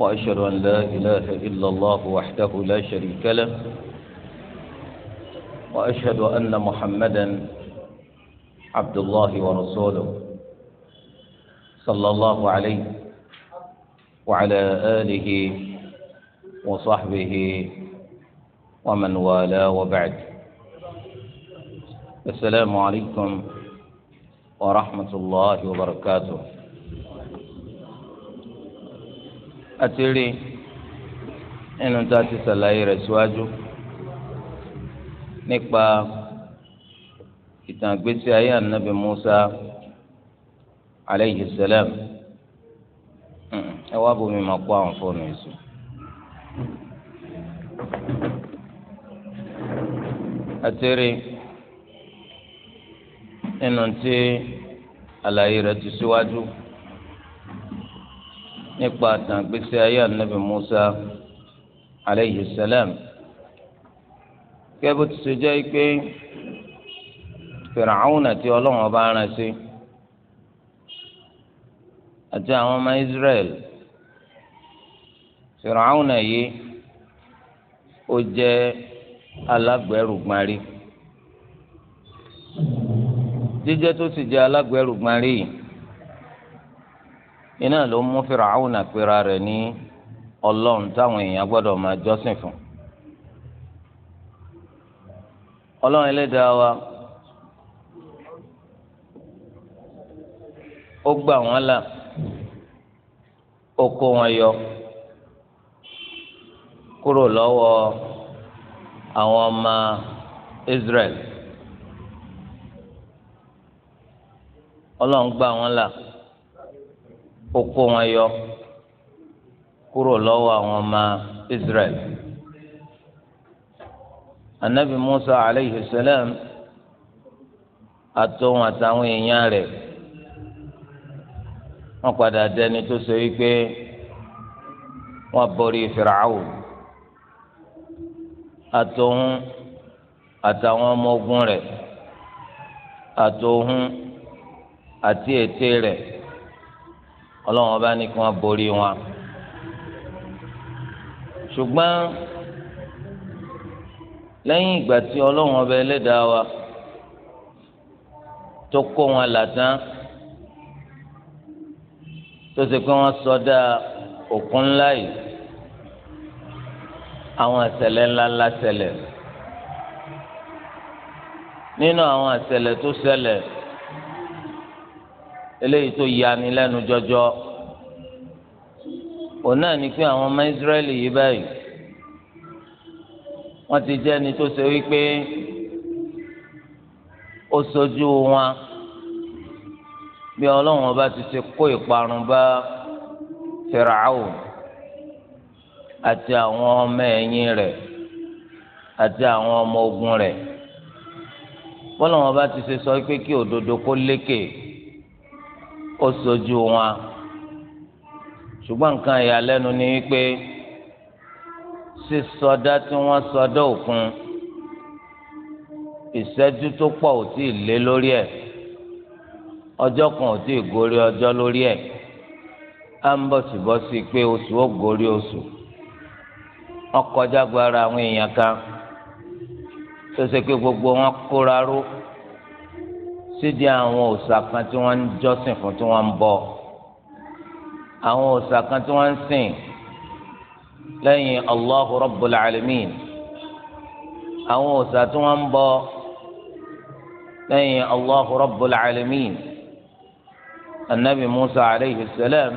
وأشهد أن لا إله إلا الله وحده لا شريك له وأشهد أن محمدا عبد الله ورسوله صلى الله عليه وعلى آله وصحبه ومن والاه وبعد السلام عليكم ورحمة الله وبركاته àti rí nínú tá a ti ṣàlàyé rẹ̀ síwájú nípa ìtàn ìgbésí ayé ànábì Musa aleyhi salam ẹ wá bomi máa kó àwọn fóònù yìí sùn. àti rí nínú tí àlàyé rẹ̀ ti síwájú. Si nípa àtàgbèsè ayé anabi musa aleyhi salam kẹ́bù ti ṣe jẹ́ pé fìràhùn àti ọlọ́run ọba ara ṣe àti àwọn ọmọ israel fìràhùn yìí ó jẹ́ alágbẹ̀rùgbárí jíjẹ́ tó sì jẹ́ alágbẹ̀rùgbárí yìí. iná ló mú Fìràwọn àpèrà rẹ̀ ní ọlọ́run táwọn èèyàn gbọ́dọ̀ máa jọ́sìn fún ọlọ́run ẹlẹ́dàá wa ó gbà wọ́n là ó kó wọn yọ kúrò àwọn ọmọ Israel gbà là. Oko kó wọn yọ kúrò lọ́wọ́ àwọn ọmọ Israel anabi Musa alayhi salam àtọ̀hún àtàwọn èèyàn rẹ̀ wọ́n padà dẹni tó sọ wípé wọ́n borí Fir'aun àtọ̀hún àtàwọn ọmọ ogun rẹ̀ àtọ̀hún àti ète rẹ̀ ọlọ́run ọba ní kí wọ́n borí wọn. ṣùgbọ́n lẹ́yìn ìgbà tí ọlọ́run ọba ẹlẹ́dàá wa tó kó wọn là tán tó ṣe pé wọ́n sọdá òkun ńlá yìí àwọn àṣẹlẹ̀ ńláńlá ṣẹlẹ̀ nínú àwọn àṣẹlẹ̀ tó ṣẹlẹ̀ eléyìí tó yani lẹ́nu jọjọ òun náà ni pé àwọn ọmọ Ísírẹ́lì yìí báyìí wọ́n ti jẹ́ ẹni tó ṣe wípé ó sojú wọn bí ọlọ́run ọba ti ṣe kó ìparun bá Fáráò àti àwọn ọmọ ẹ̀yìn rẹ̀ àti àwọn ọmọ ogun rẹ̀ bọ́lọ́run ọba ti ṣe sọ pé kí òdodo kó lékè ó sojú wọn ṣùgbọ́n nǹkan ìyàlẹ́nu ni wípé sísọdá tí wọ́n sọdá òkun ìṣẹ́jú tó pọ̀ ò tí ì lé lórí ẹ̀ ọjọ́ kan ò tí ì gorí ọjọ́ lórí ẹ̀ á ń bọ̀sibọ́sí pé oṣù ó gorí oṣù ọkọjá gbára àwọn èèyàn kan tó ṣe pé gbogbo wọn kóra ró sídi àwọn òòṣà kan tí wọ́n ń jọ́sìn fún tí wọ́n ń bọ àwọn òòṣà kan tí wọ́n ń sìn lẹ́yìn Allahu Rabbul Alamin àwọn òòṣà tí wọ́n ń bọ lẹ́yìn Allahu Rabbul Alamin anabi Musa alayhi salam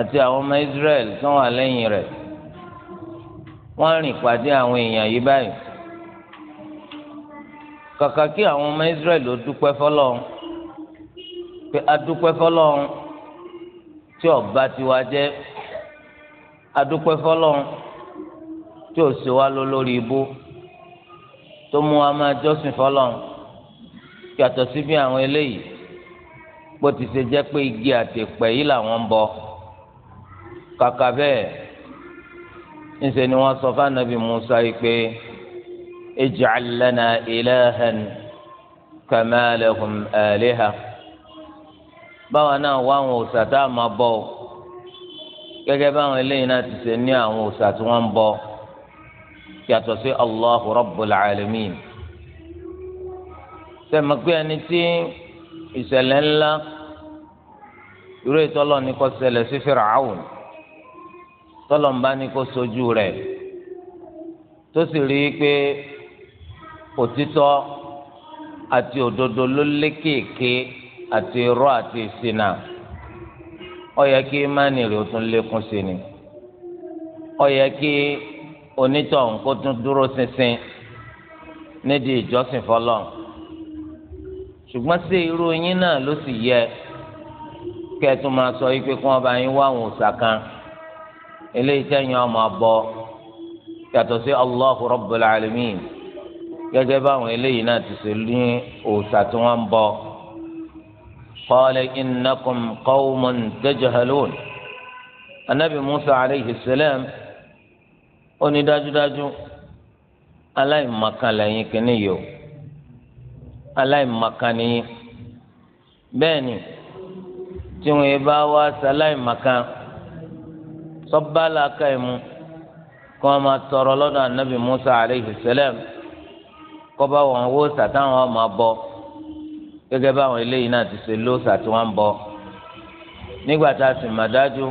àti àwọn ọmọ Israẹli tí wọ́n wà lẹ́yìn rẹ̀ wọ́n rìn pàdé àwọn èèyàn yìí báyìí kàkà kí àwọn ọmọ Israẹli ó dúpẹ́ fọ́lọ́run pé adúpẹ́ fọ́lọ́run tí ó bà tiwa jẹ́ adúpẹ́ fọ́lọ́run tí ò ṣe wá lọ lórí ibú tó mú wa máa jọ́sìn fọ́lọ́run yàtọ̀ sí bí àwọn eléyìí bó ti ṣe jẹ́ pé igi àtẹ̀pẹ́ yìí làwọn ń bọ kàkà bẹ́ẹ̀ ńṣe ni wọ́n sọ fún anabi Musa yìí pé. اجعل لنا إلها كما لهم آلهة báwa náà wá àwọn òòṣà tá a máa bọ ọ gẹ́gẹ́ báwọn eléyìí náà ti ṣe ní àwọn òòṣà tí wọ́n ń bọ yàtọ̀ sí allahu rabbul alamin sẹmọgbé ẹni tí ìṣẹ̀lẹ̀ ńlá ìró ìtọlọ ní kò ṣẹlẹ̀ sí Fir'aun tọlọ ń bá ní kò sojú rẹ̀ tó sì rí i pé òtítọ́ àti òdodo ló lékèké àti irọ́ àti ìṣìnà ó yẹ kí imáni rẹ̀ ó tún lékún sí ni ó yẹ kí onítọ̀hún kó tún dúró ṣinṣin nídìí ìjọsìn fọlọ́n ṣùgbọ́n sí irú yín náà ló sì yẹ kẹ́ẹ̀tún máa sọ yí pé kí wọ́n bá yín wá àwọn òòṣà kan eléyìí tẹ̀yìn ọmọ bọ yàtọ̀ sí Allahu Rabbul Alamin gẹ́gẹ́ báwọn eléyìí náà ti ṣe ní òòṣà tí wọ́n ń bọ qala innakum qawmun tajhalun anabi musa aleyhi salam ó ní dájúdájú aláìmọ̀kan lẹ́yìn kìíní yìí o aláìmọ̀kan nìyí bẹ́ẹ̀ ni tí wọ́n bá wá sáláìmọ̀kan sọ́bàlá káìmù kí wọ́n máa tọrọ lọ́dọ̀ anabi musa aleyhi salam kọ́ba wọn wó sàtà wọn máa bọ gẹ́gẹ́ báwọn eléyìí náà ti ṣe ló sàtì wọn bọ nígbà tá a sì mà dájú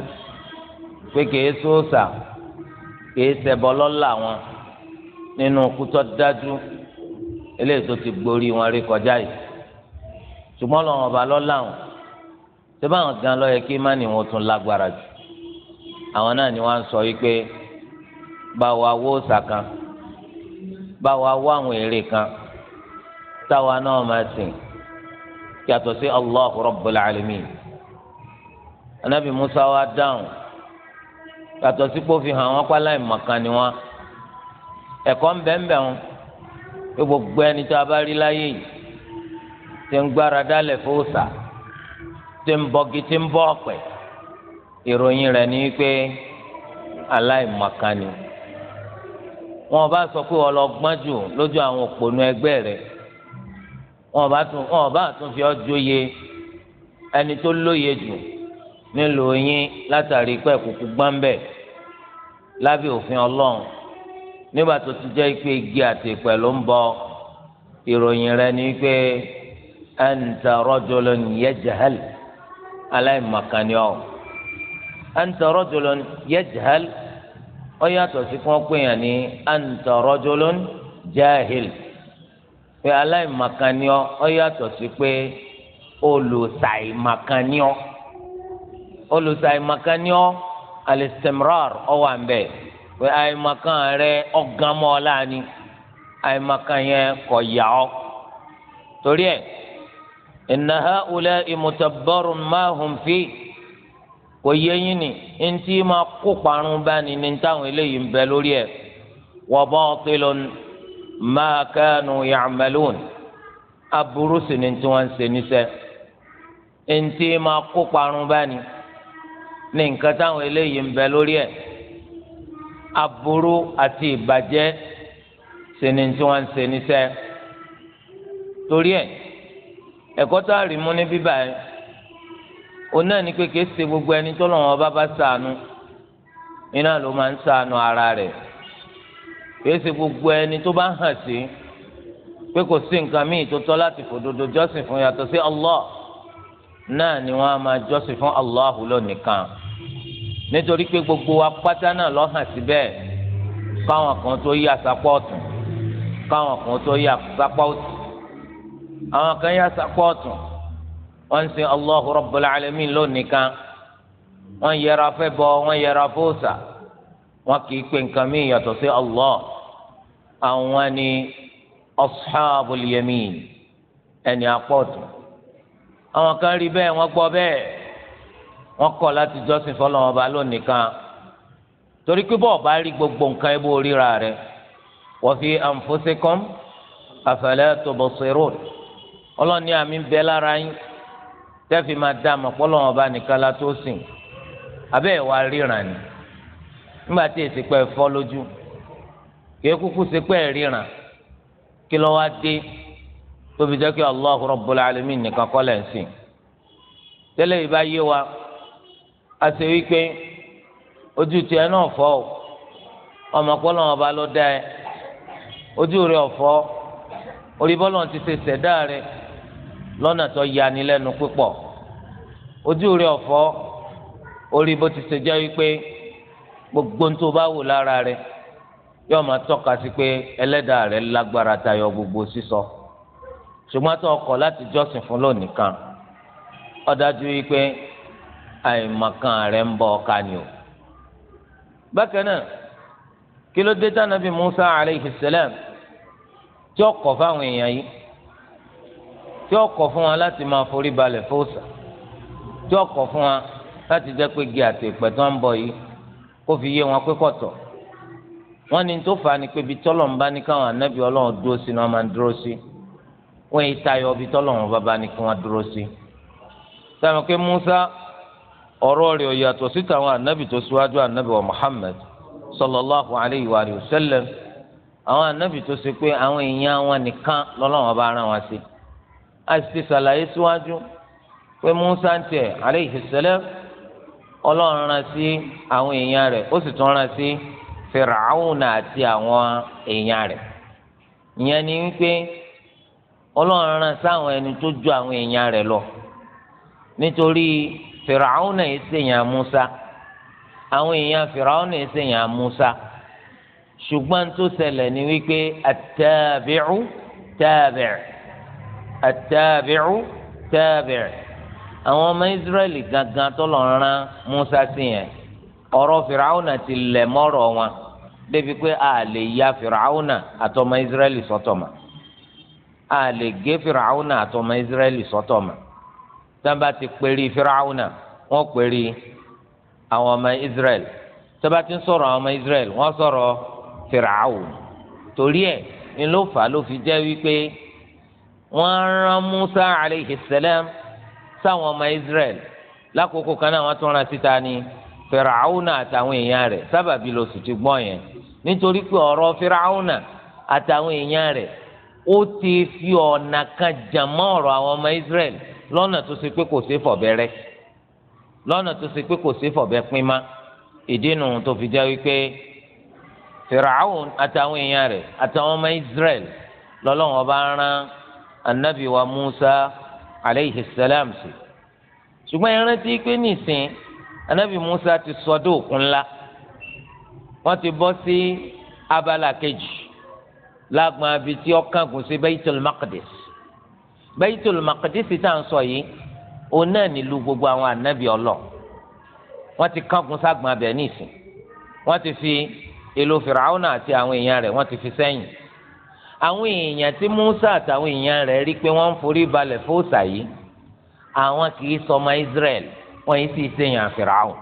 pé kìí sóòsà kìí ṣẹbọ lọ́la wọn nínú kútọ́ dájú eléyìí tó ti gborí wọn rí kọjá yìí ṣùgbọ́n lọ́wọ́n ọba lọ́la wọn ṣé báwọn gan ló kí má ní wọn tún lágbára jù àwọn náà ni wọ́n á sọ yìí pé báwa wó sàkàn. bá wa wá àwọn èrè kan táwa náà máa sìn yàtọ̀ sí allah rabbul alimi, anabi musa wa dáhùn yàtọ̀ sí kó hàn wọ́n pálá ìmọ̀kan ni wọ́n ẹ̀kọ́ ń bẹ́ẹ̀nbẹ́ẹ̀ gbogbo ẹni tó a bá rí láyé ni pé aláìmọ̀kan ni wọn bá sọ pé wọn lọ gbọ́n jù lójú àwọn òpònú ẹgbẹ́ rẹ̀ wọn bá tún wọn bá tún fi ọjọ́ yẹ ẹni tó lóye jù nílùú yín látàrí pé kúkú gbọ́n bẹ̀ lábẹ́ òfin ọlọ́run nígbà tó ti jẹ́ pé igi àti pẹ̀lú ń bọ ìròyìn rẹ̀ ni pé anta rajulun yajhal aláìmọ̀kan ni ọ́ anta rajulun yajhal ó yàtọ̀ sí kí wọ́n pè yàn ní anta rajulun jahil pé aláìmàkànníọ́ ó yàtọ̀ sí pé olùsàìmàkànníọ́ olùsàìmàkànníọ́ alistimrar ó wà ń bẹ̀ pé àìmàkàn rẹ ọ̀gánmọ́ láàánú àìmàkàn yẹn kọ̀ yà ọ́ torí ẹ̀ inna haula'i mutabbarun ma hum fi kò yé yín ni ntí máa kó parun báni ní táwọn eléyìí ń bẹ lórí ẹ wa batilun ma kanu ya'malun aburú sì ni tí wọ́n ń ṣe níṣẹ́ ntí máa kó parun báni ní nǹkan táwọn eléyìí ń bẹ lórí ẹ aburú àti ìbàjẹ́ sì ni tí wọ́n ń ṣe níṣẹ́ torí ẹ ẹ̀kọ́ tá a ní bíbá yẹn. òun náà ní pé kìí gbogbo ẹni tó lọ́wọ́ bá bá ṣàánú iná ló máa ń ṣàánú ara rẹ̀ kìí ese gbogbo ẹni tó bá hàn sí pé kò sí nǹkan míì tó tọ́ láti fòdodo jọ́sìn fún yàtọ̀ sí Allah náà ni wọ́n á máa jọ́sìn fún Allah lónìkan nítorí pé gbogbo wa pátá náà hàn sí bẹ́ẹ̀ káwọn kan tó tó yí wọ́n ń sin Allahu Rabbul Alamin lónìí kan wọ́n yẹra fẹ́ bọ wọ́n yẹra fóòsà wọ́n kì í pe nǹkan míì yàtọ̀ sí Allah àwọn ni ẹni àwọn kan bẹ́ẹ̀ wọn láti ọba lónìí gbogbo nǹkan ẹ bó ríra tẹ́fì máa dá àmọ́ pọ́lọ́wọ́n bá nìkan la tó sìn wá ríran ni fọ́ lójú sí tóbi jẹ́ kí nìkan kọ́ yìí bá yé wa a ṣe wípé ojú tiẹ̀ náà fọ́ o ọmọ pọ́lọ́wọ́n bá ló dá ẹ ojú rẹ̀ ọ̀fọ́ orí ti ṣe ṣẹ̀dá rẹ̀ lọ́nà tó yani lẹ́nu púpọ̀ ojú rẹ̀ ọ̀fọ́ orí bó ti ṣe jẹ́ wípé gbogbo ń tó bá wò lára rẹ̀ yóò máa tọ́ka sí pé ẹlẹ́dàá rẹ̀ lágbára tayọ gbogbo sísọ ṣùgbọ́n tó ọkọ̀ láti jọ́sìn fún lónìí kan ó dájú wípé àìmọ̀kan rẹ̀ ń bọ ọ̀ka ni o. bákan náà kí ló dé tánàbí Musa alayhi salam tí ọkọ̀ fáwọn èèyàn yìí tí ó kọ̀ fún wa láti máa forí balẹ̀ fóòsà tí ó kọ̀ fún wa láti jẹ́ pé gi àti ìpẹ́ tó ń bọ̀ yìí kó fi yé wọn pé kọ̀tọ̀ wọn ní tó fà á ni pé ibi tọ́lọ̀ ń bá ní káwọn anábì ọlọ́run dúró sí ni wọ́n máa ń dúró sí wọ́n yìí tayọ ibi tọ́lọ̀ wọn bá bá ní kí wọ́n dúró sí. sàmì pé Musa ọ̀rọ̀ rẹ̀ yàtọ̀ sí tàwọn anábì tó síwájú anábì wa Muhammad sallallahu alayhi wa sallam àwọn anábì tó ṣe pé àwọn èèyàn wọn nìkan lọ́lọ́run bá rán wọn sí àti sàlàyé síwájú pé Musa ń tiẹ̀ alayhi salam ọlọ́run rán sí àwọn èèyàn rẹ̀ ó sì tún rán sí Fir'auna àti àwọn èèyàn rẹ̀ ìyẹn ni wípé ọlọ́run rán sáwọn ẹni tó ju àwọn èèyàn rẹ̀ lọ nítorí Fir'auna yìí ṣèyàn Musa àwọn èèyàn Fir'auna yìí ṣèyàn Musa ṣùgbọ́n tó ṣẹlẹ̀ ni wípé at-tabi'u àtàbíù tàbíù àwọn ọmọ israẹli gangan tó lọ rán musa sí yẹn ọ̀rọ̀ fìràwùnà ti lẹ̀ mọ́rọ̀ wọn débi pé a lè ya fìràwùnà àtọmọ israẹli sọ́tọ̀ mọ́ a lè gé fìràwùnà àtọmọ israẹli sọ́tọ̀ mọ́ tọ́ba ti pèrí fìràwùnà wọ́n pèrí àwọn ọmọ israẹli tọ́ba ti ń àwọn ọmọ israẹli wọ́n sọ̀rọ̀ fìràwùnà torí ẹ̀ ni ló fi jẹ́ wípé wọ́n rán Musa alayhi salam sáwọn ọmọ Israel lákòókò kan náà wọ́n tún rán síta ní Fìràhùnà àtàwọn èèyàn rẹ̀ sábàbí ló sì ti gbọ́n yẹn nítorí pé ọ̀rọ̀ Fìràhùnà àtàwọn èèyàn rẹ̀ ó ti fi ọ̀nà kan jàmọ́ ọ̀rọ̀ àwọn ọmọ Israel lọ́nà tó ṣe pé kò ṣeé fọ̀bẹ́rẹ́ lọ́nà tó ṣe pé kò ṣeé fọ̀bẹ́ pín má ìdí nu tó fi jẹ́ wípé Fìràhùn àtàwọn èèyàn rẹ̀ àtàwọn ọmọ Israel lọ́lọ́wọ́n bá rán anabi wa musa alayhi salam si ṣùgbọ́n ẹ rántí pé nìsín anabi musa ti sọdọ̀ òkun ńlá wọ́n ti bọ́ sí abala kejì lágbọn abi tí ọkàn gùn sí baitul maqdis baitul maqdis tá à ń sọ yìí òun náà nílùú gbogbo àwọn anabi ọlọ wọ́n ti kángun ságbọn abẹ nìsín wọ́n ti fi ìlú fìràwọ́nà àti àwọn èèyàn rẹ̀ wọ́n ti fi sẹ́yìn àwọn èèyàn tí Musa àtàwọn èèyàn rẹ̀ rí pé wọ́n ń forí balẹ̀ fóòsà yìí àwọn kì í sọmọ Israel wọ́n yìí sì ṣèyàn Fìràwùn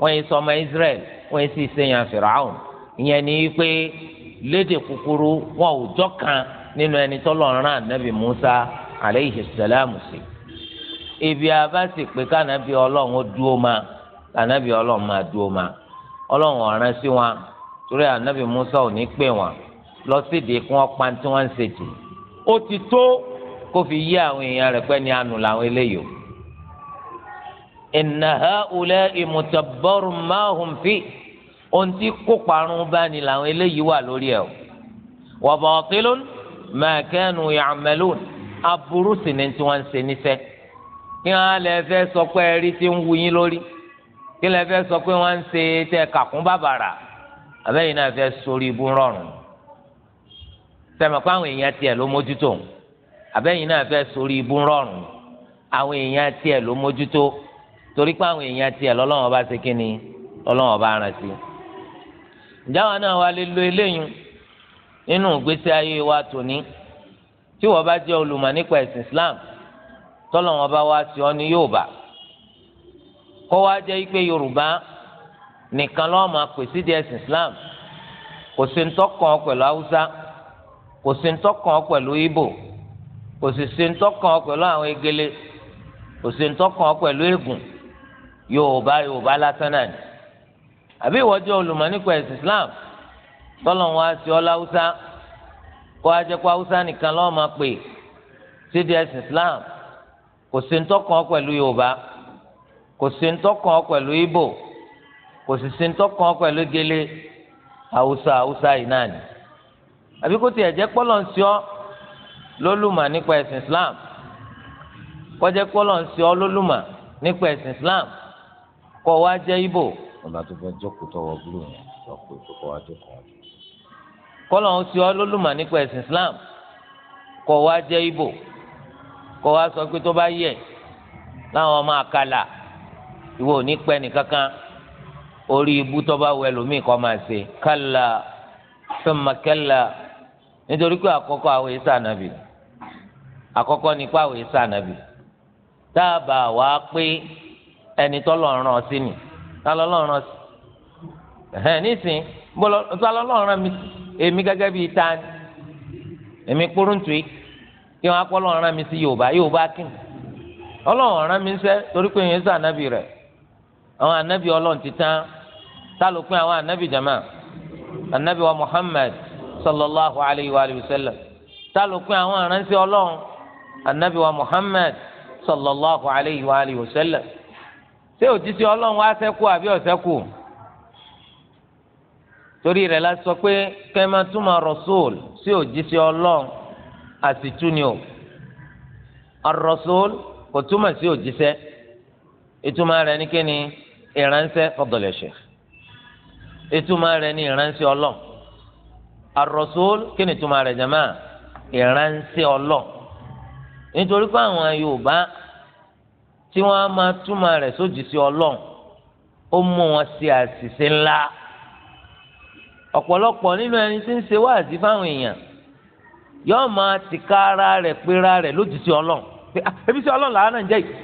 wọ́n yìí sọmọ Israel wọ́n yìí sì ṣèyàn Fìràwùn ìyẹn ni pé lédè kúkúrú wọn ò jọ kan nínú ẹni tọ́lọ́run rán ànábì Musa aleyhi salamu sí ibi abá sì pé kánábì Ọlọ́run ó dúró máa kánábì Ọlọ́run máa dúró máa Ọlọ́run ọ̀ràn sí wọn torí ànábì Musa ò ní pè wọn lọ sídìí kí wọ́n pa tí wọ́n ń ṣe jù ó ti tó kó fi yí àwọn èèyàn rẹ̀ pẹ́ ní àánú làwọn eléyò. inna haula'i mutabbarun ma hum fi ohun tí kó parun bá làwọn eléyìí wà lórí ẹ̀ o. wa batilun ma kanu ya'malun aburú sì ni tí wọ́n ń ṣe níṣẹ́ kí wọ́n lè fẹ́ sọ pé ẹ̀rí ti ń wu yín lórí kí lè fẹ́ sọ pé wọ́n ń ṣe tẹ kàkún bàbàrà àbẹ́yìn náà fẹ́ sórí ibú rọrùn. sẹ́mi pé àwọn èèyàn tiẹ̀ ló mójútó àbẹ́yìn náà fẹ́ sórí ibú rọrùn àwọn èèyàn tiẹ ló mójútó torí pé àwọn èèyàn tiẹ̀ lọ́lọ́wọ́n bá ṣe kíni lọ́lọ́wọ́n bá rán sí. ǹjẹ́ náà wá lè lo nínú ìgbésí wa tòní tí wọ́n bá jẹ́ olùmọ̀ Islam bá wá sí ọ ní Islam kò sí kò sí ń tọkàn pẹ̀lú ibo kò sì sí ń tọkàn pẹ̀lú àwọn egele kò sí ń tọkàn pẹ̀lú eégún yorùbá yorùbá lásán náà ni àbí ìwọ jẹ́ ẹ̀sìn islam tọ́lọ̀ wọn á sí kó a haúsá nìkan lọ́ọ́ máa pè islam kò sí ń tọkàn pẹ̀lú pẹ̀lú ibo kò sì sí ń tọkàn pẹ̀lú gele haúsá haúsá yìí àbí kó tiẹ̀ jẹ́ pọ́lọ̀ ń sọ lólùmọ̀ nípa ẹ̀sìn islam kọjá pọ́lọ̀ ń sọ lólùmọ̀ nípa ẹ̀sìn islam kọ́ wa jẹ́ ibo. ọ̀la tó fẹ́ jókòó tọwọ́ búlù yẹn lọ pé kókó wa jókòó. kọ́lọ̀ ń sọ lólùmọ̀ nípa ẹ̀sìn islam kọ́ wa jẹ́ ibo kọ́ wa sọ pé tó bá yẹ láwọn ọmọ àkàlà ìwọ ò ní pẹ́ nìkankan orí ibú tó bá wẹ lómi kọ́ máa ṣe kálá sọmọ nítorí pé àkọ́kọ́ àwọn èsà nàbì àkọ́kọ́ nípa àwọn èsà nàbì dáàbà wá pé ẹni tọ́lọ́run sí ni tọ́lọ́run sí ẹ̀hẹ́n nísìn bọ́lọ́ mi èmi gẹ́gẹ́ bíi èmi kúrúntùí kí wọ́n mi sí Yorùbá Yorùbá kí ni mi sẹ́ torí pé èyí ànábì rẹ̀ àwọn ànábì ti jama ànábì Muhammad sallallahu alayhi wa sallam tálòpin àwọn aránṣẹ́ ọlọ́run anabi wa muhammad sallallahu alayhi wa alihi wa sallam ṣé òjíṣẹ́ ọlọ́run wá ṣẹ́kù àbí ọ̀ṣẹ́kù torí rẹ̀ la sọ pé kẹ́mà túmọ̀ rọ́sọ́ọ̀lù sí òjíṣẹ́ ọlọ́run àsìtúni o arọ́sọ́ọ̀lù kò túmọ̀ sí òjíṣẹ́ ìtumọ̀ rẹ̀ ní kíni ìránṣẹ́ fọdọ̀lẹ̀ṣẹ̀ ìtumọ̀ rẹ̀ ní ìránṣẹ́ ọlọ́run ar-rasul kí ni túmọ̀ rẹ̀ jama ìránṣẹ́ ọlọ́ nítorí pé àwọn Yorùbá tí wọ́n máa túmọ̀ rẹ̀ sójì sí Ọlọ́run ó mú wọn ṣe àṣìṣe ńlá ọ̀pọ̀lọpọ̀ nínú ẹni tí ń ṣe wáàzí fáwọn èèyàn yóò máa tìka ara rẹ̀ péra rẹ̀ lójì sí Ọlọ́run ebi ah, sí Ọlọ́run làwọn náà ń jẹ́ yìí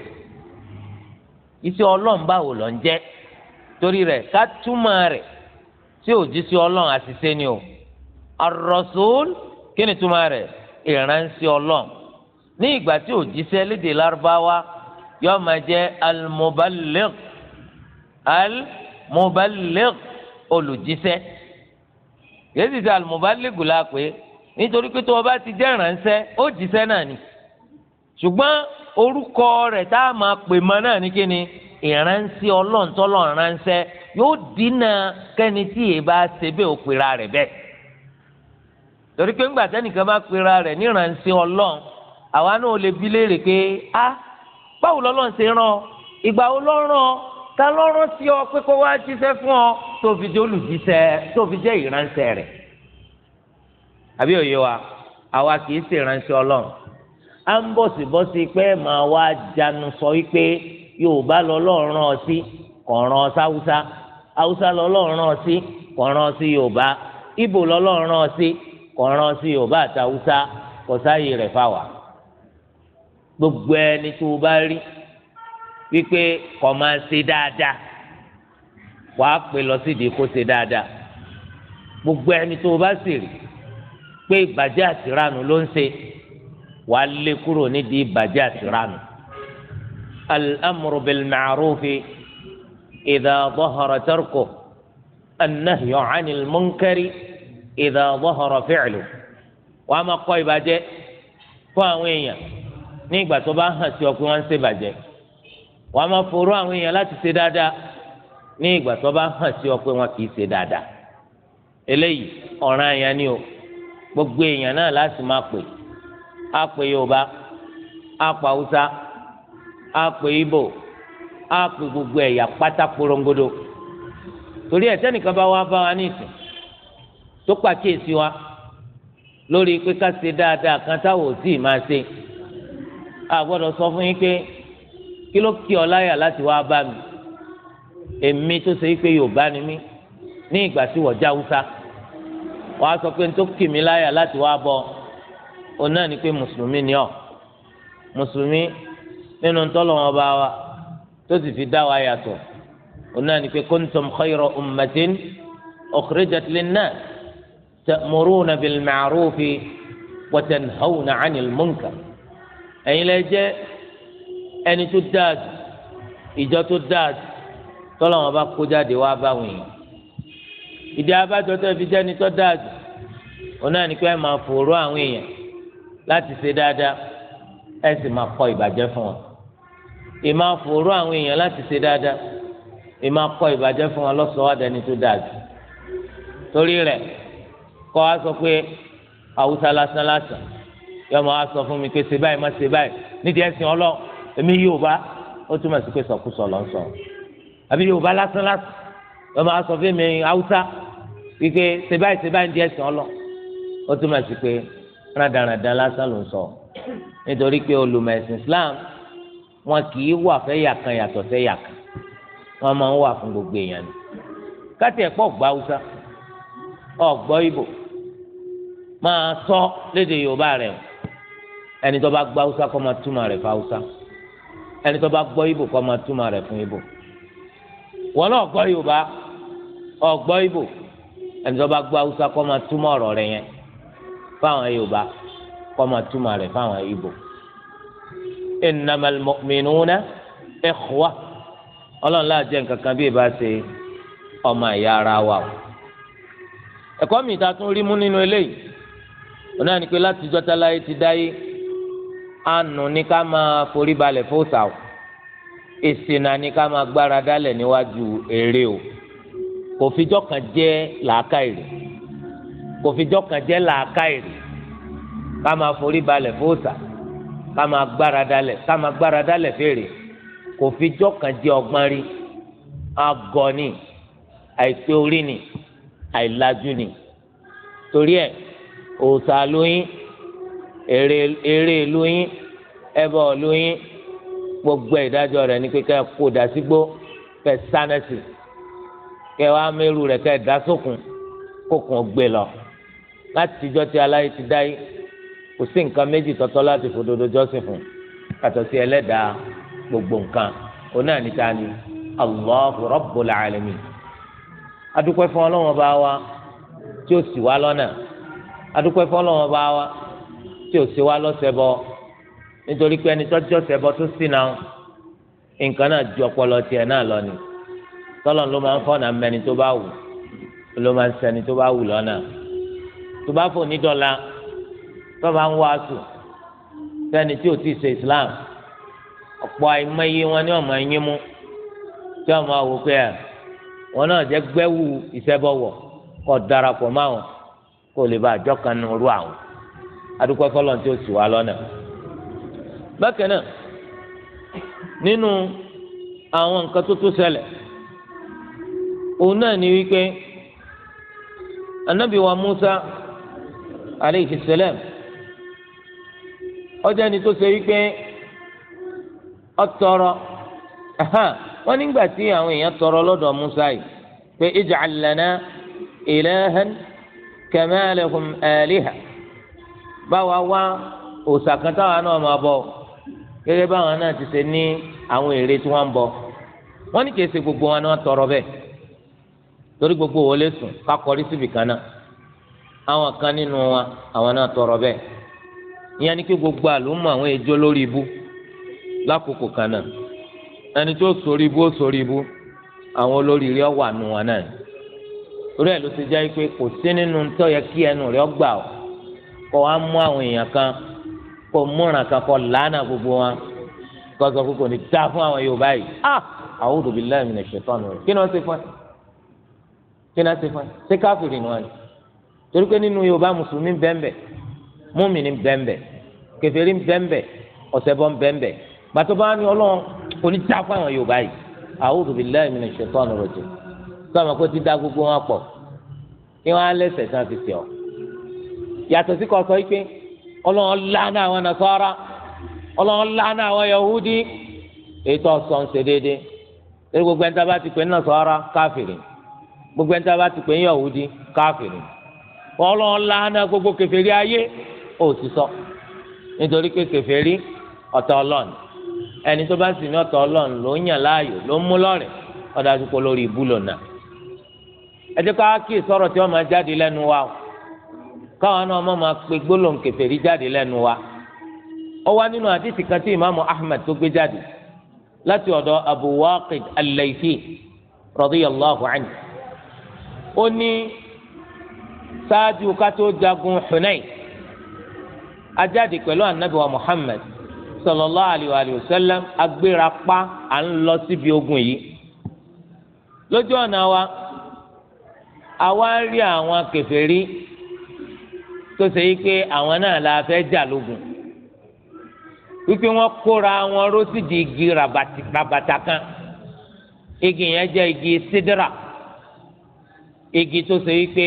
iṣẹ́ Ọlọ́run báwo ló ń jẹ́ torí rẹ̀ ká túmọ̀ rẹ̀ tí òjì sí Ọlọ́run àṣìṣe ni o ar-rasul kí ni túmọ̀ rẹ̀ ìránṣẹ́ ọlọ́run ní ìgbà tí ò lédè lárúbáwá yóò máa jẹ́ al-muballigh al-muballigh olùjíṣẹ́ yéé sì sẹ́ al-muballigh la pé nítorí pé tó o bá ti jẹ́ ìránṣẹ́ ó jíṣẹ́ náà ni ṣùgbọ́n orúkọ rẹ̀ tá a máa pè mọ́ náà ní kí ni ìránṣẹ́ ọlọ́run tọ́lọ́run ránṣẹ́ yóò dínà kẹ́ni tí èèbá ṣe bẹ́ẹ̀ òpèrà rẹ̀ bẹ́ẹ̀ torí pé ńgbà sẹ́nìkan bá pera rẹ̀ níránṣẹ́ ọlọ́run àwa náà lè bi léèrè pé a báwo lọ́lọ́run ṣe rán ọ ìgbà wo ọ ta lọ́rán sí ọ pé kó wá jíṣẹ́ fún ọ tó fi jẹ́ olùjíṣẹ́ tó fi jẹ́ ìránṣẹ́ rẹ̀ àbí òye wa àwa kì í ṣèránṣẹ́ ọlọ́run à ń bọ̀sibọ́sí pé màá wá jánu sọ wípé yorùbá lọ́lọ́run ọ sí kọ̀ọ̀ràn kọ̀ọ̀ràn sí yorùbá àti haúsá kò sáàyè rẹ̀ fáwa gbogbo ẹni tó o bá rí wípé kọ̀ máa ṣe dáadáa wàá pè lọ sídìí kó ṣe dáadáa gbogbo ẹni tó bá sì rí pé ìbàjẹ́ àtìránù ló ń ṣe wàá lé kúrò nídìí ìbàjẹ́ àtìránù. الأمر بالمعروف إذا ظهر تركه النهي عن المنكر ìdá ọlọ́họ̀rọ̀ fẹ́ẹ̀lì wọ́n á máa kọ́ ìbàjẹ́ fún àwọn èèyàn ní ìgbà tó bá hàn sí ọ wọn wọ́n ń ṣèbàjẹ́ wọ́n á máa forú àwọn èèyàn láti ṣe dáadáa ní bá hàn sí wọn kì eléyìí ọ̀ràn àyàn ni o gbogbo èèyàn náà láti máa pè á pè Yorùbá á Haúsá á pè á pè gbogbo ẹ̀yà pátá porongodo tó pàkíyèsí wa lórí pé ká ṣe dáadáa kan táwọn ò sì máa ṣe a gbọ́dọ̀ sọ fún yín pé kí ló kí ọ láyà láti wá bá mi èmi tó ṣe pé Yorùbá ni mí ní ìgbà tí wọ́n já Haúsá wàá sọ pé tó kì mí láyà láti wá bọ òun náà ni pé mùsùlùmí ni ọ mùsùlùmí nínú tọ́lọ́wọ́n bá wa tó sì fi dá wa yàtọ̀ òun náà ni pé kuntum khayra ummatin ukhrijat lin-nas ta'muruna bil ma'rufi wa tanhawna 'anil munkar ẹ̀yin lẹ jẹ́ ẹni tó dáa jù ìjọ tó dáa jù tọ́lọ̀ wọn bá kó jáde wá báwọn èèyàn ìdí abájọ tó fi jẹ́ni tó dáa jù òun náà ní pé ẹ máa fòrò àwọn èèyàn láti ṣe dáadáa ẹ sì máa kọ ìbàjẹ́ fún wọn ẹ máa fòrò àwọn èèyàn láti ṣe dáadáa ẹ máa kọ ìbàjẹ́ fún wọn lọ́sọ̀ọ́ àdáni tó dáa jù torí rẹ̀ kọ́ wa sọ pé awusa lásán lásán yọ ma wa sọ fún mi pé ṣe báyìí má ṣe báyìí nídìí ẹ̀sìn ọlọ́ èmi Yorùbá ó túmọ̀ sí pé sọkúsọ lọ ń sọ àbí Yorùbá lásán lásán yọ ma wa sọ fún mi awusa wípé ṣe báyìí ṣe báyìí nídìí ẹ̀sìn ọlọ́ ó túmọ̀ sí pé rádaràdà lásán ló ń sọ nítorí pé olùmọ̀ ẹ̀sìn Islam wọn kì í wà fẹ́ yàkan yàtọ̀ fẹ́ yàkan wọn máa ń wà fún gbogbo èèyàn ni kátìẹ̀ pọ̀ gbọ́ awusa ọ̀ gbọ́ ibo máa sọ lédè yorùbá rẹ o ẹni tó bá gbọ́ haúsá kó máa túmọ̀ rẹ̀ fún haúsá ẹni tó bá gbọ́ ibò kó máa túmọ̀ rẹ̀ fún ibò wọn náà gbọ́ yorùbá ó gbọ́ ibò ẹni tó bá gbọ́ haúsá kó máa túmọ̀ ọ̀rọ̀ rẹ̀ yẹn fáwọn yorùbá kó máa túmọ̀ rẹ̀ fáwọn ibò innamal mu'minuna ikhwa ọlọ́run láàjẹ nǹkan kan bí ìbá ṣe ọmọ ìyá ara wa o ẹ̀kọ́ mi ta tún rí mú nínú eléyìí onáà ní pé láti jọ́tàlá yìí ti dáyé àánú ní ká máa forí balẹ̀ fóòsà o ìsìnà ní ká máa gbára dálẹ̀ níwájú eré o kò fijọ́ kan jẹ́ làákàyèrè kò fijọ́ kan jẹ́ làákàyèrè ká máa forí balẹ̀ fóòsà ká máa gbára dálẹ̀ ká máa gbára dálẹ̀ fèrè kò fijọ́ kan jẹ́ ọgbọ́n rí agọ́ ni àìpé orí ni àìlájú ni torí ẹ̀ òòṣà lóyún èrè lóyún ẹbọ lóyún gbogbo ìdájọ́ rẹ̀ ní pé kẹ́ kó dà sígbó kẹ́ sánẹsì kẹ́ wàá mẹrù rẹ̀ kẹ́ dá sókun kókun gbé lọ láti ìjọ tí aláyé ti dá yìí kò sí nǹkan méjì tọ́tọ́ láti fòdodo jọ́sìn fún yàtọ̀ sí ẹlẹ́dàá gbogbo nǹkan òun náà níta ni Allahu Rabbul Alamin adúpẹ́ fún Ọlọ́run bá wa tí ó sì wá lọ́nà adúpẹ́ fọlọ́wọ́n bá wa tí ò sí wa lọ́sẹ̀bọ nítorí pé ẹni tọ́jú ọ̀sẹ̀bọ tó sì náà nǹkan náà ju ọpọlọ tiẹ̀ náà lọ ni tọ́lọ̀ ló máa ń fọ́nà mẹ́ni tó bá wù ló máa ń sẹ́ni tó bá wù lọ́nà tó bá fò ní tó bá ń wàásù sẹ́ni tí ò tí ṣe Islam ọ̀pọ̀ àìmọye wọn ni wọ́n máa ń yín mú tí wọ́n máa wò pé wọn náà jẹ́ gbẹ́wù ìṣẹ́bọ̀wọ̀ kọ́ darapọ̀ máa wọn kó lè bá àjọ kan nù rú àwọn adúpẹ́ fọlọ́n tí ó sì wá lọ́nà. bákan náà nínú àwọn nǹkan tó tó ṣẹlẹ̀ òun náà ni wípé anabi Musa aleyhi ọjọ́ ẹni tó ṣe wípé ọtọrọ wọn nígbà tí àwọn èèyàn tọrọ lọ́dọ̀ Musa yìí pé ij'al lana ilahan. kama lahum aliha báwa wá òòṣà kan táwa náà máa bọ gẹ́gẹ́ báwọn náà ti ṣe ní àwọn ère tí wọ́n ń bọ wọ́n ní ṣe gbogbo wọn náà tọrọ bẹ́ẹ̀ torí gbogbo wọlé sùn kakọrí síbi kan náà àwọn kan nínú wa àwọn náà tọrọ bẹ́ẹ̀ gbogbo àlùmọ́ àwọn ejò lórí ibú lákòókò kan náà ẹni tó àwọn olórí wà nù torí ẹ̀ ló ti jẹ́ pé kò sí nínú tó yẹ kí ẹnu rẹ̀ gbà ọ́ kó wá mú àwọn èèyàn kan kó múràn kan kó lánà gbogbo wọn kó sọ pé kò ní dá fún àwọn Yorùbá yìí ah a'udhu billahi minash shaitani rẹ̀ kí ni wọ́n ti fún ẹ kí ni wọ́n ti fún ẹ ṣé káfíìrì ni wọ́n ni torí pé nínú Yorùbá mùsùlùmí bẹ́ẹ̀nbẹ́ múmìnì bẹ́ẹ̀nbẹ́ kèfèrí bẹ́ẹ̀nbẹ́ ọ̀sẹ̀bọ bẹ́ẹ̀nbẹ́ gbàtọ́ bá ní Ọlọ́run kò ní dá fún àwọn Yorùbá yìí a'udhu billahi minash shaitani rajim sọ̀rọ̀ kó ti dá gbogbo wọn pọ̀ kí wọ́n á lẹ́sẹ̀ tí wọ́n fi ọ́. yàtọ̀ sí kọ́ pé ọlọ́run àwọn ọlọ́run àwọn yahudi ètò ṣe lórí gbogbo ẹni tá a bá ti pè ní káfìrì gbogbo ẹni tá a bá gbogbo sọ nítorí pé ọ̀tọ̀ ọlọ́run ẹni tó bá sì ní ọ̀tọ̀ ọlọ́run ló ń yàn láàyò ẹ jẹ́ ká kí sọ̀rọ̀ tí wọ́n máa jáde lẹ́nu wa o káwọn náà wọ́n máa pe gbólóhùn kèfèrí jáde lẹ́nu wa ó wá nínú àdìsí kan tí ìmáàmù Ahmad tó gbé jáde láti ọ̀dọ̀ Abu Waqid al-Laythi radiyallahu anhu ó ní sáájú ká tó jagun Hunayn ajáde pẹ̀lú anabi wa Muhammad sallallahu alayhi wa alayhi wa à ń lọ síbi ogun yìí lójú ọ̀nà wa àwa rí àwọn kèfèrí tó ṣe yí pé àwọn náà la fẹ́ jà lógun wípé wọ́n kóra wọn ró sì di igi ràbàtà kan igi yẹn jẹ́ igi sídírà igi tó ṣe yí pé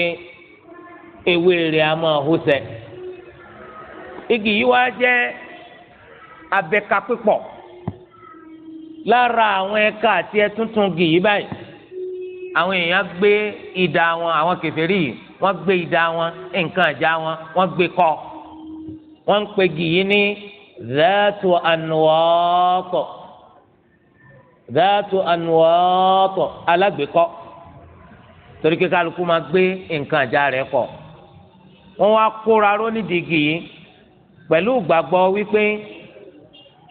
ewé rẹ̀ a máa hó sẹ́ igi yìí wá jẹ́ abẹ́ka pípọ̀ lára àwọn ẹ̀ka àti ẹ̀túntún igi yìí báyìí àwọn èèyàn gbé ìdá wọn àwọn kèfèrí yìí wọ́n gbé ìdá wọn nǹkan ìjà wọn wọ́n gbé kọ́ wọ́n ń pe gì yìí ní zaatu anuwọ́tò zaatu anuwọ́tò alágbèkọ́ torí kí kálukú máa gbé nǹkan ìjà rẹ̀ kọ́ wọ́n wá kóra ró nídìí pẹ̀lú ìgbàgbọ́ wípé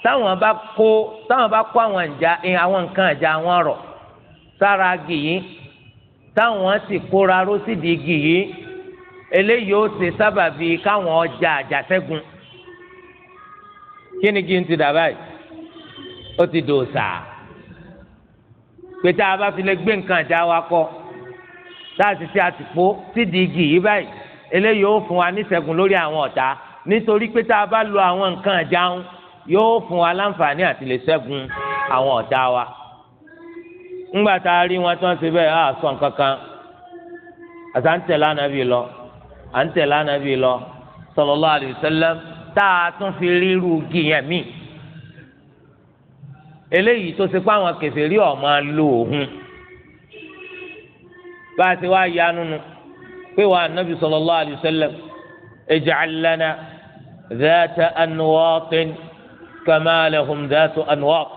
táwọn bá kó táwọn bá kó àwọn ìjà àwọn nǹkan ìjà wọn rọ̀ sára igi yìí táwọn sì kóra ró sídìí igi yìí eléyìí ó ṣe sábàbí káwọn ọjà àjàṣẹ́gun kí ni kí n ti dà báyìí ó ti dò sáà pété a bá fi lè gbé nǹkan ìjà wa kọ tá a sì ṣe àtìpó sídìí igi yìí báyìí eléyìí ó fún wa níṣẹ́gun lórí àwọn ọ̀tá nítorí pé a bá lo àwọn nǹkan ìjà wọn yóò fún wa láǹfààní àti lè ṣẹ́gun àwọn ọ̀tá wa ńgbà tá a rí wọn tí wọ́n ṣe bẹ́ẹ̀ á sọ nǹkan kan àti à ń tẹ̀lé ànábì lọ à ń tẹ̀lé ànábì lọ sallallahu alaihi wasallam tá a tún fi ríru gìyàn mí eléyìí tó ṣe pé àwọn kèfèrí ọ̀ máa lo òun bá a ti wá yanu nu pé wà ànábì sallallahu alaihi wasallam ij'al lana dhata anwatin kama lahum dhatu anwat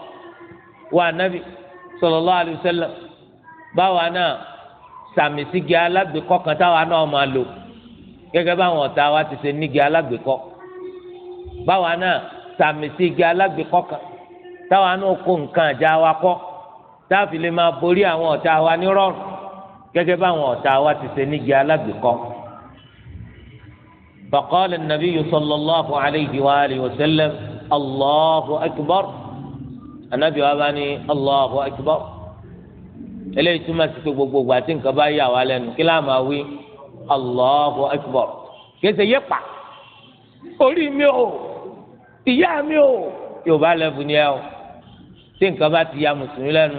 ànábì sallallahu alaihi wasallam báwa náà sàmì sígi alágbèkọ kan táwa náà máa lò gẹ́gẹ́ báwọn ọ̀tá wa ti ṣe nígi alágbèkọ báwa náà sàmì sígi alágbèkọ kan táwa náà kó nǹkan àjà wa kọ́ táàfin lè máa borí àwọn ọ̀tá wa ní rọ̀rùn báwọn ọ̀tá wa ti ṣe nígi alágbèkọ. فقال النبي صلى الله عليه وآله وسلم الله أكبر anabi wa bá ní Allahu akbar eléyìí túmọ̀ sí pé gbogbo ìgbà tí nǹkan bá yà wá lẹ́nu kí láà máa wí Allahu akbar kése yé pa orí mi o ìyá mi o yorùbá lẹ́bù ni ẹ o tí nǹkan bá ti ya mùsùlùmí lẹ́nu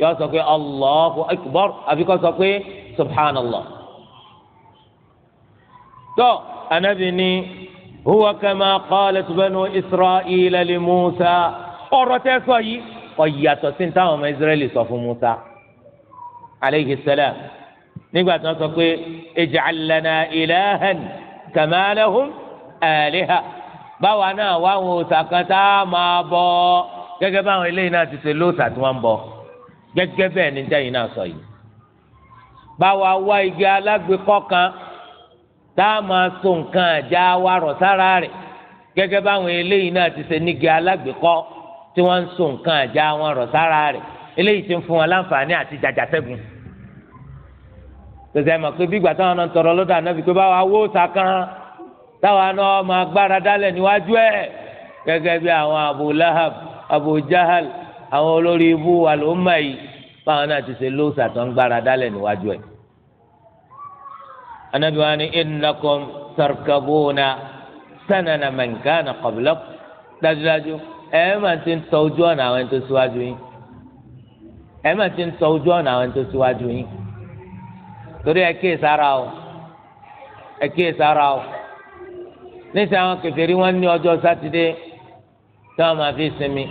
yóò sọ pé Allahu akbar àbí kó sọ pé subhanallah tó anabi ni huwa kama qalat banu isra'ila li Musa ọ̀rọ̀ tẹ́ sọ yìí ọ̀yàtọ̀ sí ní táwọn ọmọ Israẹli sọ fún Musa aleyhi salam nígbà tí wọ́n sọ pé ij'al lana ilahan kama lahum aliha báwa náà wá àwọn máa bọ gẹ́gẹ́ báwọn eléyìí náà ti ṣe lóòótá tí wọ́n ń bọ gẹ́gẹ́ bẹ́ẹ̀ ni jẹ́yìn náà sọ yìí báwa wá igi alágbèékọ́ kan tá a máa so nǹkan àjà wa rọ̀ sára rẹ̀ gẹ́gẹ́ báwọn eléyìí náà ti ṣe nígi alágbèékọ́ tí wọ́n ń so nǹkan àjà wọn rọ̀ sára rẹ̀ eléyìí ti ń fún wọn láǹfààní àti jàjà sẹ́gun tẹ̀sẹ̀ mọ̀ pé bígbà táwọn náà tọrọ lọ́dọ̀ ànábì pé báwa wó sàkán táwọn náà máa gbára dálẹ̀ níwájú ẹ̀ gẹ́gẹ́ bí àwọn Abu Lahab àwọn olórí ibú àlùmọ̀ yìí báwọn náà ti ṣe ló sàtọ́ gbára dálẹ̀ níwájú ẹ̀. ànábì wa ni innakum tarkabuna sanana man kana qablakum dájúdájú. ẹ máa ti ń tọ ojú ọ̀nà àwọn ẹni tó síwájú yín ẹ ti ń tọ ojú ọ̀nà àwọn ẹni tó síwájú yín torí ẹ kíyè sára o ẹ o níṣẹ́ àwọn wọn ní ọjọ́ sátidé tí wọ́n máa fi sinmi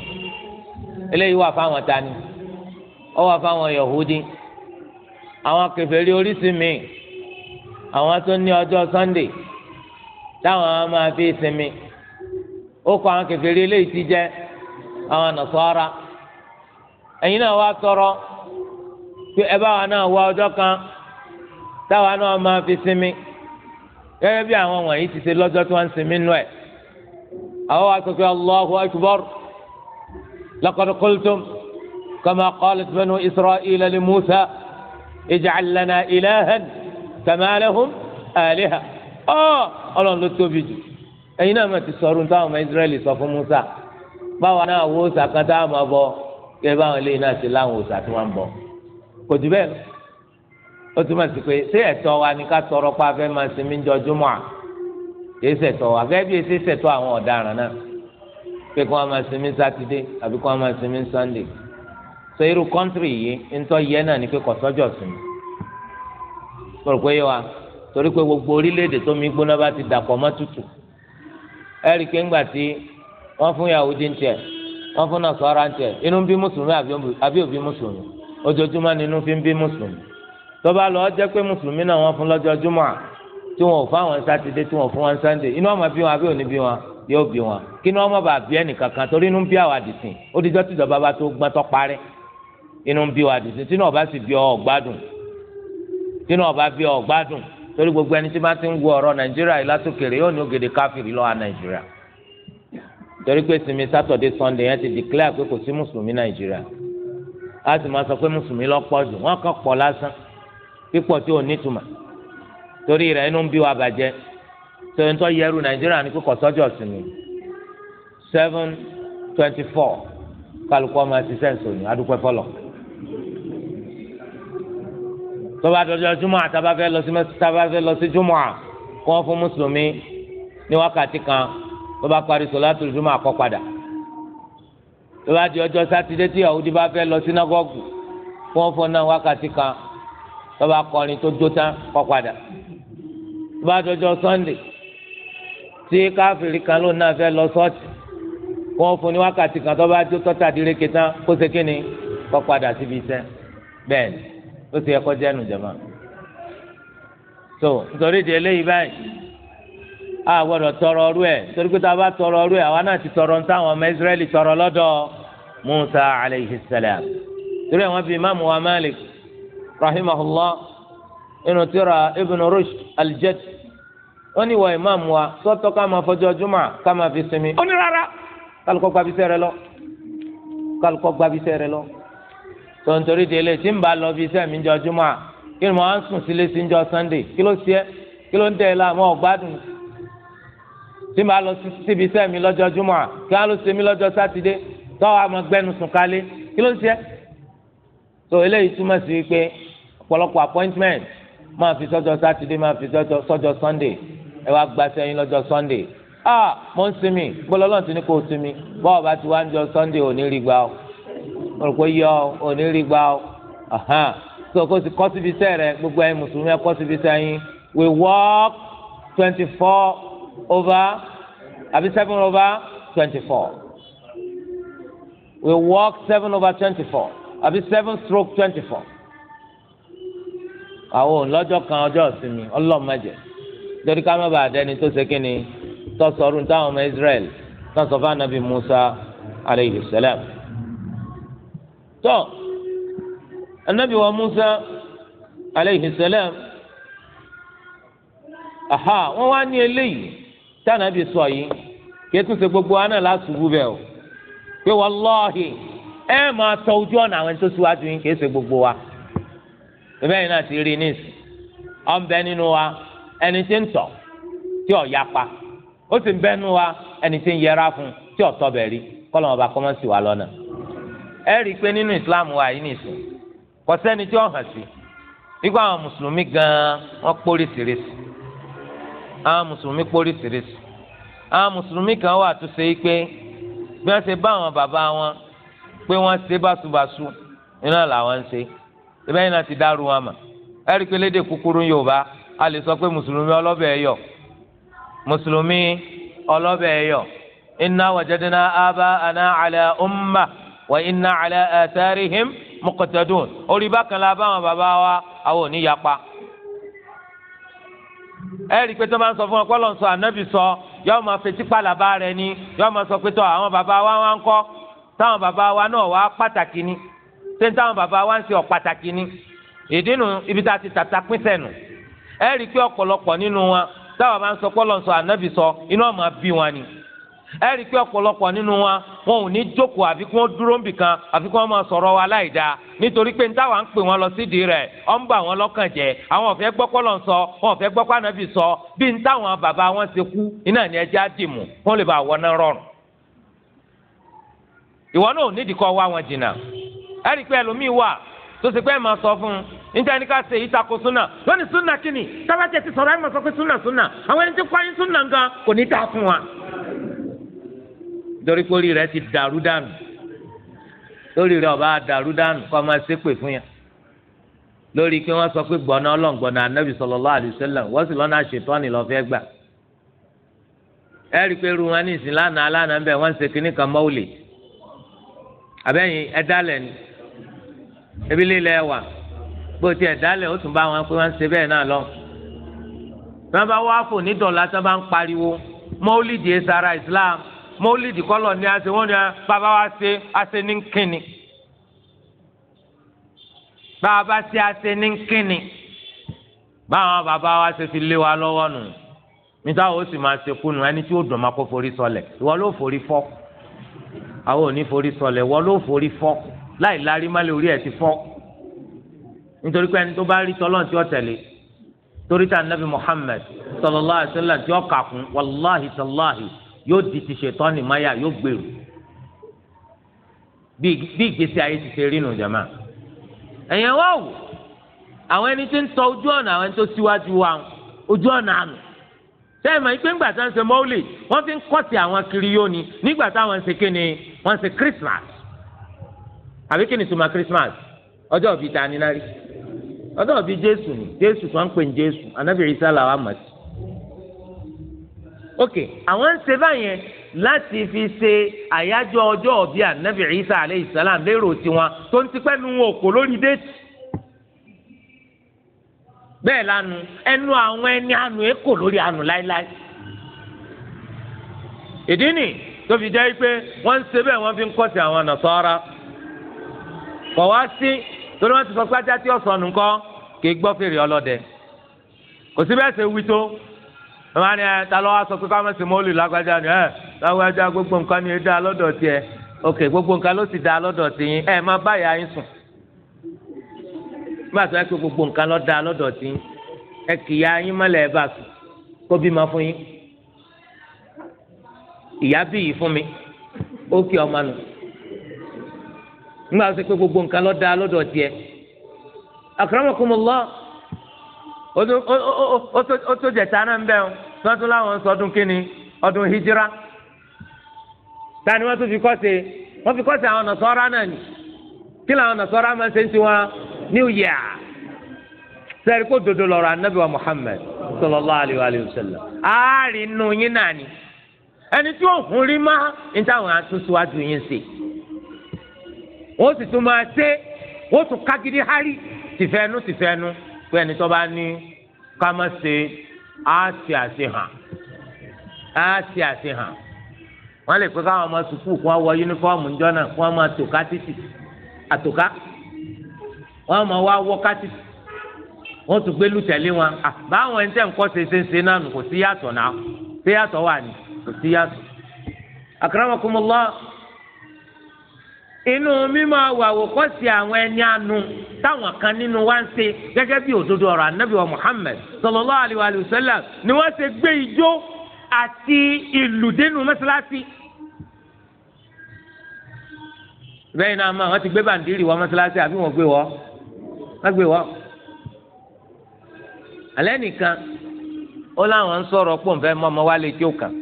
eléyìí wà fáwọn tani ó wà fáwọn yahudi àwọn àwọn tó ní sunday táwọn máa fi ó kọ àwọn kèfèrí eléyìí ti jẹ́ àwọn nàṣọ́ra ẹ̀yin náà wá tọrọ pé ẹ bá wa náà wá ọjọ́ kan táwa náà máa fi sinmi gẹ́gẹ́ bí àwọn wọ̀nyí ti ṣe lọ́jọ́ tí wọ́n ń sinmi nù ẹ̀ àwọn wa sọ pé Allahu akbar laqad qultum kama qalat banu Isra'ila li Musa ij'al lana ilahan kama lahum aliha ọ Ọlọ́run ló tóbi jù ẹ̀yin náà mà ti sọ̀rọ̀ táwọn ọmọ Ísírẹ́lì sọ fún Musa báwa náà wo sàkán táwọn máa bọ kẹ báwọn eléyìí náà ti láwọn òòsà tí wọ́n ń bọ kò jù bẹ́ẹ̀ ó túmọ̀ sí pé ṣé ẹ̀tọ́ wa ni ká tọrọ pa afẹ́ máa sinmi ń jọjúmọ́ à kìí ṣẹ̀tọ́ wa gẹ́gẹ́ bí ṣe ṣẹ̀tọ́ àwọn ọ̀daràn náà pé kí wọ́n máa sinmi sátidé àbí kí wọ́n máa sinmi sànńdé sọ irú kọ́ńtìrì yìí ń tọ́ yẹ náà ni pé kò sọ́jọ́ sinmi mo rò pé yẹ wa torí pé gbogbo orílẹ̀-èdè tó mi gbóná bá ti dàpọ̀ mọ́ tútù ẹ̀rí pé ńgbà tí wọ́n fún Yahudi ń tẹ̀ wọ́n fún Nasara ń tẹ̀ inú ń bí mùsùlùmí àbí òbí mùsùlùmí ojoojúmọ́ ni inú fi ń bí mùsùlùmí tó bá lọ jẹ́ pé mùsùlùmí náà wọ́n fún lọ́jọ́ júmọ́ tí wọn ò fún àwọn sátidé tí wọn ò fún wọn sànńdé inú ọmọ bí wọn àbí òní bí wọn yóò bí wọn kí ni wọn má bí ẹnì kankan torí inú bí àwọn àdìsìn ó dijọ́ tìjọba bá tó gbọ́n tó parẹ́ inú bí wọn àdìsìn tí náà bá sì bí ọ ọ̀gbádùn tí náà bá bí ọ ọ̀gbádùn torí gbogbo ẹni tí bá ti ń wo ọ̀rọ̀ nàìjíríà yìí látòkèrè yóò ní ògèdè káfíìrì lọ́wọ́ nàìjíríà torí pé sinmi sátọ̀dé sọ́ndé yẹn ti dìklẹ́ pé kò sí mùsùlùmí nàìjíríà a sì máa sọ pé mùsùlùmí lọ́pọ̀ wọ́n kàn pọ̀ lásán pípọ̀ tí ò torí rẹ̀ inú ń bí wa bàjẹ́ tóyún tó yẹrù nàìjíríà ní kíkọ̀ sọ́jọ́ sinmi seven twenty four kálukọ́ tọ́ba dọ́jọ́ júmọ́ àtàbá fẹ́ lọ sí tàbá fẹ́ lọ sí júmọ́ à kọ́ fún mùsùlùmí ní wákàtí kan tọ́ba parí sọ̀látù júmọ́ àkọ́ padà tọ́ba di ọjọ́ sátidé tí Yahudi bá fẹ́ lọ sínágọ́gù kọ́ fún náà wákàtí kan tọ́ba kọrin tó jó tán kọ́ padà tọ́ba dọ́jọ́ sọ́ndè tí káfíìrì kan ló náà fẹ́ lọ sọ́ọ̀tì kọ́ fún ní wákàtí kan tọ́ba jó tọ́tà dírékè tán kó ṣe kíni padà síbi iṣẹ́ bẹ́ẹ̀ ó ti yẹ kọjá nu jama so nítorí di eléyìí báyìí a gbọ́dọ̀ tọrọ ọrú ẹ torí pé tá a bá tọrọ ọrú ẹ àwa náà ti tọrọ ń táwọn ọmọ Israẹli tọrọ lọ́dọ̀ Musa alayhi salam torí àwọn bíi imaamu wa Malik rahimahullah inú tírà Ibn Rushd al-Jadd ó ní wọ imaamu wa sọ́tọ̀ ká máa fọjọ́ juma ká máa fi sinmi ó ní rárá kálukọ gbàbísẹ rẹ lọ kálukọ gbàbísẹ rẹ lọ tontori délé tí ń bá lọ bí iṣẹ́ mi ń jọ júmọ́ à kí ni mo á ń sùn sílé sí ń jọ sunday kí ló ṣe é kí ló ń tẹ̀ ẹ́ láàmú ọ̀gbádùn tí ń bá lọ síbi iṣẹ́ mi lọ́jọ́ júmọ́ à kí wọ́n á ló ṣe mí lọ́jọ́ sátidé tọ́wọ́ àmọ́ gbẹ́nu sùn kálé kí ló ṣe é. so eléyìí túmọ̀ sí wípé ọ̀pọ̀lọpọ̀ appointment máa fi sọ́jọ́ sátidé máa fi sọ́jọ́ sunday ẹ wá gbaṣẹ́ yín lọ́jọ́ sunday ah mo ń sinmi gbọ́dọ̀ lọ́ọ̀ wọn yọ onírìgbà ọhán so kó ti kọ́ síbi rẹ gbogbo ẹ̀yin mùsùlùmí kọ́ síbi yín we walk twenty four over àbí seven over twenty four we walk seven over twenty four àbí seven stroke twenty four àwọn lọ́jọ́ kan ọjọ́ ìsinmi ọlọ́mọdé torí ká má bàa dẹni tó ṣe kínni tó sọ̀rọ̀ táwọn ọmọ Israẹli tó sọ fún anabi Musa aleyhi salam tọ́ anabi wa musa aleyhi salam aha wọ́n wá ní eléyìí tànàbí sọ yìí kí etún ṣe gbogbo aná lásùbù bẹ́ẹ̀ o pé wàláhì ẹ máa tọ ojú ọ̀nà àwọn tó síwájú yín kì í ṣe gbogbo wa bẹ́ẹ̀ yìí náà ti rí níìsì ọ̀nbẹ nínú wa ẹni tí ń tọ̀ tí ò yapa ó sì ń bẹ nínú wa ẹni tí ń yẹra fún tí ò tọ́ bẹ̀ rí kọ́ lọ́mọba kọ́mọ́sì wa lọ́nà ẹ rí i pé nínú islam wa yìí nìsín kò sẹ́ni tí ó hàn sí nígbà àwọn mùsùlùmí gan-an wọ́n pórí sírèsì àwọn mùsùlùmí pórí sírèsì àwọn mùsùlùmí kan wà tó ṣe pé bí wọ́n ṣe bá àwọn bàbá wọn pé wọ́n ṣe báṣubàṣu iná làwọn ń ṣe ìbẹ́ yìí náà ti dárú wọn mà ẹ rí i pé lédè kúkúrú yorùbá a lè sọ pé mùsùlùmí ọlọ́bẹ̀ ẹ̀yọ̀ mùsùlùmí ọlọ́bẹ̀ ẹ̀yọ̀ inna wajadna aba'ana ala ummah wa inna ala atharihim muqtadun orí bákan la báwọn bàbá wa àwọn ò ní yapa. ẹ rí i pé tó máa ń sọ fún ọ pé sọ ànábì sọ yóò máa fetí pàlàbà rẹ ni yóò máa sọ pé tó àwọn bàbá wa wá ń kọ́ táwọn bàbá wa náà wá pàtàkì ni ṣé táwọn bàbá wa ń ṣe ọ̀ pàtàkì ni ìdí nu ibi tá a ti tàta pín sẹ́nu ẹ rí i pé ọ̀pọ̀lọpọ̀ nínú wọn táwọn bá ń sọ pé sọ ànábì sọ inú máa bí wọn ni. ẹ rí pé ọ̀pọ̀lọpọ̀ nínú wa wọn ò ní jókòó àfi kí kan àfi kí wọ́n máa sọ̀rọ̀ wa láì nítorí pé níta wà ń pè wọn lọ sídìí rẹ̀ ọ́ ń wọn lọ́kàn jẹ́ àwọn ọ̀fẹ́ gbọ́ lọ sọ wọn ọ̀fẹ́ gbọ́ sọ bí níta wọn bàbá wọn kú iná ni ẹja dìmú nídìí àwọn ẹni tí súnà gan kò ní fún wa. nítorí pé orí rẹ ti dàrú dànù lórí rẹ ọba dàrú dànù kọ́ máa ṣépè fún yẹn lórí pé wọ́n sọ pé gbọ́nà ọlọ́ngbọ́nà anábì sallallahu alaihi wasallam wọ́n sì lọ́nà àṣetọ́ ni lọ́ọ́ fẹ́ gbà ẹ rí i pé irú wọn ní ìsìn lánàá lánàá ń bẹ wọ́n ń ṣe kínní kan mọ́wùlì àbẹ́yìn ẹ̀dálẹ̀ ni ebi lílẹ̀ wà bó ti ẹ̀dálẹ̀ ó tún bá wọn pé wọ́n ń ṣe bẹ́ẹ̀ náà lọ tí wọ́n bá wá fò ní dọ̀là tí wọ́n bá ń pariwo mọ́wùlì dìé sara Islam mọ́lídìí kọ́lọ̀ ni a ṣe wọ́n ní bàbá wa ṣe a ṣe ní kínni bàbá ṣe a ṣe ní kínni báwọn bàbá wa ṣe fi lé wa lọ́wọ́ nù níta ó sì máa ṣe kúnu ẹni tí ó dùn máa kó forí sọlẹ̀ ìwọ ló forí fọ́ àwọn ò ní forí sọlẹ̀ ìwọ ló forí fọ́ láì larí má lè orí ẹ̀ ti fọ́ nítorí pé ẹni tó bá rí tọ́lọ́n tí ó tẹ̀lé torí tá nabi Muhammad sallallahu alaihi wasallam tí ó kà kún wàláhi sàláhi yóò di ti ṣètọ́ni máyà yóò gbèrú bí ìgbésí ayé ti ṣe rí nù jàmá ẹ̀yẹn wá wò àwọn ẹni tí ń tọ ojú ọ̀nà àwọn ẹni tó síwájú wa ojú ọ̀nà àná sẹ́yìn mọ̀ ìpín gbàtà ń ṣe mọ́wúlì wọ́n fi ń kọ́tì àwọn kiri yóò ní nígbà táwọn ń ṣe kíni wọ́n ń ṣe Christmas àbí kíni sùnmọ́ Christmas ọjọ́ òbí ta ni náà rí ọjọ́ òbí Jésù ni Jésù tó ń pè ní Jésù anábìrì sálà wa mọ̀ sí ok àwọn ń ṣe báyẹn láti fi ṣe àyájọ́ ọjọ́ ọ̀bí ànábì Isa aleyhi salam lérò tiwọn tó ń tipẹ́ nu wọn kò lórí déètì bẹ́ẹ̀ lanu ẹnu àwọn ẹni àánú èkó lórí àánú láéláé ìdí nì tó fi jẹ́ pé wọ́n ń ṣe bẹ́ẹ̀ wọ́n fi ń kọ́sí àwọn nàṣọ́ra kọ̀ wá sí torí wọ́n ti sọ pé ajá tí ọ̀sán nìkan kì í gbọ́ fèrè ọlọ́dẹ kò sí bẹ́ẹ̀ ṣe wí tó wọn ni ẹ ta lọ sọ pé ká má ṣe lágbájá ni ẹ lágbájá gbogbo nǹkan ni ẹ dá lọ́dọ̀ ẹ ok gbogbo nǹkan ló sì dá lọ́dọ̀ tiyín ẹ má báyà yín sùn nígbà tó yẹ kó gbogbo nǹkan ló dá lọ́dọ̀ tiyín ẹ kìyà yín mọ́lẹ̀ ẹ bá sùn kó fún yín ìyá bí yìí fún mi ó ọmọ nù nígbà tó gbogbo nǹkan lọ́dọ̀ o tó jẹ̀ta náà ń bẹ̀ o láwọn sọdún kínní ọdún hijira ta ni wọn tún fi kọ́ ṣe wọn fi kọ́ ṣe àwọn nọ̀sọ́ra náà ni kí làwọn nọ̀sọ́ra máa ṣe ń new year sẹ́ẹ̀rì kó dodo lọrọ anabi wa muhammed sallallahu aliyu wa alayhi wa nù yín náà ni ẹni tí ó hun rí má ní táwọn yín sì tún máa ṣe tún pé ẹni tó bá ní ká má ṣe á ṣe àṣehàn á ṣe lè pé káwọn ọmọ sùkúù kí wọ yúnífọ́ọ̀mù ńjọ́ náà kí wọ́n máa tòká títì àtòká wọ́n máa wá wọ́ ká títì wọ́n tún gbé wọn báwọn ẹni ń ṣe ṣe ń ṣe náà nù kò sí yàtọ̀ náà inú mímọ àwòkọ́sí àwọn ẹni àánú táwọn kan nínú wa ń ṣe gẹ́gẹ́ bí òdodo ọ̀rọ̀ anábì wa Muhammad sallallahu wa ni wọ́n ṣe gbé ijó àti ìlù dénú bẹ́ẹ̀ náà máa wọ́n ti gbé bàǹdírì wọ mọ́ṣáláṣí àbí wọ́n gbé wọ́ wọ́n gbé nìkan ó láwọn ń sọ̀rọ̀ pọ̀ wa lè ó kàn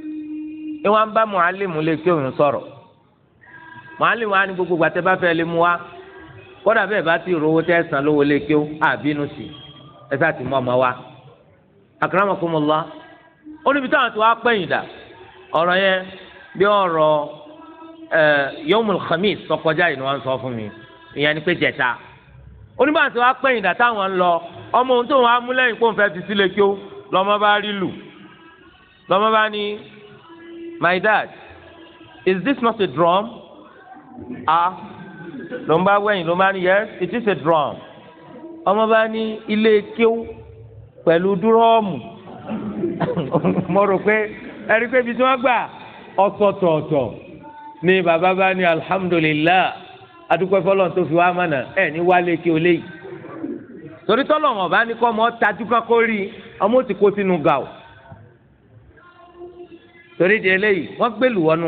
ẹ wọ́n màálìmù wa ni gbogbo gbàtẹ́ bá fẹ́ lè mú wa kódà bẹ́ẹ̀ bá ti rówó tẹ́ san lówó lè kí àbínú sí ẹ sá ti mú ọmọ wa. akramakumullah ó níbi táwọn ti wá pẹ́yìn dà ọ̀rọ̀ yẹn bí ọ̀rọ̀ yomul khamis sọkọjá yìí ni wọ́n sọ fún mi ìyẹn ni pé jẹta onígbà tí wàá pẹ́yìn dà táwọn ń lọ ọmọ ohun tó wọn á mú lẹ́yìn kó n fẹ́ fi sílẹ̀ kí ó lọ́mọ bá rí lù lọ́mọ bá ní my dad is this not a drum? a ló ń bá wẹ̀yìn ló ń bá yes it is a drum ọmọ bá ní ilé kíw pẹ̀lú dúrọ́ọ̀mù mo rò pé ẹ̀rí pé ibi tí wọ́n gbà ọ̀tọ̀ọ̀tọ̀ ni bàbá bá ní alihamudulilayi adúpẹ́ fọlọ́n tó fi wá mọ̀nà ẹ̀ ní wálé kí o léyìí torí tọ́lọ̀ wọn bá ní kọ́ ọmọ tajú kan rí ọmọ ti kó sínú ga o torí di eléyìí wọ́n gbé lù wọnú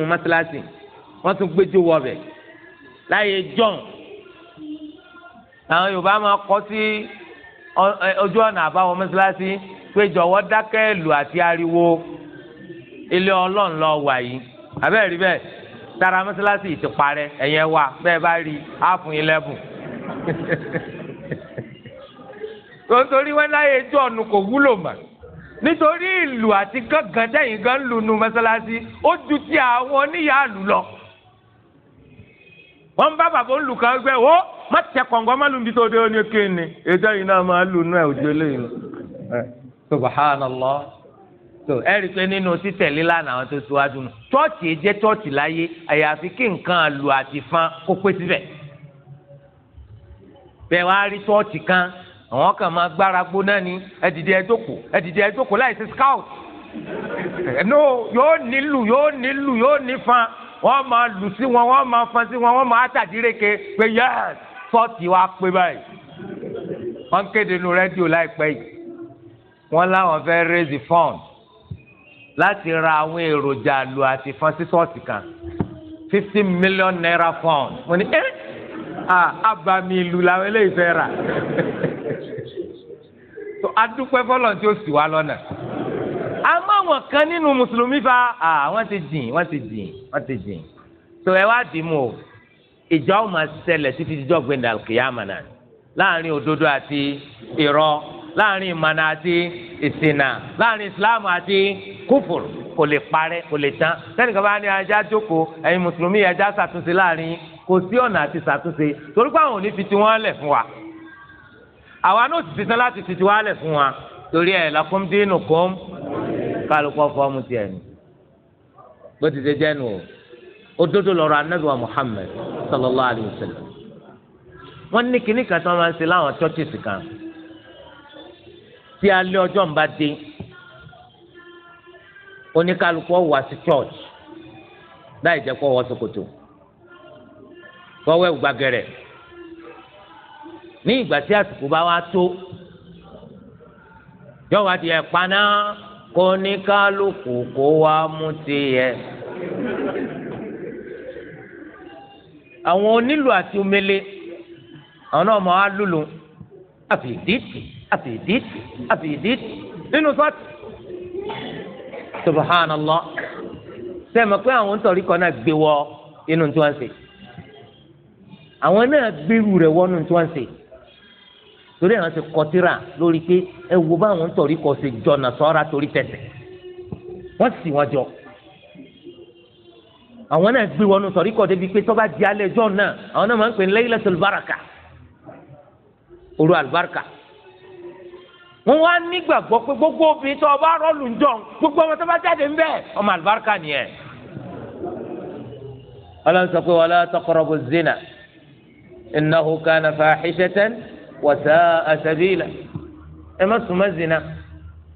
wọ́n tún gbé jó wọbẹ̀ láyé john àwọn yorùbá máa kọ sí ojú ọ̀nà àbáwọn mọ́ṣáláṣí pé jọ̀wọ́ dákẹ́ ìlù àti ariwo ilé ọlọ́run lọ wà yìí àbẹ́ẹ̀ rí bẹ́ẹ̀ tara mọ́ṣáláṣí ti parẹ́ ẹ̀yẹn wà bẹ́ẹ̀ bá rí àfún yín lẹ́bùn. nítorí wọn láyé john kò wúlò mọ́ nítorí ìlù àti gángan dẹ́yìn gan lùnú mọ́ṣáláṣí ó ju ti àwọn oníyàá lù lọ wọ́n bá bàbá olùkọ́ ẹgbẹ́ wo má tẹ kọ̀ǹgọ́ má lùmí tó dé oní kéne ètò yìí náà máa lù nú òjò lẹ́yìn. subhanallah so ẹ rí i pé nínú títẹ̀lé lánàá àwọn tó síwájú nù chọ́ọ̀chì yìí jẹ́ chọ́ọ̀chì láyé àyàfi kí nǹkan àlù àti fan kó pé síbẹ̀. bẹ́ẹ̀ wá rí chọ́ọ̀chì kan àwọn kan máa gbára gbóná ni ẹ̀dìdì ẹ̀dókò ẹ̀dìdì ẹ̀dókò láì sí scout. no yóò nílù yóò nílù yóò ní fan wọ́n máa lù sí wọn wọ́n máa fọn sí wọn wọ́n máa tàdíreke pé yẹ́s sọ́ọ̀tì wa pé báyìí wọ́n kéde nu rẹ́díò láìpẹ́ yìí wọ́n láwọn fẹ́ raise fund láti ra àwọn èròjà lu àti fún sísọ́ọ̀tì kan fifty million naira fund mo ní ẹ́ eh, abàmì ìlú làwọn eléyìí fẹ́ rà so adúpẹ́ fọlọ́n tí ó sì wá lọ́nà àmọ́ àwọn kan nínú mùsùlùmí fa wọ́n ti dìn wọ́n ti dìn wọ́n ti dìn tó ẹ wá dì mú o ìjà ó máa ṣẹlẹ̀ títí díjọ́ gbẹ̀ndà kìyàmà náà láàrin òdodo àti irọ́ láàrin ìmànà àti ìṣìnà láàrin islam àti kúfùr kò lè parẹ́ kò lè tán sẹ́nìkan bá ní ajá jókòó ẹ̀yin mùsùlùmí ajá ṣàtúnṣe láàrin kò sí ọ̀nà àti ṣàtúnṣe torí pé àwọn ò ní fi tiwọn lẹ̀ fún wa àwa náà ti ṣetán láti fi tiwọn lẹ̀ fún wa torí ẹ̀ lakum dinukum kálukọ fọọmù tiẹ̀ ni bó ti ṣe jẹ́ nu o òdodo lọ́rọ̀ anabi wa Muhammad sallallahu alayhi wa sallam wọ́n ní kíní kan tí wọ́n máa ń ṣe láwọn churches kan tí alẹ́ ọjọ́ ń bá dé oníkálukọ wá sí church láì jẹ́ kó wọ ṣòkòtò kọ́wẹ́ gbàgẹ̀rẹ̀ ní ìgbà tí àsìkò bá wá tó jọ́wọ́ adìẹ pa náà kó ní kálukú kó wá mú tiẹ̀. àwọn onílù àti omele àwọn náà máa lùlù àfìdíìtì àfìdíìtì àfìdíìtì nínú sọ́ọ̀tì subhanallah sẹ́mi pé àwọn ń tọ̀rí kan náà gbé wọ inú tí wọ́n ń ṣe àwọn náà gbérù rẹ̀ wọ́nú tí wọ́n ń ṣe torí àwọn ti kọtíra lórí pé ẹ wo báwọn ń tọrí kọ ṣe jọnà sọ́ra torí tẹ̀sẹ̀ wọ́n sì wọ́n jọ àwọn náà gbé wọnú sọ̀rí kọ́ débi pé tọ́ba di alẹ́ jọ́ náà àwọn náà máa ń pè ní Laylatul Baraka òru àlùbáràkà wọ́n wá nígbàgbọ́ pé gbogbo obìnrin tó ọba rọ́ọ̀lù ń jọ gbogbo ọmọ tó jáde ń bẹ̀ ọmọ àlùbáràkà nìyẹn. ọlọ́run sọ pé wala taqrabu zina innahu kana fahishatan. wasa sabila ẹ má sùn má zina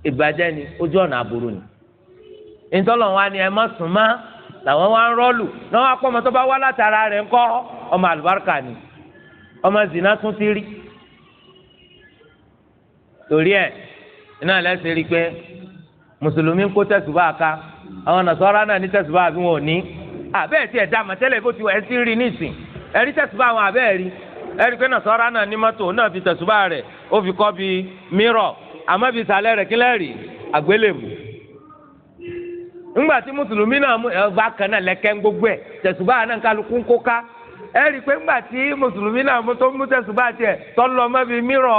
ìbàjẹ́ ni ojú ọ̀nà àbúrò ni ntọ́lọ̀ wa ni ẹ má sùn má làwọn wa ń rọ́ọ̀lù náà wàá pọ̀ ọmọ tó bá wá látara rẹ̀ ńkọ́ ọmọ àlùbáríkà ni ọmọ zina tún ti rí torí ẹ iná lẹ́sẹ̀ rí pé mùsùlùmí ń kó tẹ̀sùbá ká àwọn nàṣọ́ra náà ní tẹ̀sùbá àbí wọn ò ní àbẹ́ẹ̀ tí ẹ̀ dá àmọ́tẹ́lẹ̀ bó ti wà ẹ́ sí rí ẹ̀rí àwọn àbẹ́ẹ̀ rí ẹ̀rí pé nàṣọ́ra náà ní mọ́tò náà fi tẹ̀sùbà rẹ̀ ó fi kọ́ bí mírọ̀ àmọ́ fi sàlẹ̀ rẹ̀ kílẹ̀ rì àgbélébù ńgbà tí mùsùlùmí náà bá kan náà lẹ́kẹ́ ń gbogbo ẹ̀ tẹ̀sùbà náà kálukú ń kó ká ẹ̀rí pé ńgbà tí mùsùlùmí náà tó mú tẹ̀sùbà tiẹ̀ tọ́lọ́ mọ́ bí mírọ̀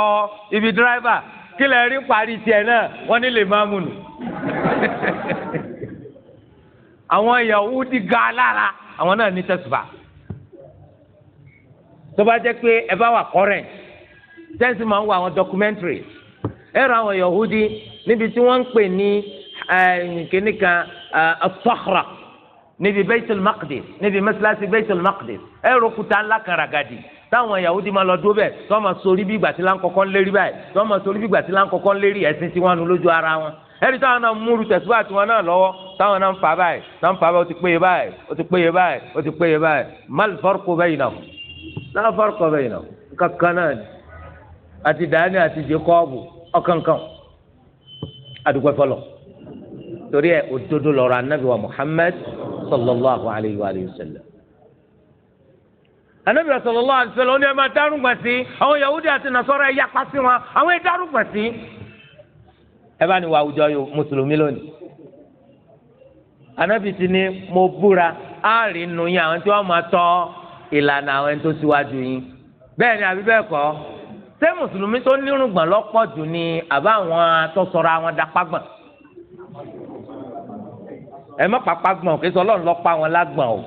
ibi dírá kí lè rí parí lára àwọn náà ní tẹ̀sùbà tó bá jẹ́ pé ẹ bá wà current tẹ́sí máa ń wọ àwọn documentary ẹ àwọn Yahudi níbi tí wọ́n ń pè ní eh, kìnnì kan eh, as-Sakhra níbi Baitul Maqdis níbi mẹ́sàlásì Baitul Maqdis ẹ rọ kúta táwọn Yahudi máa lọ dúró bẹ́ẹ̀ tó máa sori bí ìgbà tí láńkọ̀kọ́ ń lérí báyìí tó máa sori bí ìgbà tí láńkọ̀kọ́ ń lérí ẹ̀sìn tí wọ́n nu lójú ara wọn ẹni táwọn náà múru tẹ̀síwá tiwọn náà lọ́wọ́ táwọn náà ń fà báyìí náà ń fà báyìí ó ti péye báyìí ó ti péye báyìí ó ti péye báyìí mal farqu baynahum láfàr kọ̀ọ̀bẹ yìí nà kankan náà ni àti dání àti jacobu ọ̀kankan àdúgbò fọlọ torí ẹ òdodo lọ̀rọ̀ anabi wa muhammed sallallahu alayhi wa sallam anabi sallallahu alayhi wa sallam ó ní ẹ máa dárú gbà sí àwọn yahudi àti nasọrọ ẹ yapa sí wọn àwọn ẹ dárú gbà sí ẹ bá ní wà àwùjọ mùsùlùmí lónìí anabi ti ní mo búra á rí nu yín àwọn tí wọn máa tọ́ ọ ìlànà àwọn ẹni tó síwájú yín bẹ́ẹ̀ ni àbí bẹ́ẹ̀ kọ́ ṣé mùsùlùmí tó nírùngbọ̀n lọ́pọ̀ jù ni àbá àwọn tó sọra àwọn dapágbọ̀n ẹ má pàpàgbọ̀n kí sọlọ́run lọ́pọ̀ àwọn lágbọ̀n o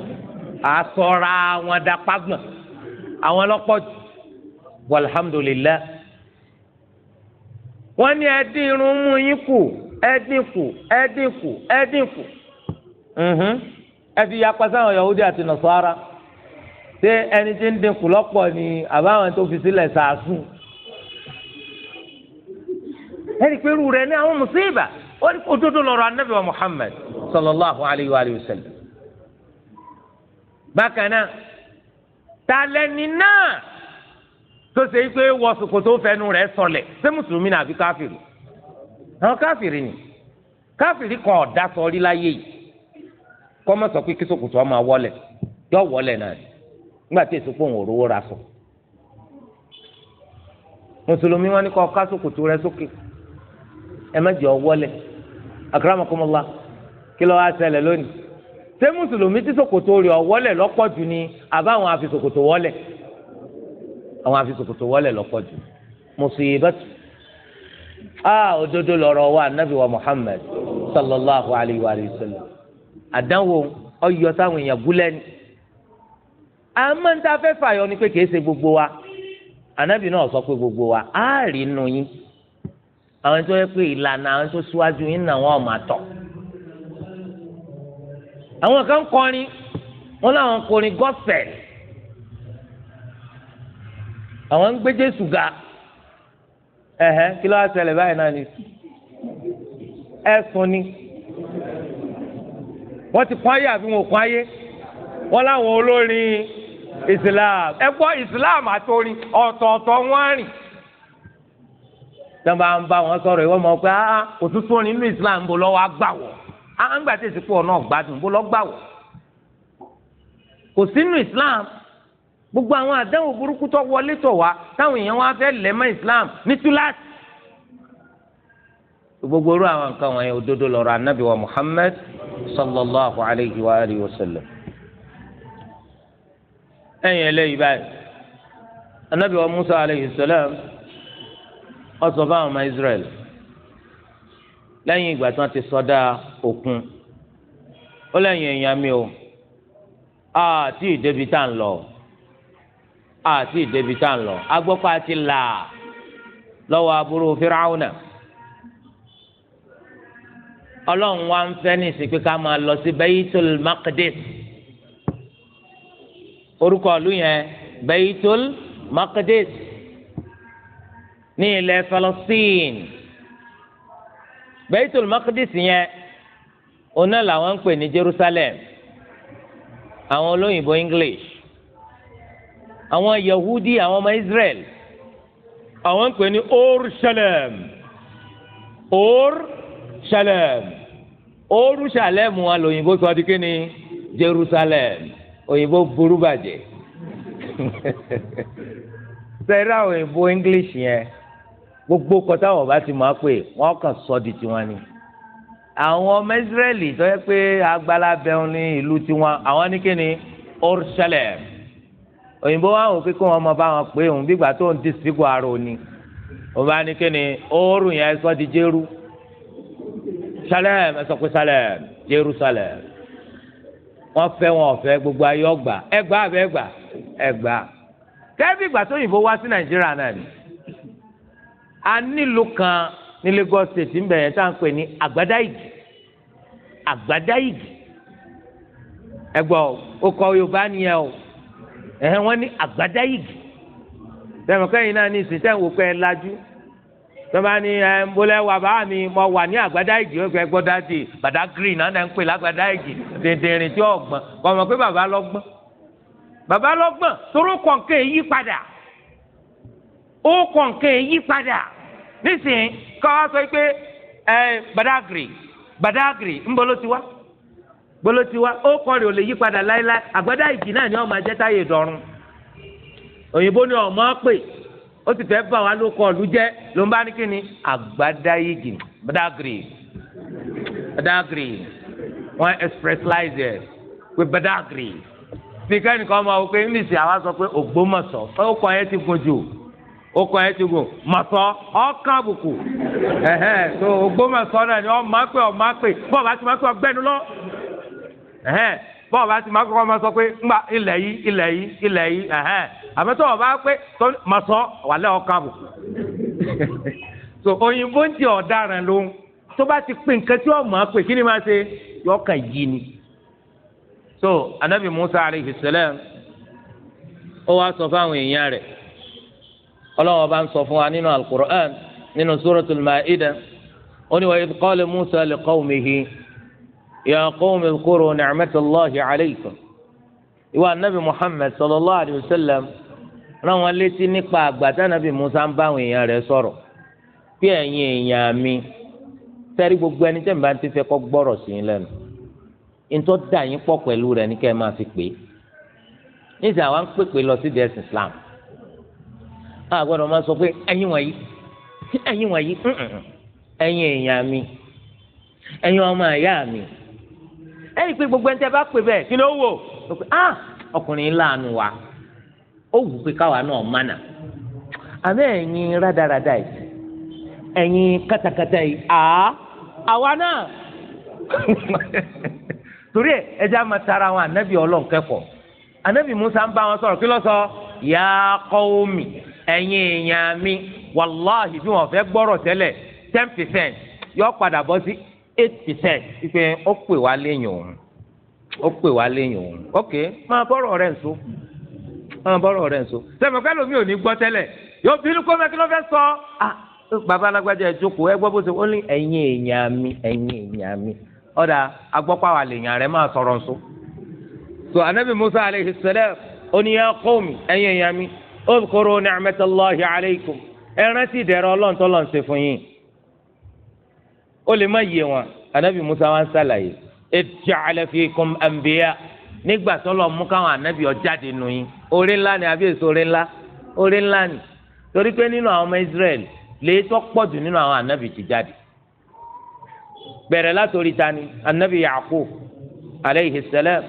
àsọra àwọn dapágbọ̀n àwọn lọ́pọ̀ jù walhamdulillah wọ́n ní ẹ dín irun mú yín kù ẹ kù ẹ kù ẹ kù ẹ fi yapa sáwọn Yahudi àti Nasara ṣé ẹni tí ń dínkù lọ́pọ̀ ni àbáwọn tó fi sílẹ̀ sàásùn ẹni pé irú rẹ̀ ní àwọn mùsíbà ó ní òdodo lọ́rọ̀ anábì wa Muhammad sallallahu alayhi wa sallam bákan náà talẹ́ni náà tó ṣe é pé wọ ṣòkòtò fẹnu rẹ̀ sọlẹ̀ ṣé mùsùlùmí náà àbí káfíìrì àwọn káfíìrì ni káfíìrì kan ọ̀dà sọ rí láyé yìí kọ́mọ̀sọ̀ pé kí ṣòkòtò ọmọ wọlẹ̀ yọ wọlẹ̀ náà ni nígbà tí èso pòun òróró ra sọ mùsùlùmí wọn ní kọ ká sòkòtò rẹ sókè ẹ má jẹ ọwọlẹ akramakumullah kí ló wá ṣẹlẹ̀ lónìí ṣé mùsùlùmí tí sòkòtò rẹ ọwọlẹ lọ́pọ̀ jù ni àbá àwọn àfi sòkòtò wọlẹ àwọn àfi sòkòtò wọlẹ lọ́pọ̀ jù musibatu a òdodo lọ́rọ̀ wa anabi wa muhammad sallallahu alayhi wa sallam àdánwò ọyọ sáwọn èèyàn búlẹ́ni àmọ́ ní ta fàyọ ni pé gbogbo wa ànábì náà sọ pé gbogbo wa á rí inú yín àwọn tó yẹ pé ìlànà àwọn tó síwájú yín náà wọn ò máa tọ̀ àwọn kan kọrin wọn làwọn kọrin gospel àwọn ń gbé Jésù ga ẹ̀hẹ́ kí ló wá ṣẹlẹ̀ báyìí náà islam ẹ gbọ́ islam àtòrin ọ̀tọ̀ọ̀tọ̀ wọ́n rìn tẹ́lẹ̀ ń bá wọn sọ̀rọ̀ ìwọ́n mọ̀ pé ah, ah òtútù orin islam bó lọ́wọ́ agbàwọ̀ ah ń gbà tí èsì pọ̀ náà gbádùn lọ́ kò sínú islam gbogbo àwọn àdánwò burúkú tó wọlé tọ̀ wá táwọn èèyàn wá fẹ́ lẹ́mọ́ islam ní túláàsì gbogbo irú àwọn ẹ̀yìn ẹlẹ́yìí báyìí anabi wa musa aleyhi salam ó sọ fáwọn ọmọ israel lẹ́yìn ìgbà tí wọ́n ti sọdá òkun ó lẹ́yìn èèyàn mi o àti ìdẹ́bi tá à ń lọ àti ìdẹ́bi tá ń lọ agbọ́pọ̀ àti là lọ́wọ́ aburú firawuna ọlọ́run wa ń fẹ́ ní ìsìnkú ká máa lọ sí Baitul Maqdis orúkọ ìlú yẹn Baitul Maqdis ní ilẹ̀ Falastin Baitul Maqdis yẹn oná làwọn ń pè ní Jerusalem àwọn olóyìnbó English àwọn Yahudi àwọn ọmọ Israel àwọn ń pè ní Orushalem Orushalem Orushalem wọn lòyìnbó sọ di kí ni Jerusalem òyìnbó burú bàjẹ́ sẹ́rí àwọn òyìnbó english yẹn gbogbo kọtà wọn bá ti máa pè wọ́n kàn sọ di tiwọn ni àwọn ọmọ israẹli tó yẹ pé agbára bẹun ní ìlú tiwọn àwọn ní kíni Jerusalem òyìnbó wa wò pé kí wọn mọ bá wọn pé òun bígbà tó ń disigbó ara òní òun bá ní kíni oorun yẹn sọ di jeru salem ẹ sọ pé salem Jerusalem wọ́n fẹ́ wọn ọ̀fẹ́ gbogbo ayé ọgbà ẹgbà abẹ́ ẹgbà ẹgbà kẹ́bí ìgbà tó wá sí nàìjíríà náà ni a nílò kan ní Lagos state ńbẹ yẹn tá à ń pè ní àgbádáìgì àgbádáìgì ẹgbọ́ ó kọ yorùbá nìyẹn o ẹ̀hẹ́n wọ́n ní àgbádáìgì tẹ̀mọ̀kẹ́yìn náà ní ìsìn tẹ̀ ń wò pé ẹ lajú tọ́ba ni ẹ ń wà mọ wà ní àgbàdá ìjì ó fẹ́ gbọ́dá sí i Badagry náà náà ń pè lágbàdá ìjì dèdèrìn tí ọ̀gbọ́n mọ̀ pé bàbá lọ́gbọ́n bàbá lọ́gbọ́n toró kọ̀ǹkẹ́ yí padà ó kọ̀ǹkẹ́ yí padà nísìnyí sọ pé ẹ ń bolo bolo ó kọ́ rẹ̀ ó ti fẹ́ bà wá ló ọ̀lú jẹ́ ló ń bá ní kíni àgbádáyéjì badagry badagry wọ́n expresslize ẹ̀ pé badagry fìkà ẹnìkan máa wọ pé english àwa sọ pé ògbómọ̀ṣọ́ ó kọ ti gùn jù ó kọ ti gùn àbùkù bọ́ọ̀ bá ti máa kọ́kọ́ máa sọ pé ńgbà ilẹ̀ yìí ilẹ̀ yìí ilẹ̀ yìí ẹ̀hẹ́n àmọ́ tó o bá pé tó máa sọ wàlẹ́ ọkọ àbò. so òyìnbó ń ti ọ̀daràn ló ń tó bá ti pè nǹkan tí wọ́n pé kí ni máa ṣe yọkàn yìí ni. so anabi musa alayhi salam ó wá sọ fáwọn èèyàn rẹ̀ ọlọ́wọ́ bá ń sọ fún wa nínú alukur'an nínú suratul ma'ida ó ní wa idh qala musa liqawmihi. يا قوم اذكروا نعمة الله عليكم ìwà nabi muhammed sallallahu alayhi wa sallam rán wọn létí nípa àgbàtà nabi musa ń báwọn èèyàn rẹ̀ sọ̀rọ̀ pé ẹ̀yin èèyàn mi sẹrí gbogbo ẹni tẹ́ ń bá ti fẹ́ kọ́ gbọ́rọ̀ sí i lẹ́nu ntọ́ da yín pọ̀ pẹ̀lú rẹ̀ ní kẹ́ ẹ máa fi pè é níṣẹ́ àwa ń pèpè lọ sí dẹ́sìn islam a gbọ́dọ̀ máa sọ pé ẹ̀yin wọ̀nyí ẹ̀yin wọ̀nyí ẹ̀yin èèyàn mi ẹ̀yin ọmọ àyà mi. ẹ̀rí pé gbogbo ẹni tẹ́ bá pè bẹ́ẹ̀ kí ló wò ó pé ah ọkùnrin láàánú wa ó wù pé káwa náà mánà àmì ẹ̀yin rádaràda yìí ẹ̀yin kátàkátà yìí àá àwa náà torí ẹ ẹja máa tara àwọn anabi Ọlọ́run kẹ́kọ̀ọ́ anabi Musa ń bá wọn sọ̀rọ̀ kí ló sọ ya omi, ẹ̀yin èèyàn mi wàláhì bí wọn fẹ́ gbọ́rọ̀ tẹ́lẹ̀ ten percent yọ padà bọ́ sí eight percent pé ó pè wá òun ok máa bọ́rọ̀ rẹ̀ nso, máa bọ́rọ̀ rẹ̀ nso, sẹ́mi pẹ́ lómi ò ní gbọ́ tẹ́lẹ̀ yóò bínú kó mẹ́kí ló fẹ́ sọ ah, bàbá alágbájá ẹ̀ jókòó bó ṣe ó ní ẹ̀yin èèyàn mi ẹ̀yin èèyàn mi ọ̀dà agbọ́pàwà lèèyàn rẹ̀ máa sọ̀rọ̀ so anabi musa aleyhi ó lè má yé wọn anabi musa wa ń sàlàyé ij'ala fikum anbiya nígbà tó lọ mú káwọn anabi ọjáde nù yín orí ńlá ni àbí èso orí ńlá orí ńlá ni torí pé nínú àwọn ọmọ israẹl lèyí tó pọ̀ jù nínú àwọn anabi ti jáde bẹ̀rẹ̀ látòrí tani anabi yaakub aleyhi salam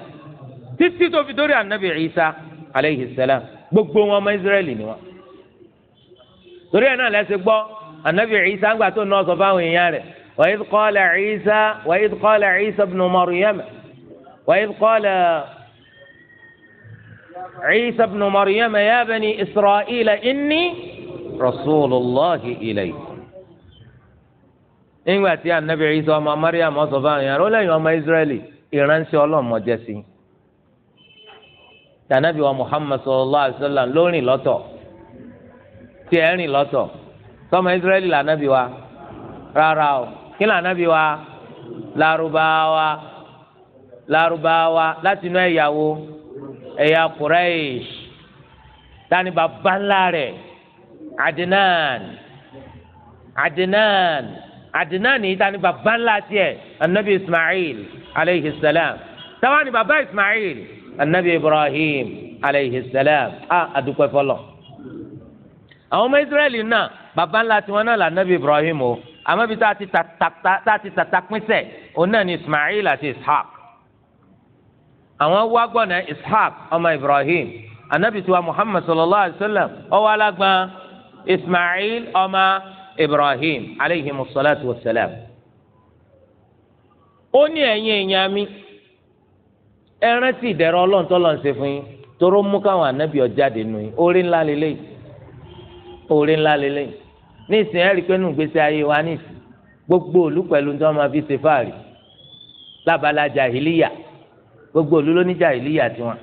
títí tó fi dórí anabi isa aleyhi salam gbogbo wọn ọmọ israẹli ni wọn torí ẹ̀ náà lẹsẹ gbọ́ anabi isa ń gbà tó nọ sọ fáwọn èèyàn rẹ̀ وإذ قال عيسى وإذ قال عيسى ابن مريم وإذ قال عيسى ابن مريم يا بني إسرائيل إني رسول الله إليكم إن واتي النبي عيسى وما مريم وصفان يعني ولا يوم إسرائيلي إيران سي الله مجسي تنبي ومحمد صلى الله عليه وسلم لوني لطو تيرني لطو ثم إسرائيلي لنبي ورارو kí ni ànábì wa Lárúbáwá Lárúbáwá láti inú ẹ̀yàwó ẹ̀yà Quraish tani bàbá ńlá rẹ̀ Adnan Adnan Adnan yìí tani bàbá ńlá tiẹ̀ ànábì Ismail aleyhi salam táwa ni bàbá Ismail ànábì Ibrahim aleyhi salam a adúpẹ́ fọlọ́ àwọn ọmọ Israẹli náà bàbá ńlá tiwọn náà là ànábì Ibrahim o àmọ́ ibi tá a ti tàtàpínsẹ̀ òun náà ni Ismail àti Ishaq àwọn wá gbọ́nà Ishaq ọmọ Ibrahim anabi tiwa Muhammad sallallahu alayhi wa sallam ọwọ́ alágbọ́n Ismail ọmọ Ibrahim aleyhi musalatu wa salam ó ní ẹ̀yin èèyàn mi ẹ rántí ìdẹ̀rọ̀ Ọlọ́run lọ́n ṣe fún yín toró mú káwọn anabi ó jáde nù yín orí ńlá lélẹ́yìn orí ńlá lélẹ́yìn. n'isi ìsìn ẹ̀rí pé nù gbèsè ayé wa ní gbogbo òlu pẹ̀lú tí wọ́n máa fi ṣe fáàrí lábala gbogbo òlu ló ní tiwọn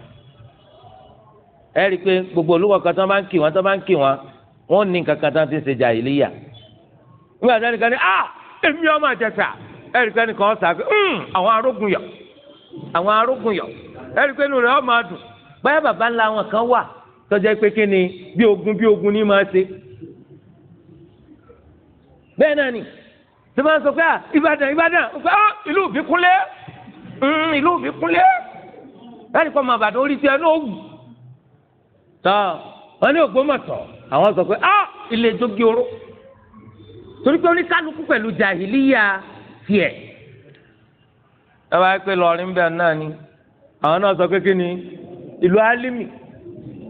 gbogbo òlu kọ̀ọ̀kan tí wọ́n bá ń kì wọ́n tí wọ́n bá ń kì wọ́n wọ́n ní kankan tí wọ́n ti ṣe jàhìlíyà nígbà tí ní ah èmi ọmọ àjẹsà ẹ̀rí pé ọ̀sà hmm, pé àwọn arógun yọ àwọn arógun yọ pé ọmọ báyà bàbá ńlá wọn kan wà bí ogun bí bẹ́ẹ̀ náà ni tí wọ́n sọ pé à Ìbàdàn Ìbàdàn pé à ìlú òbí kúnlé ìlú òbí kúnlé láti kọ́ ọmọ Ìbàdàn orí tiẹ̀ ní òwú tọ́ wọn ní Ògbómọ̀tọ̀ àwọn sọ pé à ilé jókè oró torí pé oníkálukú pẹ̀lú jàhìlíyà tiẹ̀ ẹ pé lọrin bẹ́ẹ̀ náà ni àwọn náà sọ pé kí ni ìlú alimi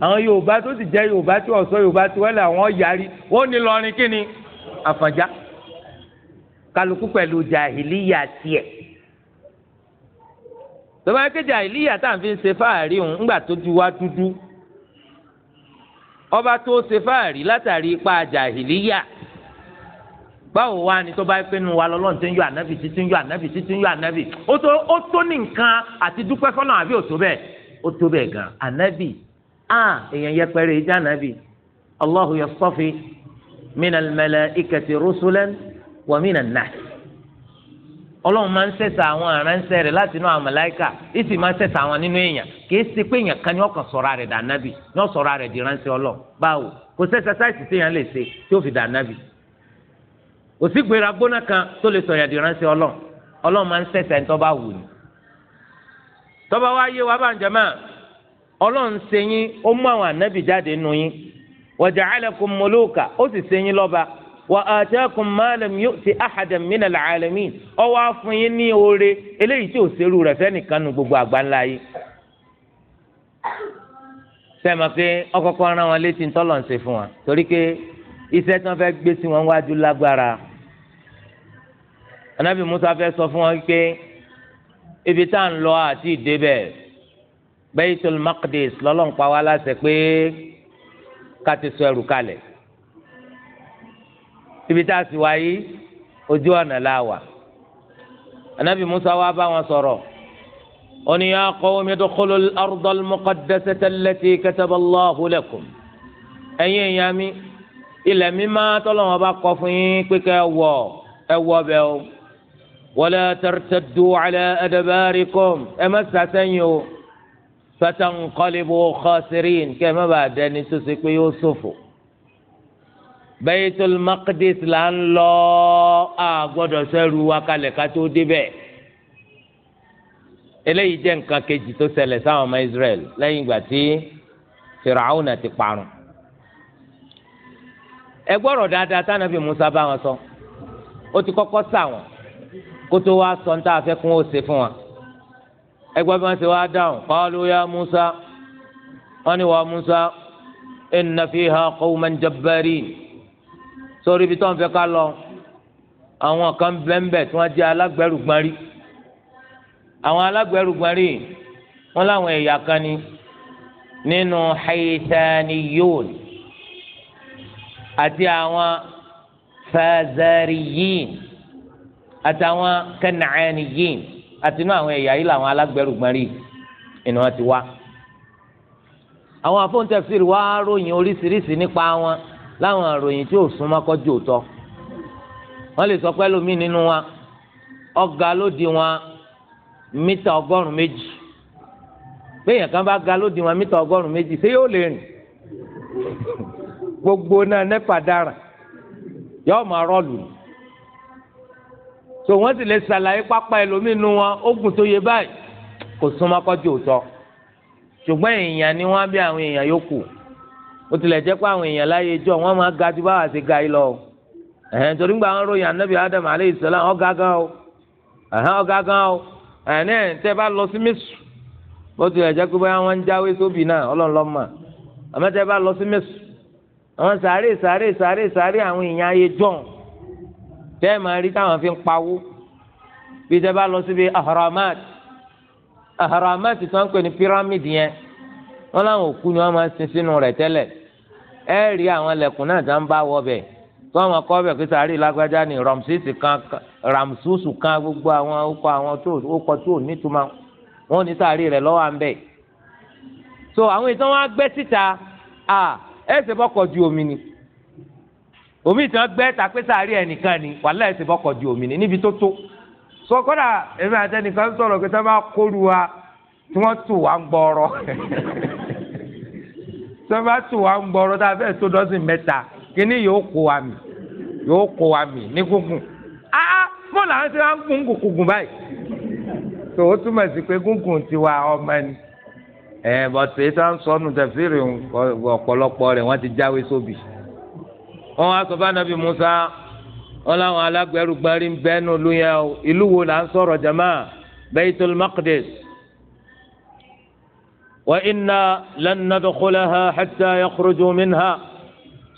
àwọn Yorùbá tó sì jẹ́ Yorùbá tí ọ̀sọ́ Yorùbá tí wọ́n lé àwọn yarí wọ́n ní lọrin kí ni. afọjá kálukú pẹ̀lú Jahiliya tiẹ̀ tọ́ba yẹ kí tá n fi ṣe fáàrí òun ńgbà tó ti wá dúdú ọba tó ṣe fáàrí látàrí ipa jàhìlíyà báwo wá ni to bá pé nu wa lọ́lọ́run tí ń yọ ànábì tí tí ń yọ Anabi tí tí ń yọ ànábì ó tó ó ní nǹkan àti dúpẹ́ fọ́nà àbí ó tó bẹ́ẹ̀ ó tó bẹ́ẹ̀ gan ànábì ah èèyàn yẹpẹrẹ ìjà ànábì Allahu yastafi. minal malaikati rusulan wa minan nas máa ń sẹ̀sà àwọn aránṣẹ́ rẹ̀ láti inú àwọn màláíkà ìsì máa ń àwọn nínú èèyàn kì í ṣe pé èèyàn kan ní ọkàn sọra rẹ̀ dà ní ọ̀sọ̀rọ̀ rẹ̀ di ránṣẹ́ ọlọ báwo kò sẹ́sà sáìsì téèyàn lè ṣe tí ó fi kan tó lè di máa ń yé wa bá ń wa ja'alakum muluka ó sì ṣe yín lọ́ba wa ataakum ma lam yu'ti ahadan minal alamin ó wá fún yín ní oore eléyìí tí ò ṣerú rẹ̀ fẹ́nìkan nu gbogbo àgbáńlá yìí sẹ́mi pé ọkọ̀kọ́ rán wọn létí ńtọ́lọ̀ ń ṣe fún wa torí pé iṣẹ́ tí wọ́n fẹ́ gbé sí wọn wájú lágbára anabi musa fẹ́ sọ fún wọn pé ibi tá à ń lọ àti ìdébẹ̀ Baitul Maqdis lọ́lọ́ǹpa ká ti sọ ẹrù kalẹ̀ ibi tá a sì wá yìí ojú ọ̀nà la wà anabi musa wá bá wọn sọ̀rọ̀ ó ní ya qawmi dukhulul ardal muqaddasata allati kataballahu lakum ẹ̀yin èèyàn mi ilẹ̀ mímá tọ́lọ́wọ́n bá kọ fún yín pé kẹ́ ẹ bẹ́ẹ̀ o wala tartaddu ala adbarikum ẹ má sàsẹ́yìn o fatanqalibu khasirin kẹ́ ẹ má bàa dẹni tó ṣe pé yóò ṣòfò Baitul Maqdis là ń lọ a gbọ́dọ̀ sẹ́rù wa kalẹ̀ ká tó débẹ̀ eléyìí jẹ́ nǹkan kejì tó ṣẹlẹ̀ sáwọn ọmọ Israel lẹ́yìn ìgbà tí Fìràwùnà ti parun ẹ dáadáa tánàbí Musa bá wọn sọ ó ti kọ́kọ́ sà wọn kó sọ ní tá a fẹ́ kún ó ṣe fún wọn ẹgbẹ́ bí wọ́n ṣe wá dáhùn qalu ya Musa wọ́n ní wà Musa inna fiha qawman jabbarin sórí ibi tó ń fẹ́ ká lọ àwọn kan bẹ́ńbẹ́ tí wọ́n jẹ́ alágbẹ̀rùgbọ́nrí àwọn alágbẹ̀rùgbọ́nrí wọn láwọn ẹ̀yà kan ni nínú haythaniyun àti àwọn fazariyin àtàwọn kan'aniyin. àtinú àwọn ẹ̀yà yìí làwọn alágbẹ̀rùgbọ̀n rí ìnà wọn ti wá àwọn afọ́ntẹ́fìsì wá ròyìn oríṣiríṣi nípa wọn láwọn àròyìn tí ò súnmọ́ kọjú òótọ́ wọ́n lè sọ pé lómi nínú ló di wọn mítà ọgọ́rùn ga ló di wọn mítà ọgọ́rùn-ún méjì ṣé gbogbo náà nẹ́pà dára yóò máa rọ́ọ̀lù ni so wọn sì lè ṣàlàyé pápá ẹlòmínú wọn ogun tó yẹ báyìí kò súnmọ́ kọ́jú òótọ́ ṣùgbọ́n èèyàn ni wọ́n bí àwọn èèyàn yòókù ó tilẹ̀ jẹ́ pé àwọn èèyàn láyé jọ wọ́n máa ga ju báwa ṣe ga yìí lọ ẹ̀hẹ́n torí gbà wọn ròyìn anabi adam aleyhi salam ọ̀gá gan o ẹ̀hẹ́n ọ̀gá gan o ẹ̀hẹ́n tẹ́ bá lọ sí mẹ́sù bó tilẹ̀ jẹ́ pé wọn ń jáwé sóbì náà ọlọ́ọ̀lọ́mà àmọ́ tẹ́ lọ sí mẹ́sù àwọn sàárè sàárè sàárè sàárè àwọn èèyàn tẹ́ ẹ̀ máa rí táwọn fi ń pawó bí tẹ́ bá lọ síbi ahramat ahramat tó ń pè ní pyramid yẹn wọ́n láwọn òkú ni wọ́n máa ń sin sínú rẹ̀ tẹ́lẹ̀ ẹ rí àwọn ẹlẹ́kùn náà tá ń bá wọ bẹ̀ tó wọn kọ́ bẹ̀ pé sàárì lágbájá ni ramsisi kan ramsusu kan gbogbo àwọn ọkọ̀ àwọn tó ọkọ̀ tó nítumọ̀ wọn ò ní sàárì rẹ̀ lọ́wọ́ à ń bẹ̀ so àwọn ìtàn wọn á gbẹ́ síta à ṣe bọ́kọ̀ ju omi ni omi tí wọn gbẹ́ takpẹ́sẹ́ àárẹ̀ ẹnìkan ni wàhálà ẹ̀sìn bọ́kọ̀ ju omi ni níbi tó tó sọ kọ́dà èmi àti ẹnìkan sọ̀rọ̀ pé sábà kóru wa tí wọ́n tù wá ń gbọ́rọ̀ sábà tù wá ń gbọ́rọ̀ tá a fẹ́ tó dọ́sìn mẹ́ta kíní yóò kó wa mì yóò kó wa mì ní gúngùn áá mọ́ làwọn ti wá ń gún gùngùn báyìí tó o túmọ̀ sí pé gúngùn ti wa ọmọ ẹni ẹ̀ bọ̀tẹ̀ tí wọ́n sọnù tẹ̀síìrì ọ̀pọ̀lọpọ̀ rẹ̀ wọ́n ti jáwé sóbì. So wọn wá sọ fún anabi musa wọn làwọn alágbèrú gbarí bẹẹnu lóyún ọ ìlú wo là ń sọ̀rọ̀ jama baitul maqdis wa inna lan nadkhulaha hatta yakhruju minha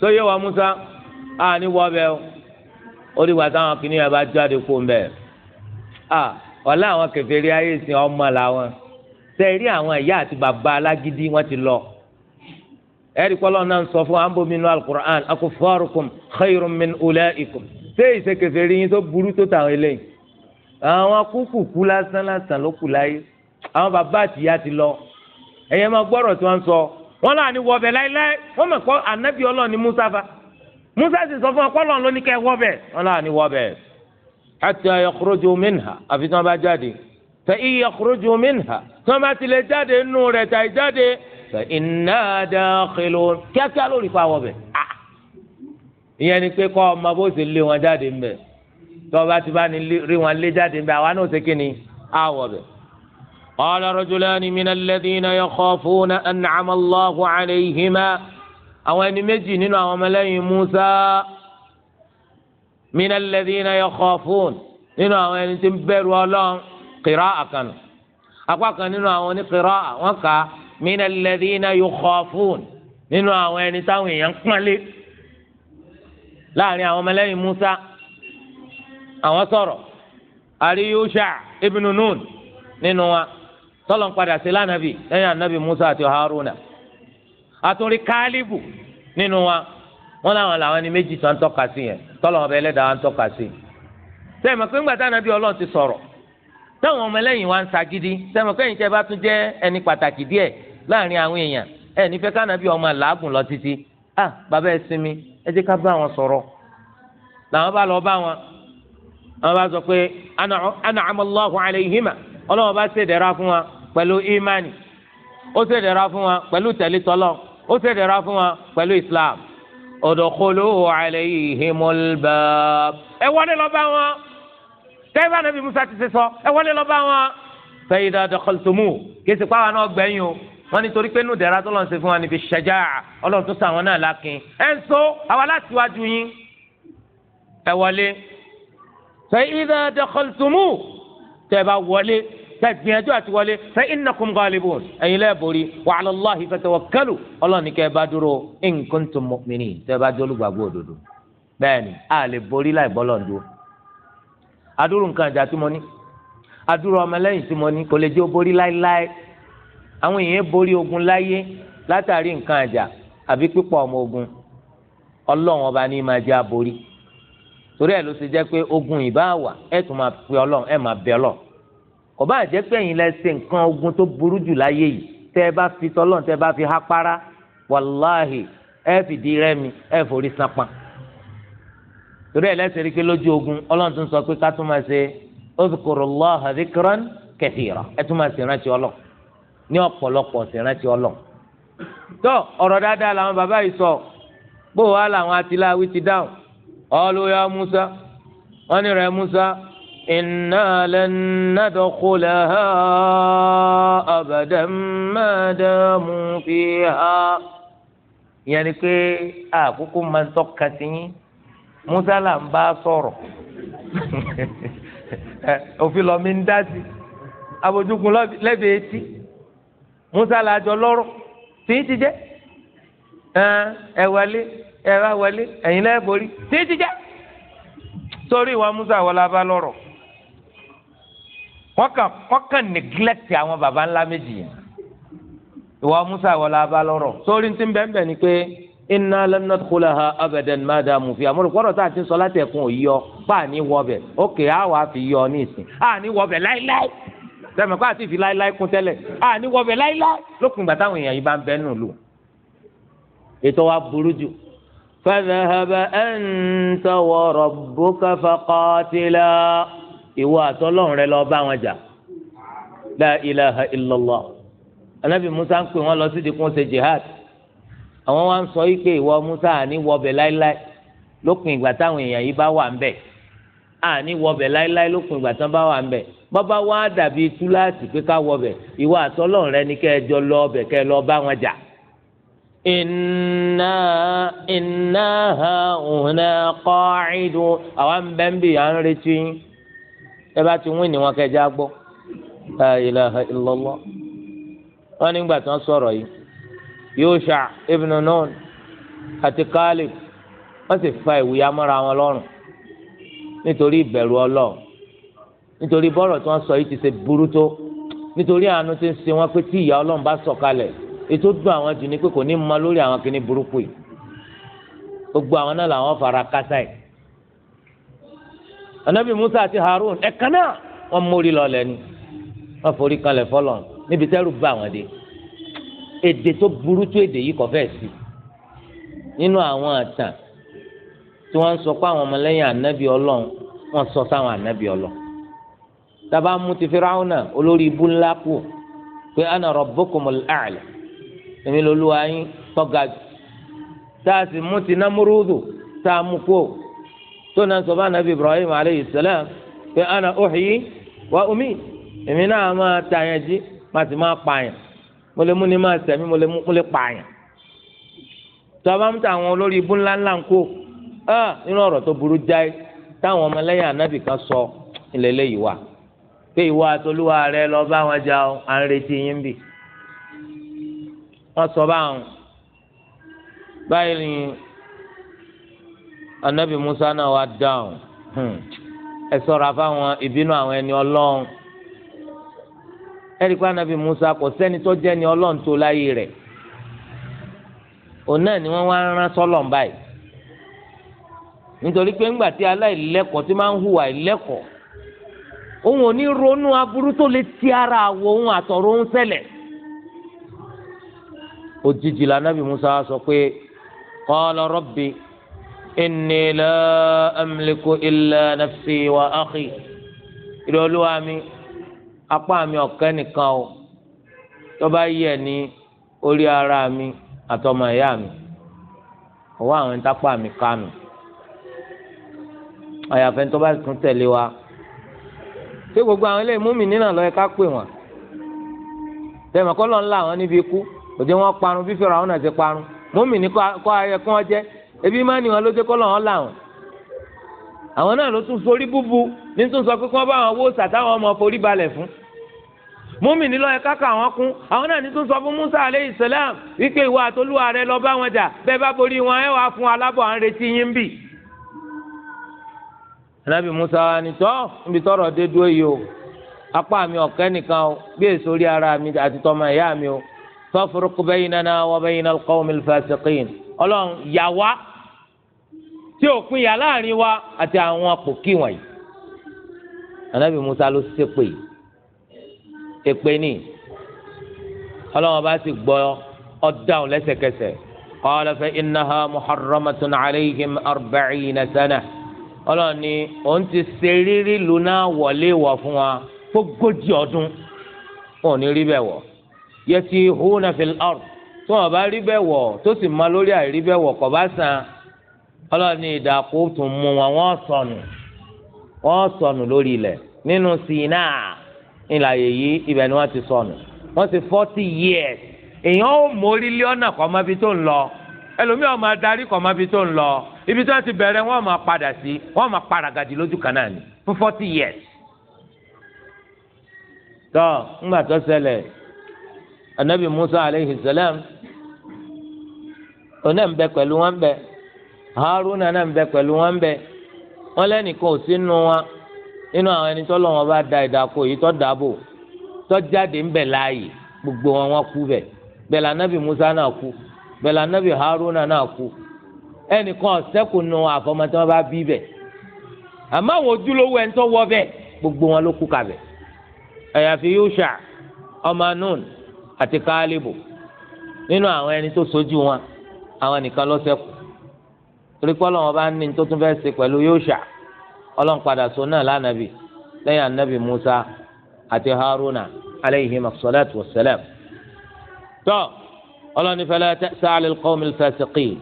sọyẹ wa musa a ní wọ bẹ ó di wà táwọn kìnìún bá jáde kó mbẹ a ọlá àwọn kèfèrí ayé sìn ọmọ làwọn tẹ àwọn ìyá àti bàbá alágídí wọn ti lọ ẹ̀rí kọ́lọ́ náà ń sọ fún ambomínú alukur'an akufarukum khayrun min ulaikum ṣé ìṣèkèfé rí yín tó burú tó tàwọn eléyìí àwọn kúkú kú lásán lásán ló kù láyé àwọn bàbá àtìyá ti lọ ẹ̀yẹ máa gbọ́rọ̀ tí wọ́n ń sọ wọn là ní wọbẹ̀ láéláé wọ́n mọ̀ kọ́ ànábì ọlọ́ọ̀ni musa fa musa sì sọ fún ọ ló ní kẹ́ wọbẹ̀ wọn là ní wọbẹ̀ hatta yakhruju minha àfi tí wọ́n bá jáde fa in minha tí wọ́n bá tilẹ̀ jáde nù rẹ̀ tàì jáde fa inna dakhilun kíákíá lórí pa wọbẹ ah. ìyẹn ni pé kọ́ ọmọ bó ṣe lé wọn jáde ńbẹ tọ́ba ti bá ní rí wọn lé jáde ńbẹ àwa náà ṣe kí ni á wọbẹ. قال رجلان من الذين يخافون أنعم الله عليهما àwọn ẹni méjì nínú àwọn ọmọlẹ́yìn Musa min alladhina yakhafun nínú àwọn ẹni tí ń bẹ̀rù Ọlọ́run qira'a kan apá kan nínú àwọn oní qira'a wọn kà á mina alladhina yukhafun nínú àwọn ẹni táwọn èèyàn pọ́nlé láàrin àwọn ọmọlẹ́yìn Musa àwọn sọ̀rọ̀ àrí Yusha ibn Nun nínú wa tọ́lọ̀ ń padà sí lánàbì lẹ́yìn ànábì Musa àti Haruna àtúrí Kálíbù nínú wa wọn làwọn làwọn ẹni méjì tó ń tọ́ka sí yẹn tọ́lọ̀ ọbẹ̀ ẹlẹ́dàá wa ń tọ́ka sí i sẹ́mi pé ńgbà táwọn ànábì Ọlọ́run ti sọ̀rọ̀ táwọn ọmọlẹ́yìn wa ń sagídí sẹ́mi pé ẹ̀yin tún jẹ́ ẹni pàtàkì díẹ̀ láàrin àwọn èèyàn ẹ nífẹ̀ẹ́ kánàbí ọmọ làágùn lọ títí à bàbá ẹ sinmi ẹ jẹ́ ká bá wọn sọ̀rọ̀ làwọn bá lọ bá wọn àwọn bá sọ pé an'ama Allahu alayhima ọlọ́wọ́n bá ṣe dẹ̀ra fún wa pẹ̀lú imani ó ṣe dẹ̀ra fún wa pẹ̀lú tẹ̀lé tọ́lọ́ ó ṣe dẹ̀ra fún wa pẹ̀lú islam udkhulu alayhimul bab ẹ wọlé lọ bá wọn kẹ́hìn bá nàbí musa ti ṣe sọ ẹ wọlé lọ bá wọn fa idha kí ẹ sì pàwọn náà gbẹ̀yìn o wọ́n ní torí pé nù dẹ̀ra tó lọ́n ṣe fún wa níbi ṣẹjá ọlọ́run tó sàwọn náà lákin ẹ̀ ń so àwa láti wájú yín ẹ wọlé fa idha dakhaltumu tẹ́ bá wọlé tẹ́ gbìyànjú àti wọlé fa innakum ghalibun ẹ̀yin lẹ́ẹ̀ borí wa 'ala Allahi fatawakkalu ọlọ́run ní kẹ́ bá dúró in kuntum mu'minin tẹ́ ẹ bá jẹ́ olùgbàgbọ́ òdodo bẹ́ẹ̀ni a lè borí láì bọ́ lọ́ndó adúrú nǹkan àwọn èèyàn borí ogun láyé látàrí nǹkan àjà àbí ọmọ ogun ọlọ́run ọba ní máa jẹ́ torí ẹ̀ ló jẹ́ pé ogun ìbá wà ẹ̀ tún pe ọlọ́run ẹ̀ máa bẹ kò bá jẹ́ pé ẹ̀yin nǹkan ogun tó burú jù láyé yìí tẹ́ ẹ bá fi tọ́lọ́run tẹ́ ẹ bá fi há para wàláhì ẹ̀ fìdí rẹ́mi ẹ̀ forí sápá torí ẹ̀ ogun ọlọ́run tún sọ pé ká tún máa ṣe ẹ̀ tún máa ní ọ̀pọ̀lọpọ̀ ìrántí ọlọ́ tó ọ̀rọ̀ dáadáa làwọn bàbá yìí sọ bó wàá làwọn atiláwí ti dáhùn ọlọ́yà Musa wọ́n ní rẹ̀ Musa inna lan nadkhulaha abadan ma damu fiha ìyẹn ni pé àkókò máa ń tọ́ka sí yín Musa là ń bá sọ̀rọ̀ òfin lọ́mí ń dá sí abojúkun lẹ́bi etí musa la jọ lọ́rọ̀ tí ti jẹ́ ẹ wọlé ẹ bá wọlé ẹ̀yin náà borí tí ti jẹ́ sórí ìwà musa wọlé abá lọ́rọ̀ wọ́n kàn wọ́n kàn neglect àwọn baba ńlá méjì yẹn ìwà musa wọlé abá lọ́rọ̀ sórí ti ń bẹ́ẹ̀ bẹ́ẹ̀ ni pé inna lan nadkhulaha abadan ma damu fi amúlò kọ́dọ̀ tá a ti sọ láti ẹ̀kún òyìí yọ pa àní wọbẹ̀ ókè á wàá fi yọ ní ìsìn àní wọbẹ̀ láíláí sẹ́mi kó àti fi láéláé kún tẹ́lẹ̀ àní wọbẹ̀ láéláé lókun ìgbà táwọn èèyàn yìí bá ń bẹ́ nù lù ètò wa burú jù. فذهب أنت وربك فقاتلا ìwọ àtọlọ́run rẹ lọ bá wọn jà la ilaha illallah anabi musa ń pè wọn lọ sí dikun ṣe jihad àwọn wa ń sọ yìí pé ìwọ musa àní wọbẹ̀ láéláé lókun ìgbà táwọn èèyàn yìí bá wà ń bẹ̀ àní wọbẹ̀ láéláé lókun ìgbà tán bá wà ń bẹ̀ bàbá wa dàbí túláàsì pé ká wọ bẹ̀ ìwà àtọ́lọ́run rẹ ní kẹ́ ẹ jọ lọ bẹ̀ kẹ́ ẹ lọ bá wọn jà. iná iná ha òun kọ́ ìdú àwa ń bẹ́ ń bì à ń retí ẹ bá ti wín ní wọn kẹjá gbọ́ la ilaha wọn nígbà tí wọn sọ̀rọ̀ yìí Yusha ibn Nun àti Kalib wọn sì fa ìwúyà mọ́ra wọn lọ́rùn nítorí ìbẹ̀rù Ọlọ́run nítorí bọ́rọ̀ tí wọ́n sọ yìí ti ṣe burú tó nítorí àánú ti ń ṣe wọn pé tí ìyà ọlọ́run bá sọ̀kalẹ̀ ètò dùn àwọn jù ní pé kò ní ma lórí àwọn kìíní burúkú yìí gbogbo àwọn náà làwọn fara kásá yìí anabi musa àti harun ẹ̀kan náà wọ́n mórí lọ́lẹ̀ ni wọ́n forí kanlẹ̀ fọlọ́ níbi tẹ́rù bá àwọn dé èdè tó burú tó èdè yìí kò fẹ́ sí nínú àwọn àtàn tí wọ́n ń sọ pé àwọn ọmọlẹ́yìn anabi ọlọ́run wọ́n sọ sáwọn anabi ọlọ́run taba mú ti firawuna olórí ibú ńlá kù pé ana rabbukumul a'la èmi lolúwa yín tọ́ga jù tá a sì mú ti námúrúdù tá a mú kú o tó náà sọ bá nàbí ibrahim aleyhi salam pé ana uhyi wa umi èmi náà máa tàyàn jí máa sì máa pààyàn mo lè mú ni máa sẹ̀mí mo lè mú mo lè pààyàn tọ́ba ń àwọn olórí ibú ńlá ńlá ń kó ah, nínú ọ̀rọ̀ tó burú jáì táwọn ọmọlẹ́yìn anábì kan sọ ilẹ̀ lẹ́yìí wà pé ìwọ àtolúwa rẹ lọ bá wọn jà ọ à ń retí yín bì wọn sọ báwọn báyìí ni anabi musa náà wá dáhùn hmm. ẹ ṣọ́ra fáwọn ìbínú àwọn ẹni Ọlọ́run ẹrí pé anabi musa kò sẹ́ni tó jẹ́ ni Ọlọ́run tó láyé rẹ̀ òun náà ni wọ́n wá rán sọ́lọ̀ báyìí nítorí pé ńgbà tí aláìlẹ́kọ̀ọ́ tí máa ń hùwà ìlẹ́kọ̀ọ́ òun ò ní ronú aburú tó lè ti ara àwọ òun àtọ̀rọ̀ òun ṣẹlẹ̀ òjijì lànàbì Musa sọ pé qala rabbi inni la amliku illa nafsi wa akhi ìrọ̀lúwa mi apá mi ọ̀kẹ́ nìkan o tó bá yẹ ní orí ara mi àtọmọ ìyá mi ọwọ́ àwọn ìtàpá mi kánú àyàfẹ́ tó bá tún tẹ̀lé wa. ṣé gbogbo àwọn ilé mú mi nínà lọ yẹ ká pè wọn tẹmọ kọ́ lọ ń wọn níbi ikú òde wọn parun fífi ra parun mú mi ní ayẹ kí wọ́n jẹ́ ebi má ni wọn ló dé kọ́ lọ la wọn. àwọn náà ló tún forí búbu ní tún sọ pé kí wọ́n bá sàtáwọn ọmọ lọ tún sọ fún Musa salam wípé ìwà àtolúwa rẹ lọ bá wọn jà bẹ́ẹ̀ bá borí wọn ẹ anabi musa wa ni tọ́ níbi tọrọ dé dúró yìí o apá mi ọ̀kẹ́ nìkan o bí èso rí ara mi àti tọmọ ẹ̀yà mi o fafruq baynana wa bayna al-qawmi al-fasiqin ọlọ́run yà wá tí òpin yà láàrin wa àti àwọn pòkì wọ̀nyí anabi musa ló ṣépè èpè ni ọlọ́run bá sì gbọ́ ọ dáhùn lẹ́sẹ̀kẹsẹ̀ qala fa innaha muharramatun alayhim arba'ina ọlọ́run ni òun ti ṣe rírí luna wọlé wọ̀ fún wa fógójì ọdún wọn ò ní rí bẹ́ẹ̀ wọ̀ yẹtí húnà fil ard tí wọn bá rí bẹ́ẹ̀ wọ̀ tó sì máa lórí àìrí bẹ́ẹ̀ wọ̀ kọ́ bá san ọlọ́run ni ìdàkú tún mú wọn wọ́n sọnù wọ́n sọnù lórí ilẹ̀ nínú Sínà ìlàyé yìí ibẹ̀ ni wọ́n ti sọnù wọ́n ti forty years èèyàn ó mórí lé ọ̀nà kọ́ mọ́bi tó ń lọ ẹlòmíràn máa darí kọ́ mọ́bi tó ń lọ ibi tí wọ́n ti bẹ̀rẹ̀ wọ́n máa padà sí wọ́n máa paragàdì lójú kan náà ni fún forty years. tọ́ ńgbà tó anabi musa aleyhi salam ọ̀nà ń bẹ pẹ̀lú wọn bẹ haruna náà ń bẹ pẹ̀lú wọn bẹ wọn lẹ́nìkan ò sí nu wọn nínú àwọn ẹni tọ́lọ́ wọn bá da ìdáko yìí tọ́ dàbò gbogbo wọn wọn kú bẹ musa náà kú bẹ́ẹ̀ anabi haruna náà kú. ẹnìkan ọ̀sẹ́kù nu àfọmọtí wọn bá bí bẹ̀ àmọ́ àwọn ojúlówó ẹni tó wọ bẹ́ẹ̀ gbogbo wọn ló kú kabẹ̀ àyàfi Yusha ọmọ Nun àti Kálíbù nínú àwọn ẹni tó sojú wọn àwọn nìkan ló ṣẹ́kù torí pé ọlọ́wọ́n bá ní tó tún fẹ́ ṣe pẹ̀lú Yusha ọlọ́run padà sọ náà lánàbì lẹ́yìn ànábì Musa àti Haruna aleyhi masalatu wasalam tó ọlọ́run ní fala ta'sa 'ala al-qawmi al-fasiqin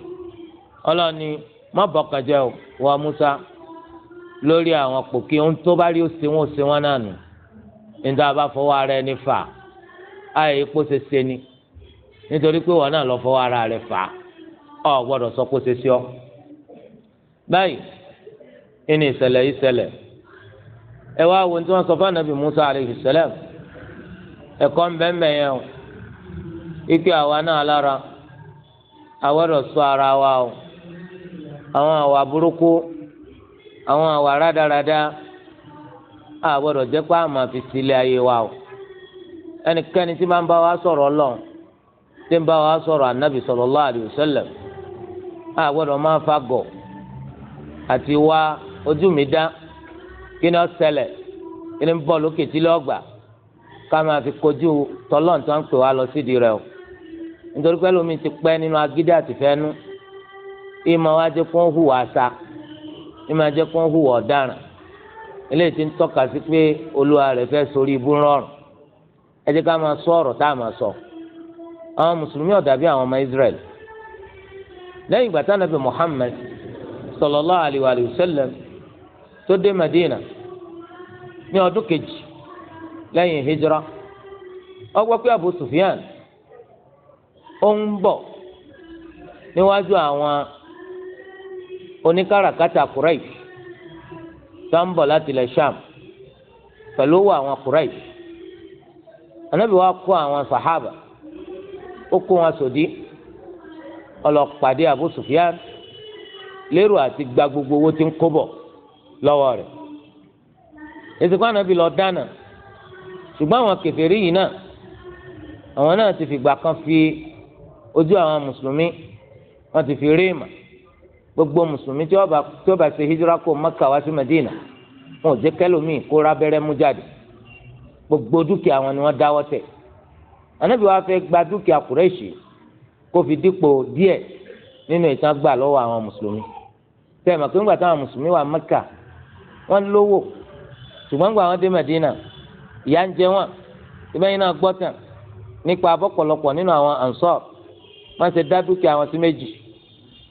ọlọ́ni má bọ̀kàn jẹ́ o wọ Musa lórí àwọn pòkì ohun tó bá rí ó ṣe wọn ó ṣe wọn náà nù níta bá fọwọ́ ara ẹni fà àyè kó ṣe ṣe ni nítorí pé wọn náà lọ fọwọ́ ara rẹ fà ọ gbọ́dọ̀ sọ kó ṣe ṣe ọ. báyìí ìní ìṣẹ̀lẹ̀ yìí ẹ wá wo tí wọ́n sọ fún anabi Musa alayhi salam ẹ̀kọ́ ńbẹ́ńbẹ́ yẹn o ike àwa náà lára àwọ̀dọ̀ sọ ara wa o. àwọn àwà burúkú àwọn àwà rádaràda a gbọ́dọ̀ pé fi sílẹ̀ ayé wa o ẹnikẹ́ni tí máa ń bá wa sọ̀rọ̀ Ọlọ́run tí ń bá wa sọ̀rọ̀ anabi sọrọ alaihi wasallam a máa fagọ̀ àti wá ojú mi dá kí ni kí ni ń lókè tí ká máa fi kojú pè wá rẹ o nítorí lómi ti pẹ́ nínú àtìfẹ́nu. No ìmọ̀ wa jẹ́ kó ń hùwà àṣà ìmọ̀ kó ń hùwà ọ̀daràn ti ń tọ́ka sí pé olúwa rẹ̀ fẹ́ sórí ibú rọrùn ẹ jẹ́ ká máa sọ ọ̀rọ̀ tá a máa sọ àwọn mùsùlùmí ò dàbí àwọn ọmọ Israẹli ìgbà táwọn tó dé Madina ní ọdún kejì lẹ́yìn hijra ó pé Abu Sufyan ó ń níwájú àwọn oníkàràkátà Quraish tó ń bọ̀ láti ilẹ̀ Sham pẹ̀lú owó àwọn Quraish anabi wa kó àwọn sahaba ó kó wọn sòdí ọlọ́pàdé Abu Sufyan lérò àti gba gbogbo owó tí ń kó bọ̀ lọ́wọ́ rẹ̀ èsìkò anabi lọ dáná ṣùgbọ́n àwọn kèfèrí yìí náà àwọn náà ti fìgbà kan fi ojú àwọn mùsùlùmí wọ́n ti fi rí ìmọ̀ gbogbo mùsùlùmí tí ọba tí ọba ṣe hijira kó Mẹ́kà wá sí Mẹdínà wọn ò jẹ́ kẹ́lòmíì kó rábẹ́rẹ́ mú jáde gbogbo dúkìá wọn ni wọ́n dáwọ́ tẹ̀ Ànábì wa fẹ́ gba dúkìá Kùrẹ́ṣì kó fi dípò díẹ̀ nínú ìtàn gbà lọ́wọ́ àwọn mùsùlùmí tẹ́ mọ̀ pé ńgbà táwọn mùsùlùmí wà Mẹ́kà wọ́n lówó ṣùgbọ́n ńgbà wọn dé Mẹdínà ìyà ń jẹ wọn ìbẹ́yìn náà gbọ́ tàn nípa abọ́pọ̀lọpọ̀ nínú àwọn ansọ́ọ̀ wọ́n ṣe dá dúkìá wọn sí méjì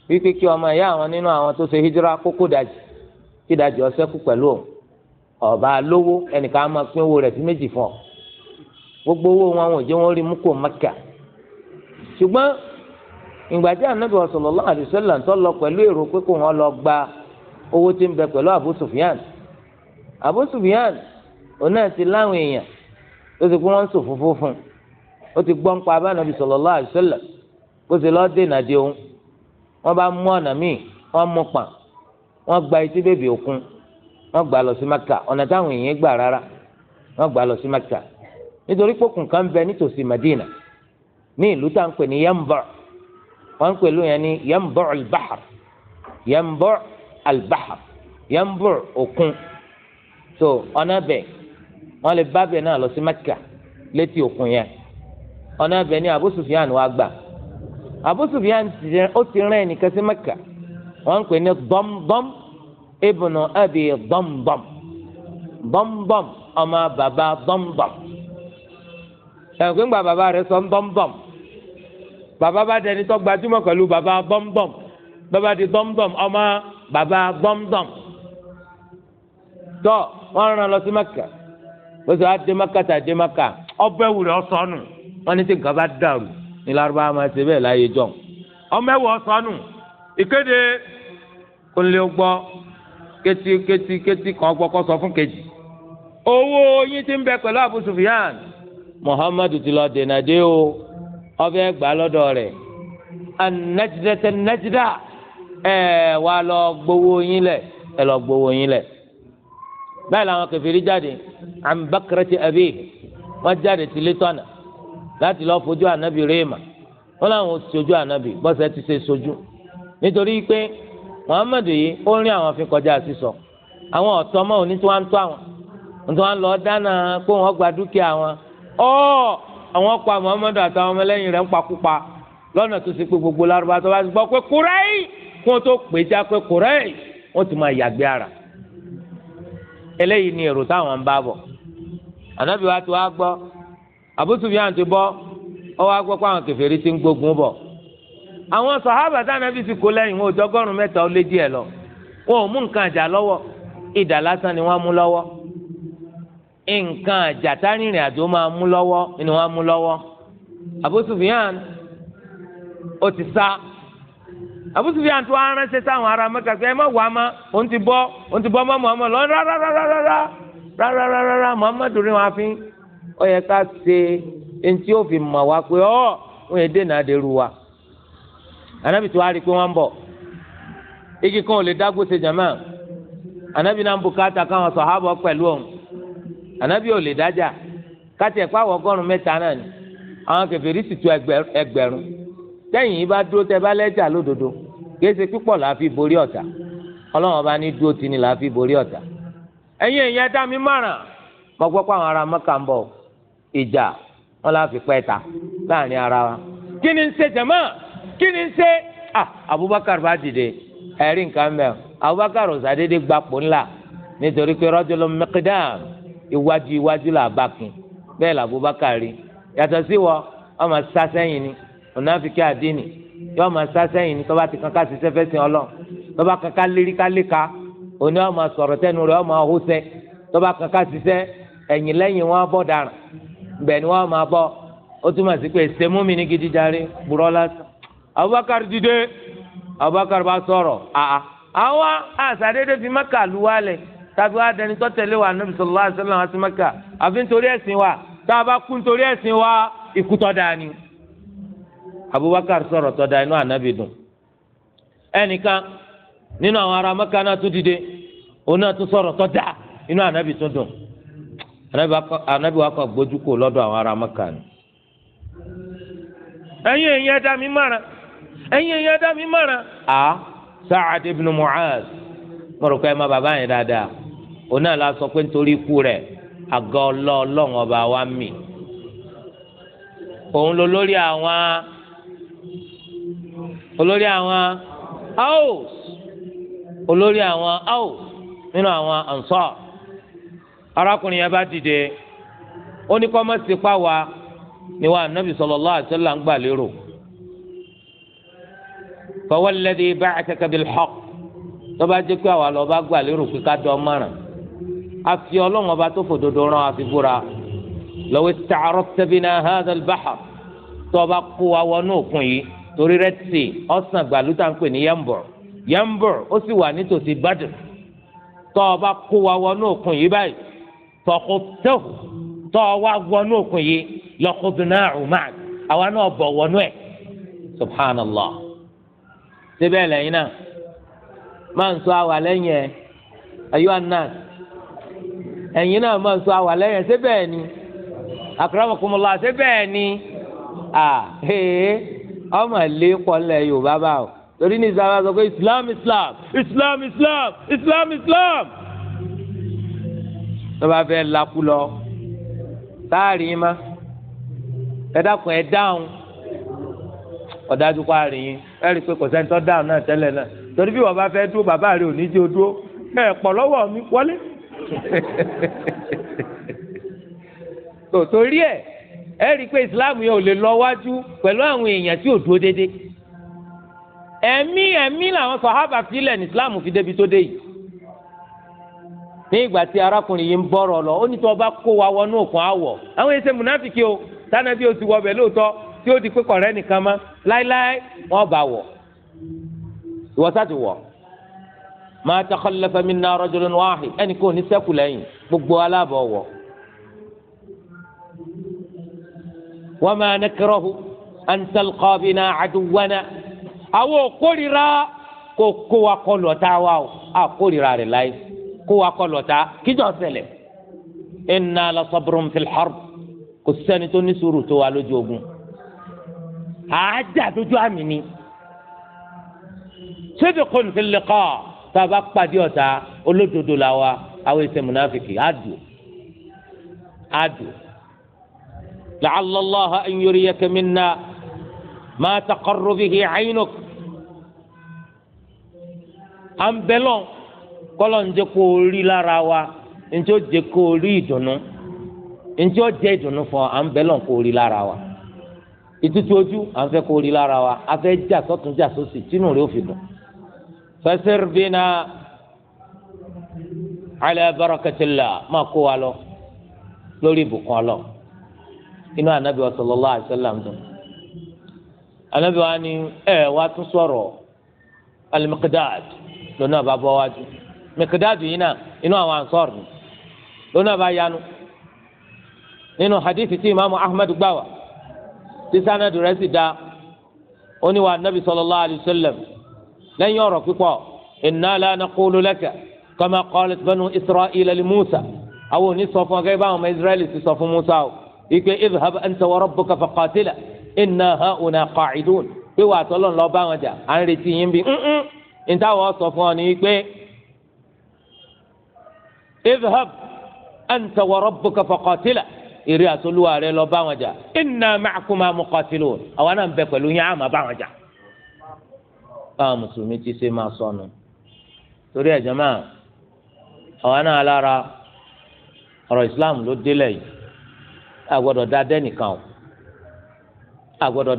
wípé kí ọmọ ya àwọn nínú àwọn tó ṣe hijira kókó dajì kí pẹ̀lú òun ọba lówó ẹnìkan á máa pín owó rẹ̀ sí méjì fún gbogbo owó wọn wọn ò wọn rí mú kó ṣùgbọ́n ìgbà tí anabi sallallahu alaihi tó lọ pẹ̀lú gba owó tí ń bẹ pẹ̀lú òun náà ti láwọn èèyàn ó ti wọn ti pa wọ́n bá mú ọ̀nà míì wọ́n mú pàn wọ́n gba etí bèbè òkun wọ́n gbà lọ sí maka ọ̀nà táwọn èèyàn gbà rárá wọ́n gbà lọ sí maka nítorí pòkùn kan bẹ nítòsí Madina ní ìlú tá à ń pè ní Yanbu wọ́n ń pè lóyún yẹn ní Yanbu al-Bahar Yanbu al-Bahar Yanbu òkun so ọ̀nà bẹ̀ wọ́n lè bá bẹ̀ náà lọ sí maka létí òkun yẹn ọ̀nà bẹ̀ ni Abu Sufyan wá gbà. Abu Sufyan ó ti rán ẹnìkan sí Mẹ́kà wọ́n ń pè ní Damdam ibnu Abi Damdam Damdam ọmọ bàbá Damdam ẹ̀kú ń gba bàbá rẹ̀ sọ Damdam bàbá bá dẹni tó gbajúmọ̀ pẹ̀lú bàbá Damdam bàbá di Damdam ọmọ bàbá Damdam tọ́ wọ́n rán lọ sí Mẹ́kà lọ́sọ̀ á dé Mẹ́kà tà dé Mẹ́kà ọbẹ̀ wùrẹ́ ọ̀sán nù wọ́n ní tí nǹkan bá dàrú ní lárúbáwá máa ṣe bẹ́ẹ̀ láyé jọ. ọmọ ẹwọ sọnù ìkéde kò lè gbọ́ kétí kétí kétí kan gbọ́ kó sọ fún kejì. owó yín ti ń bẹ pẹ̀lú Abu Sufyan Muhammadu ti lọ dènà dé o ọbẹ̀ gbà lọ́dọ̀ rẹ̀ anajidẹ tẹ ẹ wà lọ gbowó yín lẹ ẹ lọ gbowó yín lẹ báyìí làwọn kẹfìrí jáde àmbakẹrẹ ti àbí wọn jáde ti létọ́nà. láti lọ fojú ànábì réèmà wọn làwọn sojú ànábì bọ́sẹ̀ ti ṣe sojú nítorí pé muhammadu yìí ó rí àwọn fi kọjá sísọ àwọn ọ̀tọ́ mọ́ òní tí wọ́n ń tó àwọn tí wọ́n ń lọ dáná kó wọ́n gba ọ́ àwọn pa muhammadu àtàwọn rẹ̀ ń pakúpa lọ́nà tó pé gbogbo lárúbá tó bá ti gbọ́ pé kí wọ́n tó pè já pé wọ́n ti máa yàgbé Abu Sufyan ti bọ ọwọ́ agbọ́ àwọn ti ń gbógun bọ̀ àwọn sàhábà ti kó wọn ò ó lé lọ wọn ò mú nǹkan àjà ni wọn mú nǹkan àjà tárìnrìn àjò máa mú ni mú ó ti sá tó sáwọn ará pé ẹ má wàá má ti ti ó yẹ ká ṣe eŋti o fi ma wa pé ọ wọ́n yẹ dènà àdèrú wa anabi tó wá rí i pé wọ́n ń bọ̀ igi kan ò lè dágbó ṣe jàmá anabi náà ń bùkátà káwọn sọ̀hábọ̀ pẹ̀lú òun anabi ò lè dájà káti ẹ̀kọ́ àwọn ọgọ́rùn-ún mẹ́ta náà ni àwọn sì tu ẹgbẹ̀rún tẹ́yìn yìí bá dúró tẹ́ bá lẹ́jà lódodo kéésì borí ní dúró tì ní borí ẹ̀yin èèyàn mi márùn-ún gbọ́ pé àwọn ará ń bọ̀ ìjà wọn là fi pẹ́ ta láàrin ara wa kí ni ń ṣe jẹ̀mọ́ kí ni ń ṣe ah Abubakar bá dìde ẹ̀rí nǹkan mẹ́ Abubakar ọ̀sàdédé gbapò ńlá nítorí pé rọ́jòló mẹ́kídàm iwájú iwájú là bá kin bẹ́ẹ̀ là Abubakar rí yàtọ̀ sí wọ ọmọ sásẹ́yìn ni ọ̀nàfikẹ́ àdínì yọ ma sá sẹ́yìn ní tọ́ba ti kankan ṣiṣẹ́ fẹ́ sin ọlọ́ tọ́ba kankan lérí ká léka òní ọmọ sọ̀rọ̀ tẹnu rẹ̀ ọmọ ọhúnṣẹ́ tọ́ba kankan ṣiṣẹ́ ẹ̀yìn lẹ́yìn wọn bọ̀ dàrán bẹ́ẹ̀ ma máa bọ́ ó túmọ̀ sí pé sẹ́mú Abubakar dìde Abubakar bá sọ̀rọ̀ àà àwa àṣàdédé fi Mẹ́kà lu wa lẹ̀ tàbí wàá dẹni tó tẹ̀lé wa Nabi sallallahu alaihi wasallam àti Mẹ́kà àfi nítorí ẹ̀sìn wa kú nítorí ẹ̀sìn wa ni Abubakar sọ̀rọ̀ tọ́ inú ànábì dùn ẹnìkan nínú àwọn ará Mẹ́kà náà tún dìde anabi wa kọ gbójú kò lọ́dọ̀ àwọn ará maka ni. ẹ̀yin èèyàn ẹ̀dá mi mara ẹ̀yin èèyàn ẹ̀dá mi mara. a Sa'ad ibn Mu'az mọ̀rọ̀ kọ́ ẹ ma bàbá yẹn dáadáa òun náà la sọ pé nítorí ikú rẹ̀ àgọ́ ọlọ́ọ̀lọ́ọ̀ ọba wa mì òun ló lórí àwọn olórí àwọn house olórí àwọn house nínú àwọn ansar arákùnrin yẹn bá dìde ó ní kọ́ wa ni anabi sallallahu alaihi wasallam ń gbà lérò fa walladhi ba'athaka bil haqq tọ́ba jẹ́ pé àwa lọ́ba gbà lérò pé ká dán márùn àfi ọlọ́run ọba tó fòdodo rán àfi búra law ista'radta bina hadha na bahr tọ́ba kó wa wọnú òkun yìí torí Red Sea ọ̀sán gbàlúta ń pè ní ó sì wà nítòsí kó wa wọnú fọkùtò tó wá wọnú òkun yìí lọkùdùnà ọmọd àwa náà bọ wọnú ẹ subhanallah síbẹ̀ lẹ́yìn náà máa ń sọ àwa lẹ́yìn ẹ ayọ́ anas ẹ̀yin náà máa ń sọ àwa lẹ́yìn ẹ síbẹ̀ ni akramakumullah síbẹ̀ ni ọmọ ilé kọ́lẹ̀ yorùbá bá o torí ní ìsàlá sọ pé islam islam islam islam islam islam. islam lọ́ba fẹ́ lakú lọ sáàrin yín má ẹ dákun ẹ dáhùn ọ̀dájú kó àárín yín ẹ rí i pé kò sẹ́ni tó dáhùn náà tẹ́lẹ̀ náà torí bí wọ́n bá fẹ́ dúró bàbá rẹ̀ ò ní jẹ́ dúró ẹ pọ̀ lọ́wọ́ mi wọlé torí ẹ ẹ rí i pé Islam yẹn ò lè lọ wájú pẹ̀lú àwọn èèyàn tí ò dúró déédéé ẹ̀mí ẹ̀mí làwọn sọ̀hábà filẹ̀ ní Islam fi débi tó dé yìí ní ìgbà tí arákùnrin yìí ń bọ̀rọ̀ lọ ó ní tí wọ́n bá kó wa wọnú òkun àwọ̀ àwọn èsè múnáfìkì o tánàbí o ti wọ bẹ̀ lóòótọ́ tí ó di pé kọ̀rẹ́ nìkan mọ́ láíláí wọ́n bá wọ̀ ìwọ sáà ti wọ̀ ma takhallafa minna rajulun wahid ẹnì kò ní sẹ́kù lẹ́yìn gbogbo aláàbọ̀ wọ̀ wa ma nakrahu an talqa bina àwọn òkórira kò kó wa kọ lọ́tà wa o àkórira kó wa kọ lọ́ta kíjọ́ ṣẹlẹ̀ inna la sabrun fil harb kò sẹ́ni tó ní sùúrù tó wa lójú ogun àájà dojú àmì ni sidqun fil liqa tá a bá pàdé ọ̀tá olódodo la wa àwọn ẹsẹ̀ múnáfìkì àdù àdù la'alla Allaha an yuriyaka minna ma taqarru bihi 'aynuk à ń Kọlọ ń jẹ́ kó o rí lára wa ntí ó jẹ kó o rí ìdùnnú ntí ó jẹ ìdùnnú fún ọ à rí lára wa ìtútù ojú à ń rí lára wa a fẹ́ jà sọ́tún jà sósì tínú rẹ̀ ó fi dùn. fasir bina ala barakatillah kó wa lọ lórí ibùkún ọlọ anabi wa dùn ni ẹ wàá tún mẹkẹdáàdù yìí náà inú àwọn ansọr ni lónà bá yanu nínú hadithi tí imaamu ahmed gbà wá tí sanadu rẹ̀ sì dá oníwà anabi sallallahu alayhi wa sallam lẹ́yìn ọ̀rọ̀ pípọ̀ inna la naqulu laka kama qalat banu isra'ila li musa àwọn òní sọ fún ọgẹ báwọn ọmọ israẹli ti sọ fún musa o ike idhhab anta wa rabbuka faqatila inna hauna qa'idun pé wàá tọ́lọ́ ń lọ jà à ń retí yín bí ntàwọn sọ fún ọ ní pé. اذهب أنت وربك فقاتلا ìrí àtolúwa rẹ lọ bá wọn jà inna ma'akuma muqatilun àwọn náà ń bẹ pẹ̀lú yín àmọ́ bá wọn ti ṣe máa sọnù torí ẹ̀jẹ̀ máa àwọn náà lára islam ló délẹ̀ yìí o àgbọ̀dọ̀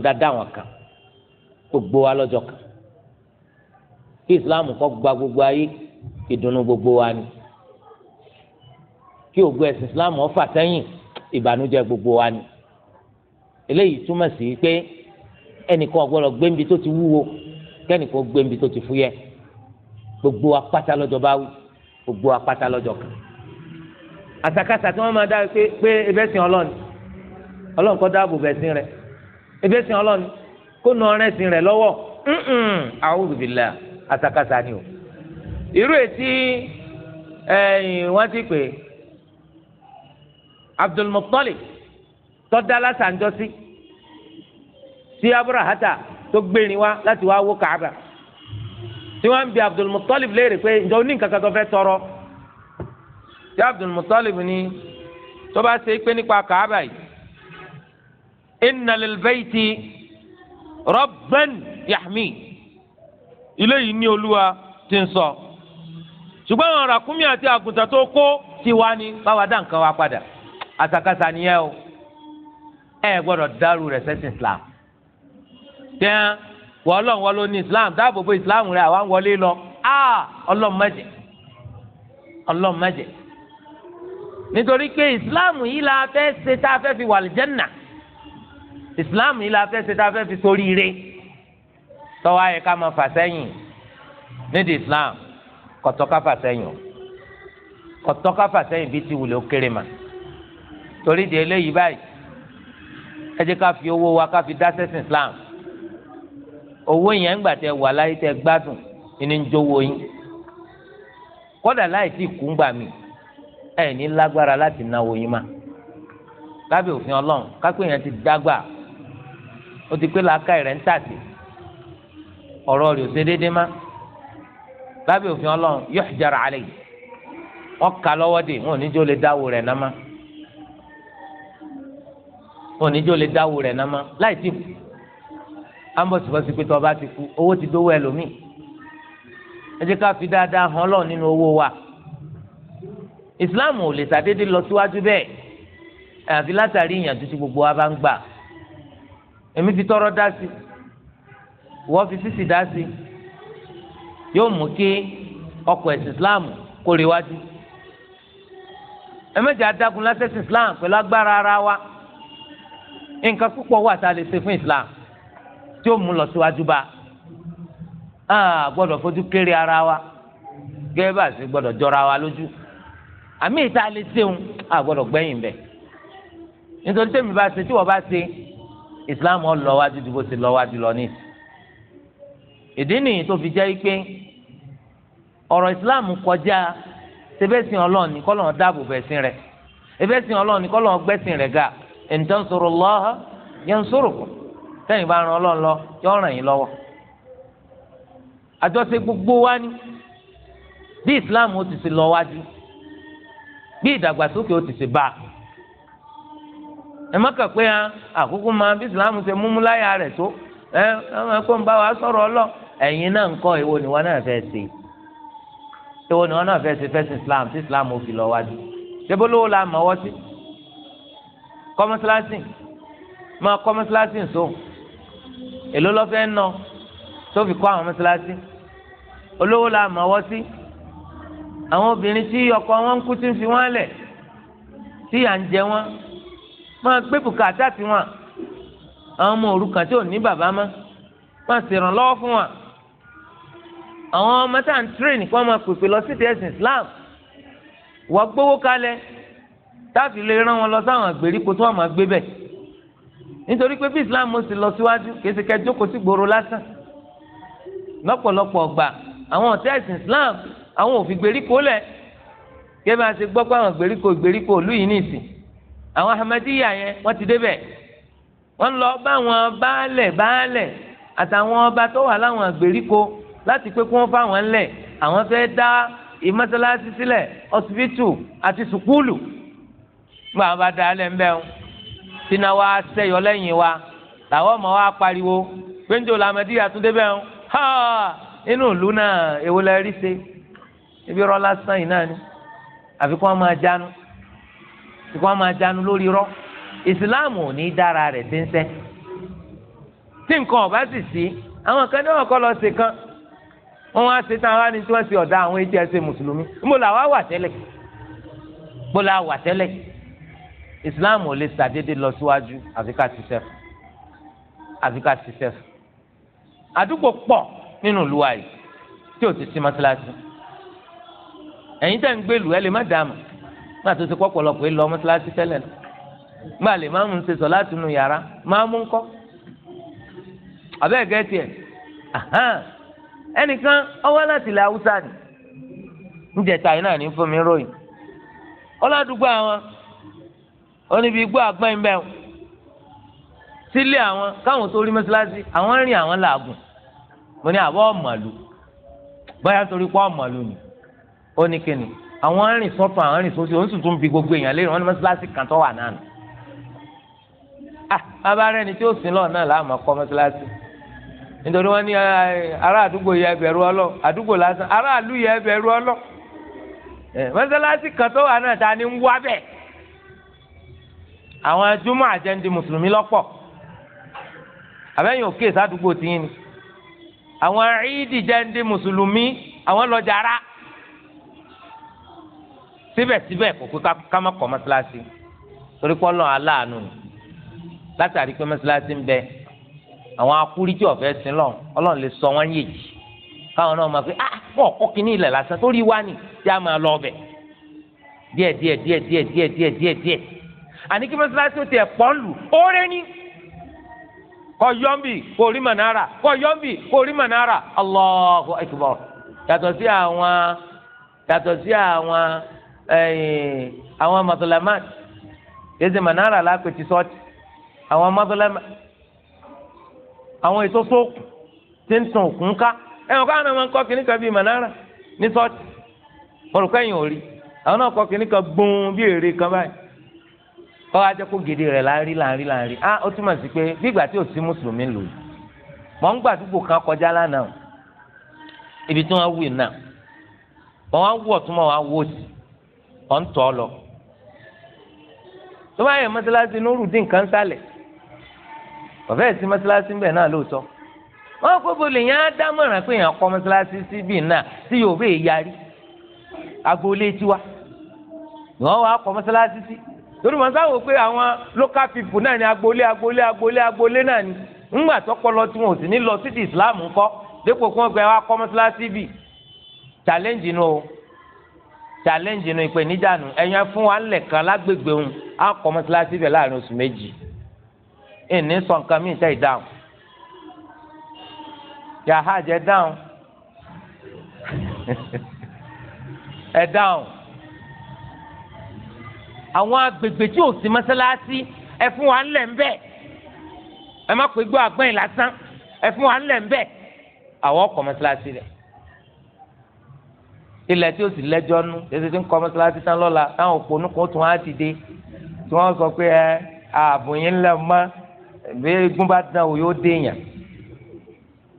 dá islam kí ògùn ẹ̀sìn islam ọ̀fà sẹ́yìn ìbànújẹ́ gbogbo wa ni eléyìí túmọ̀ sí pé ẹnìkan ọ̀gbọ́dọ̀ gbéǹbi tó ti wúwo kẹ́nìkan gbéǹbi tó ti fúyẹ́ gbogbo apáta lọ́jọ́ bá wí gbogbo apáta lọ́jọ́ kan àsàkásà tí wọ́n máa dá pé pé ebẹ́sìn ọlọ́ni ọlọ́run kọ́ dáàbò bẹ̀sìn rẹ̀ ebẹ́sìn ọlọ́ni kó nu ọrẹ́sìn rẹ̀ lọ́wọ́ a'udhu billah àsàkásà ni o irú ètí wọ́n ti pè é Abdul Muttalib tọ́da lásàndọ́sí tí aburahata tó gbẹ̀rin wá láti wá wó Kaaba tí wọ́n ń bi Abdul Muttalib léèrè pé ǹjọ́ ní nǹkan kan tó fẹ́ tọrọ tí Abdul Muttalib ní tó bá ṣe pé nípa Kaaba yìí inna lil bayti rabban yahmi ilé yìí ní olúwa ti ń sọ ṣùgbọ́n àwọn ràkúnmí àti àgùntàn tó kó tiwa ni báwa dá nǹkan wa padà àṣàkáṣà nìyẹn o ẹ gbọ́dọ̀ dàrú rẹ̀ sẹ́sìn islam tẹ́ẹ̀ wọ́n ọlọ́run ní islam dáàbò bo islam rẹ̀ àwa ń wọlé lọ ọlọ́run mẹ́jẹ ọlọ́run mẹ́jẹ nítorí pé islam yìí la fẹ́ ṣe tá a fẹ́ fi wà lìjẹ́nà islam yìí la fẹ́ ṣe tá a fẹ́ fi sórí ire tọ́wọ́ ayẹ ká máa fà sẹ́yìn nídìí islam kọ̀tọ́ ká fà sẹ́yìn kọ̀tọ́ ká fà sẹ́yìn bí ti wùlé ó kéré mà torí di eléyìí báyìí ẹ jẹ́ ká fi owó wa ká fi dá sẹ́sìn Islam owó yẹn ń gbà tẹ wà láyé tẹ gbádùn ní ń jówó yín kódà láì sí kúngbà mi ẹ ní lágbára láti náwó yín mà lábẹ́ òfin Ọlọ́run kápẹ́ yẹn ti dágbà ó ti pé làákàyè rẹ̀ ń tàsí ọ̀rọ̀ rẹ̀ ò ṣe déédéé má lábẹ́ òfin Ọlọ́run yóò jara àlẹ́ yìí wọ́n kà lọ́wọ́ dé wọn ò ní jó lè dáwó rẹ̀ náà má oníjó lè dáwó rẹ̀ náà má láì tí kú ambọ̀sibọ̀sì pé tọ́ba ti kú owó ti dówó ẹlòmíì ẹ jẹ́ ká fi dáadáa hàn lọ nínú owó wa ìsìláàmù ò lè ṣàdédé lọ síwájú bẹ́ẹ̀ àfi látàrí ìyànjú tí gbogbo wa bá ń gbà èmi fi tọrọ dá sí wọ́n fi sísì dá sí yóò mú kí ọkọ̀ ẹ̀sìn ìsìláàmù kórè wájú ẹ mẹ́jọ adágún lásẹ̀sìn ìsìláàmù pẹ̀lú agbára ara wa nǹkan púpọ̀ wà tá a lè ṣe fún islam tí ó mú lọ síwájú bá a gbọ́dọ̀ fojú kéré ara wa gẹ́gẹ́ bá a sì gbọ́dọ̀ jọra wa lójú àmì ìta lè ṣeun a gbọ́dọ̀ gbẹ́yìn bẹ̀ nítorí tèmi bá ṣe tí wọ́n bá ṣe islam ọ̀ lọ wájú ju bó ṣe lọ wájú lọ nìyí ìdí nìyí tó fi jẹ́ pé ọ̀rọ̀ islam kọjá ṣe bẹ́ẹ̀ sìn ọlọ́ọ̀ni kọ́ lọ́n dáàbò bẹ́ẹ̀ sìn rẹ̀ ẹ bẹ́ẹ̀ sìn ọlọ́ọ̀ni kọ́ lọ́n gbẹ́sìn rẹ̀ ga. in tansurullaha yansurukum tẹ́yìn bá ran ọlọ́run lọ yọ ràn gbogbo wa ni bí islam ó ti lọ wájú bí ìdàgbàsókè ó ti ṣe bá ẹ má kàn pé àkókò máa bí islam ṣe múmú láyà rẹ̀ tó ẹ ẹ kó bá wa náà ń ìwọ ni islam tí islam lọ wájú ṣé bó lówó la Si? kọ́ mọ́sálásì máa kọ́ mọ́sálásì nso èló lọ́fẹ́ nọ tó fi kọ́ àwọn mọ́sálásì olówó la mọ̀ wọ́ sí àwọn obìnrin tí ọkọ wọn ń kú tí ń fi wọn lẹ̀ tí à ń jẹ wọn máa gbé bùkátà tiwọn àwọn ọmọ òrukàn tí ò ní bàbá mọ́ máa ṣèrànlọ́wọ́ fún wọn àwọn ọmọ tá à ń tírè nìkan máa pèpè lọ sí ti ẹ̀sìn Islam wọ́n gbowó kalẹ̀ táàfin lè rán wọn lọ sáwọn àgbèríko tó wà máa gbé bẹ̀ nítorí pé bí islam ó sì lọ síwájú kèsì ká jókòó sí gbòòrò lásán lọ́pọ̀lọpọ̀ ọgbà àwọn ọ̀tá ẹ̀sìn islam àwọn ò fi gbèríko lẹ̀ kí ẹ bá ṣe gbọ́ pé àwọn gbèríko gbèríko ìlú yìí nìsín àwọn ahmadiyya yẹn wọ́n ti débẹ̀ wọ́n lọ bá àwọn baálẹ̀ baálẹ̀ àtàwọn ọba tó wà láwọn gbèríko láti pé kí wọ́n fáwọn lẹ̀ àwọn fẹ́ dá ìmọ̀sálásí sílẹ̀ ọsibítù àti sùkúlù nígbà wọn bá da alẹ́ ń bẹ́ wọn tíná wa sẹ́yọ lẹ́yìn wa làwọn ọmọ wa pariwo péńjọ làmẹ́dí àtúndé bẹ́ wọn ha inú ìlú náà èwo la rí ṣe ibi rọ lásán yìí náà ni àfi kí wọ́n máa jánu àfi kí wọ́n máa jánu lórí rọ ìsìláàmù ò ní dára rẹ̀ ti ń sẹ́ tí nǹkan ọ̀bá sì sí àwọn kan ní wọn kọ́ lọ ṣe kan wọn wá ṣe tán wá ní tí wọ́n ṣe ọ̀dà àwọn ètí ẹ̀ṣẹ̀ mùsùlùmí ńbọ̀là wá wà tẹ́lẹ̀ ńbọ̀là wà tẹ́lẹ̀ islam ò lè sàdédé lọ síwájú àfi ká ṣiṣẹ́ fún àfi ká ṣiṣẹ́ fún àdúgbò pọ̀ nínú ìlú wa yìí tí ò ti sí mọ́sálásí ẹ̀yin tẹ̀ ń gbèlú ẹ lè má dààmú má tó ti kọ́ pọ̀lọpọ̀ ẹ lọ mọ́sálásí tẹ́lẹ̀ náà gbà lè má mú un ṣe sọ láti nu yàrá má mú un kọ́ àbẹ́ẹ̀ gẹ́tì ẹnìkan ọwọ́ láti ilẹ̀ haúsá ni ń jẹ̀ta yìí náà ní fún mi ròyìn ọlọ́dúgbò àwọn wọ́n níbi igbó àgbọn ìbẹ̀ wọn sílé àwọn káwọn tó rí mọ́sálásí àwọn rìn àwọn làágùn mo ní àbọ̀ ọ̀mọ̀lù bóyá torí pé ọ̀mọ̀lù ni ó ní kíni àwọn rìn sọ́tún àwọn rìn sósì òun sì tún bi gbogbo èèyàn léèrè wọn ní mọ́sálásí kan tó wà náà nù. bàbá ah, rẹ ni tí ó sin lọ́ọ̀ náà láàmú ọkọ mọ́sálásí nítorí wọn ní ará àdúgbò yẹ ẹbẹ̀rù ọlọ́ àdúgbò lásán ará àlú yẹ ẹbẹ̀rù ọlọ́ eh, mọ́sálásí kan tó wà náà ta ni ń wá bẹ́ẹ̀ àwọn júmọ̀ àjẹndì mùsùlùmí lọ́pọ̀ àbẹ́yìn òkè sádùúgbò tiyín ni àwọn ìdí jẹ́ndì mùsùlùmí àwọn lọ́jàrá síbẹ̀síbẹ̀ kò pé ká má kọ́ mọ́sálásí torí pé Ọlọ́run aláàánú ni látàrí pé mọ́sálásí ń bẹ àwọn akúríjì ọ̀fẹ́ sí lọ́n Ọlọ́run lè sọ wọ́n yèjì káwọn náà máa fi ah wọ́n kọ́ kínní ilẹ̀ lásán torí wá ní tí a máa lọ ọbẹ̀ díẹ̀ díẹ̀ díẹ̀ díẹ̀ díẹ̀ díẹ̀ díẹ̀ díẹ̀ díẹ̀ àní kí mọ́sálásí ó tiẹ̀ ni kọ yọ́ǹbì kò rí mọ̀nàrà kọ yọ́ǹbì kò rí mọ̀nàrà Allahu Akbar yàtọ̀ sí àwọn yàtọ̀ sí àwọn àwọn mọ̀tòlámàt yézè mọ̀nàrà lápẹ̀tì sọ́ọ̀tì àwọn mọ̀tòlámàt àwọn ètò sóòkù tí ń tàn òkun ká ẹ̀wọ̀n káwọn náà máa ń kọ́ kínní kan bíi mọ̀nàrà ní sọ́ọ̀tì olùkọ́ ò rí àwọn ọ wá jẹ́ kó gèdè rẹ̀ là ń rí ah ó túmọ̀ sí pé bí tí ò sí mùsùlùmí lò yìí mọ̀ ń gbàdúgbò kan kọjá lánàá ibi tí wọ́n wù náà mọ̀ wọ́n wù wọ́n lọ. tó bá yẹ mọ́sálásí kan sálẹ̀ ọ̀fẹ́ sí mọ́sálásí ń bẹ̀ náà lóòótọ́ wọ́n kó bolè yẹn á dámọ̀ràn pé èèyàn kọ́ mọ́sálásí tí yóò bẹ́ẹ̀ yarí agboolé tiwa ni wọ́n kọ́ torí wọn sáwọ pé àwọn local people náà ni agboolé agboolé agboolé agboolé náà ni ńgbà tọpọlọ tí wọn ò sì ní lọ sídìí islam ńkọ́ dépò kí wọn gbé wa kọmọsíláṣí bì challenge nu o challenge nu ìpèníjà nu ẹ̀yàn fún wa ńlẹ̀ kan lágbègbè òun á kọmọsíláṣí bẹ̀ láàrin oṣù méjì ìní sọ nǹkan mí ìtẹ́ ìdáhùn yàhá jẹ dáhùn ẹ dáhùn àwọn agbègbè tí ò sí mọ́sálásí ẹ fún wa ńlẹ̀ ńbẹ̀ ẹ má pé gbọ́ àgbọ̀n yìí lásán ẹ fún wa ńlẹ̀ ńbẹ̀ àwọn ọkọ̀ mọ́sálásí rẹ̀ ilẹ̀ tí ó sì lẹ́jọ́ nú èsì tí ń kọ́ mọ́sálásí tán lọ́la táwọn òpònú kan tún á ti dé tí wọ́n sọ pé ẹ ààbò yín lẹ̀ mọ́ bí egun bá dán o yóò dé yàn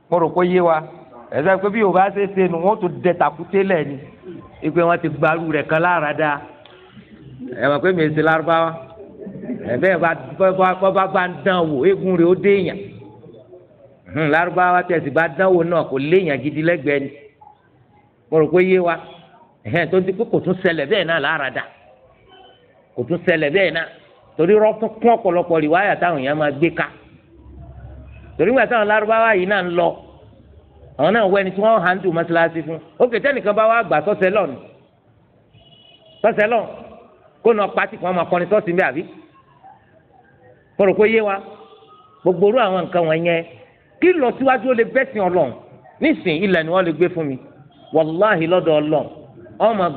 mo rò pé yé wa ẹ̀sẹ̀ pé bí Yorùbá ṣe ṣe nu wọ́n tún dẹ tàkúté lẹ̀ ni ìpè wọn ti gbarú rẹ̀ kan láradá ẹ mọ̀ pé mèsì lárúbáwá ẹ̀bẹ́ bá bá dán wò eégún rẹ̀ ó dé èèyàn lárúbáwá bá dán wò náà kò léèyàn gidi lẹ́gbẹ̀ẹ́ ni mo rò pé yé wa tó ń di pé kò tún ṣẹlẹ̀ bẹ́ẹ̀ náà lára kò tún ṣẹlẹ̀ bẹ́ẹ̀ náà torí rọ́ọ̀tún kún táwọn èèyàn máa gbé ká torí lárúbáwá yìí náà ń lọ àwọn náà tí hàn fún ó kè bá kó nà pati kan máa kọrin sọ́ọ̀sì bí àbí kọ̀rọ̀ kó yé wa gbogbo ruo àwọn nǹkan wọn yẹn kí lọ síwájú ó lè bẹ́sìn ọlọ́run nísìn ilẹ̀ ni wọ́n lè gbé fún mi wàláhì lọ́dọ̀ ọlọ́run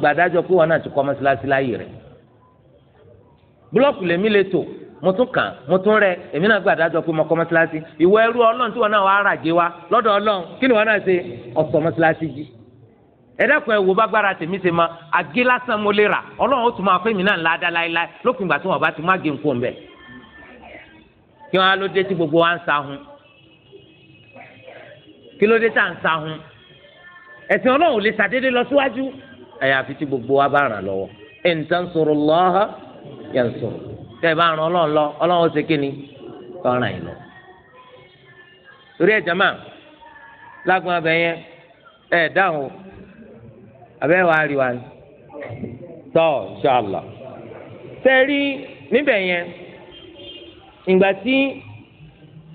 gbàdájọ pé wọn náà ti kọ́ rẹ̀ lèmi lè tò mo tún kàn mo tún rẹ èmi náà gbàdájọ pé mo kọ́ wa lọ́dọ̀ kí ni wọn náà ẹ ẹ wo bágbára tèmi ma agé lásán mo lè rà ọlọ́run tún máa fẹ́mi náà ládàá láéláé lópin ìgbà tí wọn bá ti má gé kí wọn á ló dé tí gbogbo wa ń sahun kí ló dé tá à ń sahun ẹ̀sìn ò lè lọ síwájú gbogbo wa bá ràn ẹ bá ràn lọ ó ṣe lọ. torí jama lágbọn abẹ yẹn dáhùn abẹ́ wa rí wa ni tọ́ ṣàlà sẹ́rí níbẹ̀ yẹn ìgbà tí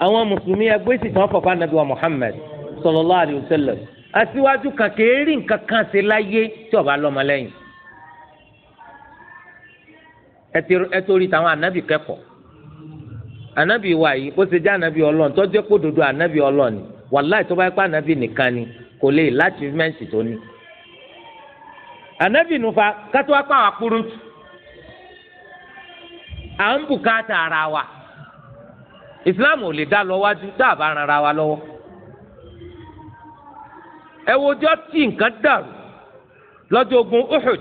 àwọn mùsùlùmí ẹgbẹ́ ìsìtàn fọ̀fà nàbí wa Muhammad sallallahu alaihi wasallam aṣíwájú kan kéèrè nǹkan kan ṣe láyé tí ó bá lọ́mọ lẹ́yìn ẹ torí táwọn ànábì kẹ́kọ̀ọ́ ànábì wa yìí ó ṣe jẹ́ ànábì ọlọ́run tó jẹ́ kó dodo ànábì ọlọ́run wàláì tó bá yẹ pé ànábì nìkan ni kò lè láti mẹ́ǹsì tó ní. anabi nufa kátó wá pàwọn akpóróntù à ń ara wa islam ò lè dá lọ tá a bá ran ara wa lọ́wọ́ ẹ tí nǹkan ogun uhud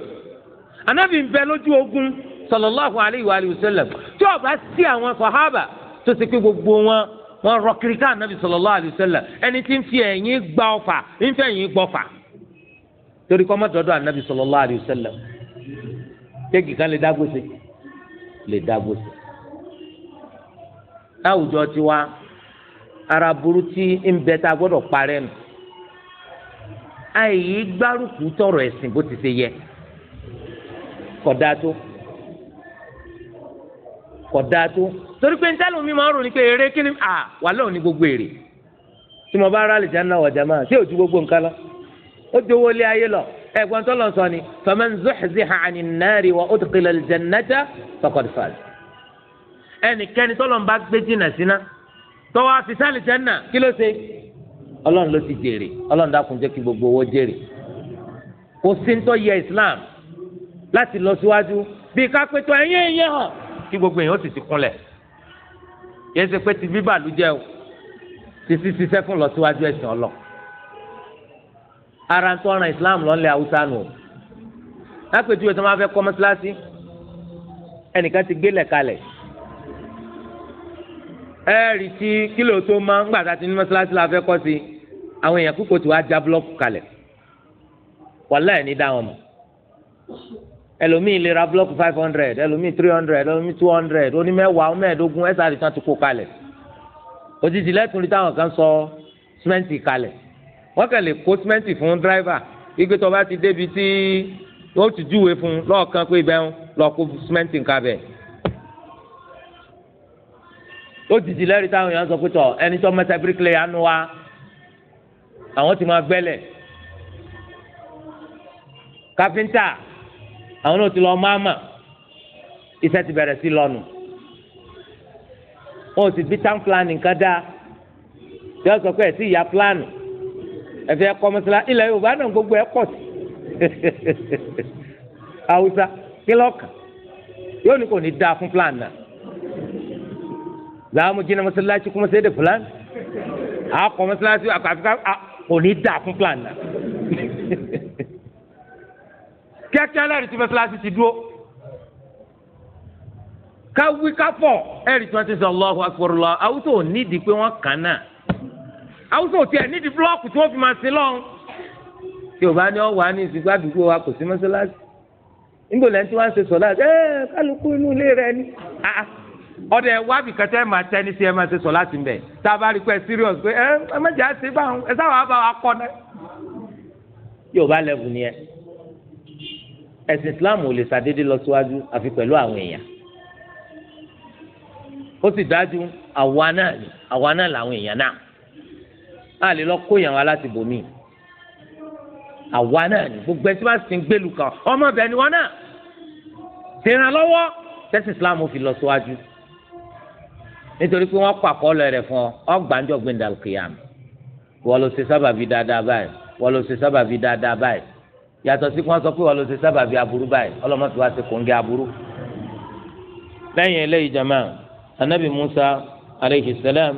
anabi ń bẹ lójú ogun sallallahu alayhi wa sallam tí ó sí àwọn sahaba tó ṣe gbogbo wọn wọn rọ anabi sallallahu alayhi wa sallam ẹni tí ń fi ẹ̀yìn torí kọ́ mọ́ tọ́dọ̀ anabi sallallahu alaihi wasallam kéèkì kan lè dágbèsè lè dágbèsè. láwùjọ tiwa ara burú tí ń bẹ tá a gbọ́dọ̀ parẹ́ nù àìyí gbárùkù tọrọ ẹ̀sìn bó ti ṣe yẹ kódà tó kódà tó torí pé ntẹ́lu mi máa ń rò ní pé eré kí ni à wà lóun ní gbogbo èrè tí mo bá rálẹ̀ jẹ́ ń náwó ọjà máa ṣé òjú gbogbo nǹkan lọ. ó jowó lé ayé lọ ẹ̀gbọ́n tó lọ sọ ni faman zuhziha 'anin nari wa udkhila al-jannata faqad faz. ẹnikẹ́ni tọ́lọ̀ ń bá gbé jìnnà síná tọ́wọ́ àfi sálì jẹ́nà kí ló ṣe. ọlọ́run ló ti ya Islam láti lọ síwájú bíi ká ẹyẹ ẹyẹ hàn kí gbogbo èèyàn sì ti ti bíbà ló o ti ara ń tọ́ran islam lọ́nlẹ̀ haúsá nù lápẹ̀tù ẹ̀sán máa fẹ́ kọ́ mọ́sálásí ẹnìkan ti gbélẹ̀ kalẹ̀ ẹ̀rì tí kílò tó máa ń gbàdá ti ní mọ́sálásí la fẹ́ kọ́ sí àwọn èèyàn kúkò tí wàá já búlọ́ọ̀kù kalẹ̀ wàlá ẹ̀ ní dá wọn ẹlòmíì lè búlọ́ọ̀kù five hundred ẹlòmíì three hundred ẹlòmíì two hundred onímẹ̀wàá mẹ́ẹ̀ẹ́dógún ẹ̀sà àdìsán ti kó kalẹ̀ òjijì lẹ́tùnrin táwọn kan sọ símẹ́ǹtì kalẹ̀ wọ́n kàn lè kó símẹ́ǹtì fún dírẹ́fà gbígbé tó bá ti débi tí wọ́n ti júwe fún lọ́ọ̀kan pé ibẹ̀ ń lọ kó símẹ́ǹtì nǹkan bẹ̀. ó dìdì lẹ́rìí táwọn èèyàn sọ pé tọ̀ ẹni tó mẹ́ta bíríkìlẹ̀ yanu wa àwọn ti máa gbẹ́lẹ̀ káfíńtà àwọn náà ti lọ máàmà iṣẹ́ ti bẹ̀rẹ̀ sí lọ́nu wọn ò sì fi tán plan nǹkan dáa yọ sọ pé ẹ̀ sì ya plan ẹ̀fẹ̀ ẹ̀kọ́ mọ́sálá ilẹ̀ yorùbá náà gbogbo ẹ̀ kọ̀ sí haúsá kílọ̀kà yóò ní kò ní dáa fún plan náà làwọn jìnnà mọ́sálásí kó mọ́sálásí dé plan àkọ́ mọ́sálásí àkàfíkà kò ní dáa fún plan náà kíákíá lẹ́rìí tí mọ́sálásí ti dúró káwí káfọ̀ ẹ̀rì tí wọ́n ti sọ Allahu akbar Allahu àwùjọ ò nídìí pé wọ́n kàn náà haúsá òtí ẹ̀ nídìí búlọ́ọ̀kù tí wọ́n fi máa sin lọ́hùn. tí o bá ní ọ wà ní ìsìnkú àdúgbò wa kò sí mọ́sálásí níbo lẹ́ni tí wọ́n á ṣe sọ̀lá ẹ kálukú inú ilé rẹ ni. Ah, ah. ọ̀dọ̀ ẹ̀ wá bìkan tẹ́ ẹ máa tẹ́ ní sí ẹ máa ṣe sọ̀lá sí mbẹ̀ tá a bá rí pé ẹ serious pé ẹ ẹ má jẹ́ àṣẹ báwọn ẹ sáwà bá wa kọ́ náà. yóò bá lẹ́bù ni ẹ ẹ̀sìn Islam ò lè ṣàdédé lọ síwájú àfi pẹ̀lú àwọn èèyàn ó sì dájú àwa náà àwa náà làwọn èèyàn náà a lè lọ kó yàn wá láti bòmí àwa náà ni gbogbo ẹtí bá sì ń gbèlú kan ọmọ ibẹ̀ ni wọn náà tẹ̀ràn lọ́wọ́ tẹ́sí islam fi lọ síwájú nítorí pé wọ́n kọ àkọọ́lẹ̀ rẹ̀ fún ọ ọgbàǹjọ́ gbẹ̀ndà kìyàm wọ́n lọ ṣe sábàbí dáadáa báyìí wọ́n lọ ṣe sábàbí dáadáa báyìí yàtọ̀ sí kí wọ́n sọ pé wọ́n lọ ṣe sábàbí aburú báyìí ọlọ́mọ tí wàá ṣe kòńgẹ́ aburú. lẹ́yìn eléyìí jama anabi musa aleyhi salam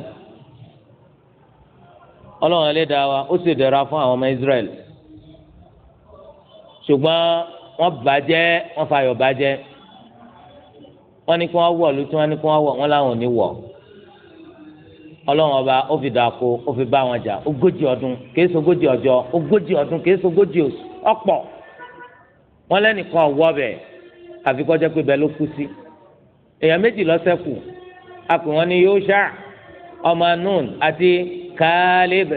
ọlọ́run ẹlẹ́dàá wa ó sì dẹ̀ra fún àwọn ọmọ israẹl ṣùgbọ́n wọ́n bàjẹ́ wọ́n fàyọ̀ bàjẹ́ wọ́n ní kí wọ́n wọ̀ lótú wọ́n ní kí wọ́n wọ̀ wọ́n láwọn ò ní wọ̀ ọlọ́run ọba ó fi dàkó ó fi bá wọn jà ogójì ọdún kìí sogójì ọjọ́ ogójì ọdún kìí sogójì ọ̀pọ̀ wọ́n lẹ́nìkan wọ́ bẹ̀ àfi kọjá pé bẹ́ẹ̀ ló kú sí èèyàn méjì ló ṣẹ́kù a pè wọ́n ní ọmọ Nun àti Kálíb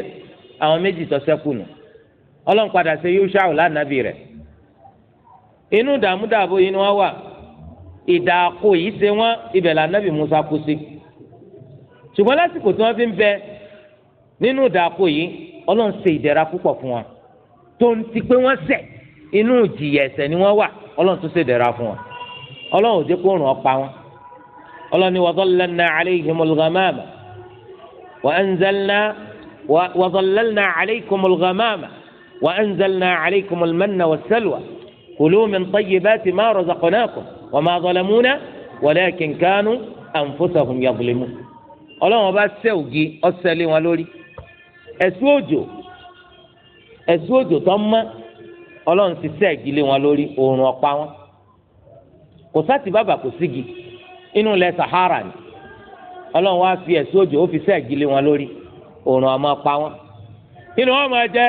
àwọn méjì tó ṣẹ́kù nù ọlọ́run padà ṣe Yúṣàù lánàbì rẹ̀ inú dààmúdààbò yìí ni wọ́n wà ìdààkó yìí ṣe wọ́n ibẹ̀ lànàbì Musa kú sí ṣùgbọ́n lásìkò tí wọ́n fi ń bẹ nínú ìdààkó yìí ọlọ́run ṣe ìdẹ̀ra púpọ̀ fún wọn tó ń ti pé wọ́n ṣẹ̀ inú ìjìyà ni wọ́n wà ọlọ́run tún ṣe ìdẹ̀ra fún wọn ọlọ́run ò dé kó rùn ọ pa wọn ọlọ́run ni wọ́n tó lẹ́nu وأنزلنا وظللنا عليكم الغمامة وأنزلنا عليكم المن والسلوى كلوا من طيبات ما رزقناكم وما ظلمونا ولكن كانوا أنفسهم يظلمون ألم بس سوجي أسلي ولولي أسوجو أسوجو ثم ألم سيسجي لي ولولي ونوقعون كسات بابا كسيجي إنو لا سحاراني ọlọ́run wá fi ẹ̀sùn òjò ó fi sẹ́ẹ̀gì lé wọn lórí òòrùn ọmọ pa wọn nínú wọn máa jẹ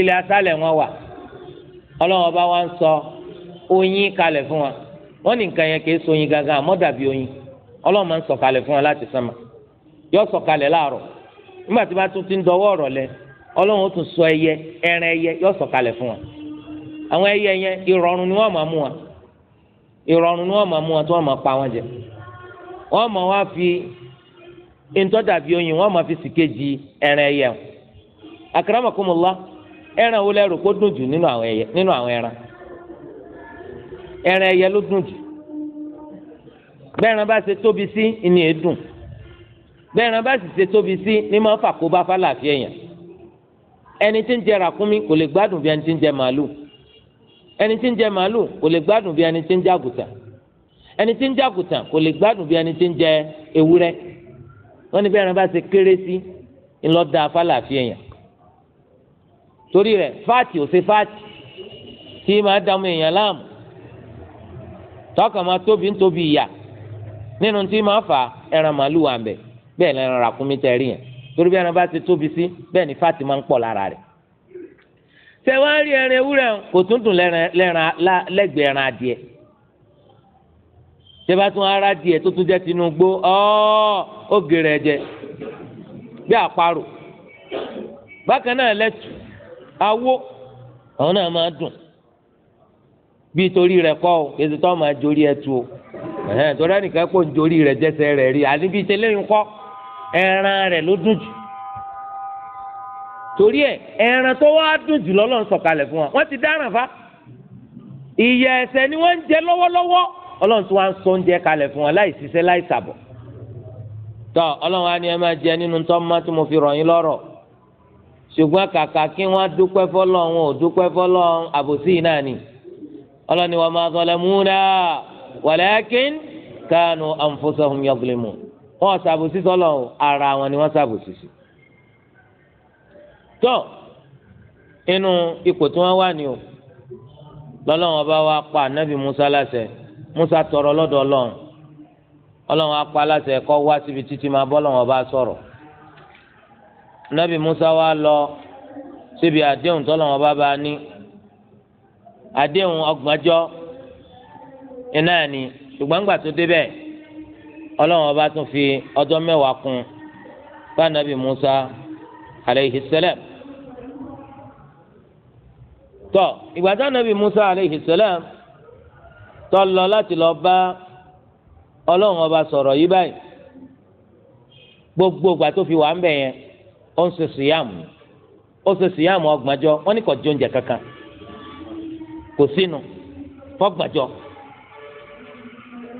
ilẹ̀ asálẹ̀ wọn wà ọlọ́run ọba wa ń sọ oyin kalẹ̀ fún wa Wọn ní nǹkan yẹn kì í so oyin gangan àmọ́ dàbí oyin ọlọ́run máa ń sọ kalẹ̀ fún wa láti sánmà yọ sọ kalẹ̀ láàrọ̀ nígbà tí bá tún ti ń sọ ẹyẹ ẹran ẹyẹ yọ fún wa àwọn ẹyẹ yẹn ìrọ̀rùn ni wọ́n máa wa ìrọ̀rùn ni wọ́n máa wa tí wọ́n máa pa wọn jẹ wọn mọ̀ wá fi ntọ́dàbí oyin wọ́n fi sìkejì ẹran ẹyẹ o akaramakumula ẹran wo lẹ́rù kó dùn jù nínú àwọn ẹran ẹran ẹyẹ ló dùn jù bẹ́ẹ̀ràn bá ṣe tóbi sí ìní èédùn bẹ́ẹ̀ràn bá sì ṣe tóbi sí ní máa ń fàkóbá fàlàfíà yẹn ẹni tí ń jẹ ràkúnmí kò lè gbádùn bí ẹni tí ń jẹ màálù ẹni tí ń jẹ màálù kò lè gbádùn bí ẹni ẹni tí ń jẹ àgùntàn kò lè gbádùn bí ẹni tí ń jẹ ewúrẹ́ wọn ní bí ẹran bá ṣe kéré sí ńlọdà fàlàfì èèyàn torí rẹ̀ fáàtì ò ṣe fáàtì tí máa dààmú èèyàn láàmú tọkàn máa tóbi ń tóbi ìyà nínú tí máa fà ẹran màálù wà ń bẹ bẹ́ẹ̀ lẹran ràkúnmí tẹ rí yẹn torí bí ẹran bá ti tóbi sí bẹ́ẹ̀ ni fáàtì máa ń pọ̀ lára rẹ̀ tẹwàá rí ẹran ewúrẹ́ kò tún dùn lẹ́gbẹ̀ẹ́ ẹran adìẹ tẹ́bá tún ara díẹ̀ tó tún jẹ́ Tinubu ọ́ ó gèrè ẹ̀jẹ̀ bí àparò bákan náà lẹ́tù awó àwọn náà máa dùn bí torí rẹ̀ kọ́ o èsì tó máa jorí ẹ̀ tu o ẹ̀hẹ́n torí ẹnìkan pò ń jorí rẹ̀ jẹ́sẹ̀ rẹ̀ rí àní bí tẹ́lẹ̀yìn kọ́ ẹran rẹ̀ ló dùn jù torí ẹ̀ ẹran tó wá dùn jù lọ́lọ́run sọ̀kalẹ̀ fún wa wọ́n ti dáràn fa ìyẹ̀ ẹ̀sẹ̀ ni wọ́n ń jẹ lọ́wọ́lọ́wọ́ ọlọ́run tí wọ́n á sọ oúnjẹ kalẹ̀ fún wọn láì ṣiṣẹ́ láì ṣàbọ̀ tọ́ ọlọ́run á ní ẹ máa jẹ nínú tọ́ mọ́ tí mo fi rọ̀ yín lọ́rọ̀ ṣùgbọ́n kàkà kí wọ́n dúpẹ́ fọlọ́run ò dúpẹ́ fọlọ́run àbòsí náà ni ọlọ́run ni wa ma zalamuna walakin kanu anfusahum yadhlimun wọn ṣàbòsí sọlọ́run ara wọn ni wọ́n ṣàbòsí sí tọ́ inú ipò tí wọ́n wà ní o lọ́lọ́run ọba wa pa anabi musa láṣẹ musa tọrọ lọ́dọ̀ Ọlọ́run Ọlọ́run á pa aláṣẹ kó wá síbi títí máa bọ Ọlọ́run ọba sọ̀rọ̀ nabi musa wá lọ síbi àdéhùn tỌlọ́run ọba bá ní àdéhùn ọgbọ̀njọ́ iná ni ṣùgbọ́n gbà tó débẹ̀ Ọlọ́run ọba tún fi ọjọ́ mẹ́wàá kún bá nabi musa aleyhi sẹlẹm tọ ìgbà tá nabi musa aleyhi sẹlẹm. t'ọlọ lọ láti lọ bá ọlọ́run ọba sọ̀rọ̀ báyìí gbogbo ìgbà tó fi wà ń bẹ̀ yẹn ó ń ṣe síyàmù ó ṣe síyàmù ọgbọ̀njọ́ wọ́n ní kò jẹ oúnjẹ kankan kò sínú fọ́gbọ̀njọ́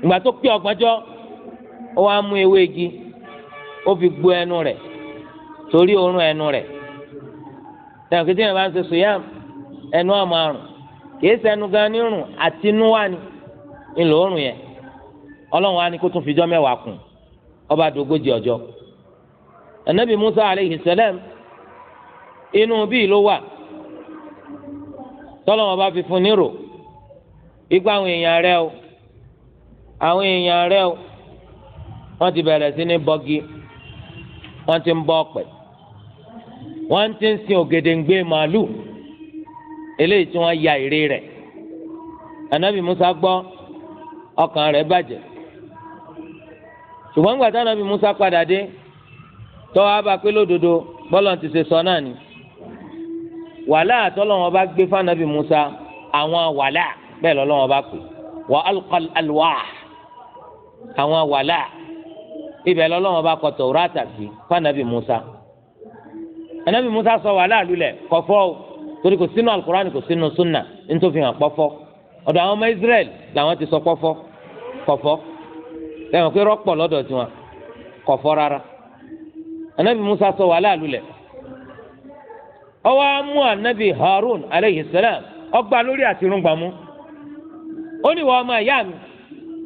ìgbà tó pé ó wá mú ewé fi gbó ẹnu torí ẹnu bá ń ṣe ẹnu àrùn kìí gan ní rùn àtinúwá ni. ńlọ oorun yẹn ọlọ́run wa ni kó tún fìjọ́ mẹ́wàá kùn ọba dógójì ọjọ́ anabi musa aleyhi salam inú bíi ló wà tọ́lọ́wọ́n bá fi fún nírò igbá àwọn èèyàn rẹ o àwọn èèyàn rẹ o wọ́n ti bẹ̀rẹ̀ sí ní bọ́gi wọ́n ti ń bọ́ ọ̀pẹ̀ wọ́n ti ń sin ògèdèǹgbè màálù eléyìí tí wọ́n ya ère rẹ̀ anabi musa gbọ́ ọkàn rẹ̀ bàjẹ́ ṣùgbọ́n gbàtà nàbí Musa padà dé tọ́wọ́ abá pé lódodo bọ́lọ̀ ti ṣe sọ náà ni wàhálà àtọ́lọ́wọ́n bá gbé fànàbí Musa àwọn wàhálà bẹ́ẹ̀ lọ́lọ́wọ́n bá pè wà alqal alwah àwọn wàhálà ibẹ̀ lọ́lọ́wọ́n bá kọ Tawrata sí fànàbí Musa ànàbí Musa sọ wàhálà lulẹ̀ kọ̀fọ́ o torí kò sínú alukurani kò sínú sunna nítorí fi ọ̀dọ̀ àwọn ọmọ Israẹli làwọn ti sọ pọ́fọ́ kọ̀fọ́ lẹ́yìn pé rọ́pọ̀ lọ́dọ̀ tiwọn kọ̀fọ́ rárá anabi musa sọ wàhálà lulẹ̀ ọwọ́ amú anabi harun aleyhi salam ọgbà lórí àtirúngbàmú ó ní wọ́n ọmọ ìyá mi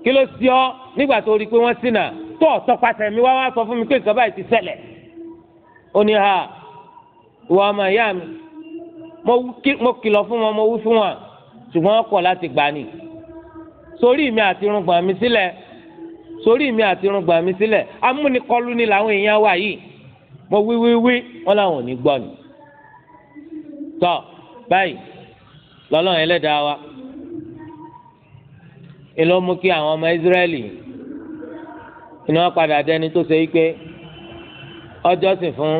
kí ló sí ọ nígbà tó rí i pé wọ́n ṣìnà tó ọ̀tọ́ mi wá wá sọ fún mi pé nǹkan báyìí ti ṣẹlẹ̀ ó ní ha wọ́n ọmọ ìyá mi mo kìlọ̀ fún wọn mo wú fún wọn ṣùgbọ́n wọ́n láti gbà sórí mi àti irùngbọ̀n mi sílẹ̀ sórí mi àti irùngbọ̀n mi sílẹ̀ amúnikọ́lù ni làwọn èèyàn wà yìí mo wí wí wí wọn làwọn ò ní gbọ́ ni. tọ́ báyìí lọ́lọ́run ẹlẹ́dàá wa ìlú mú kí àwọn ọmọ Ísírẹ́lì inú wọn padà dẹni tó ṣe wípé ọjọ́ sìn fún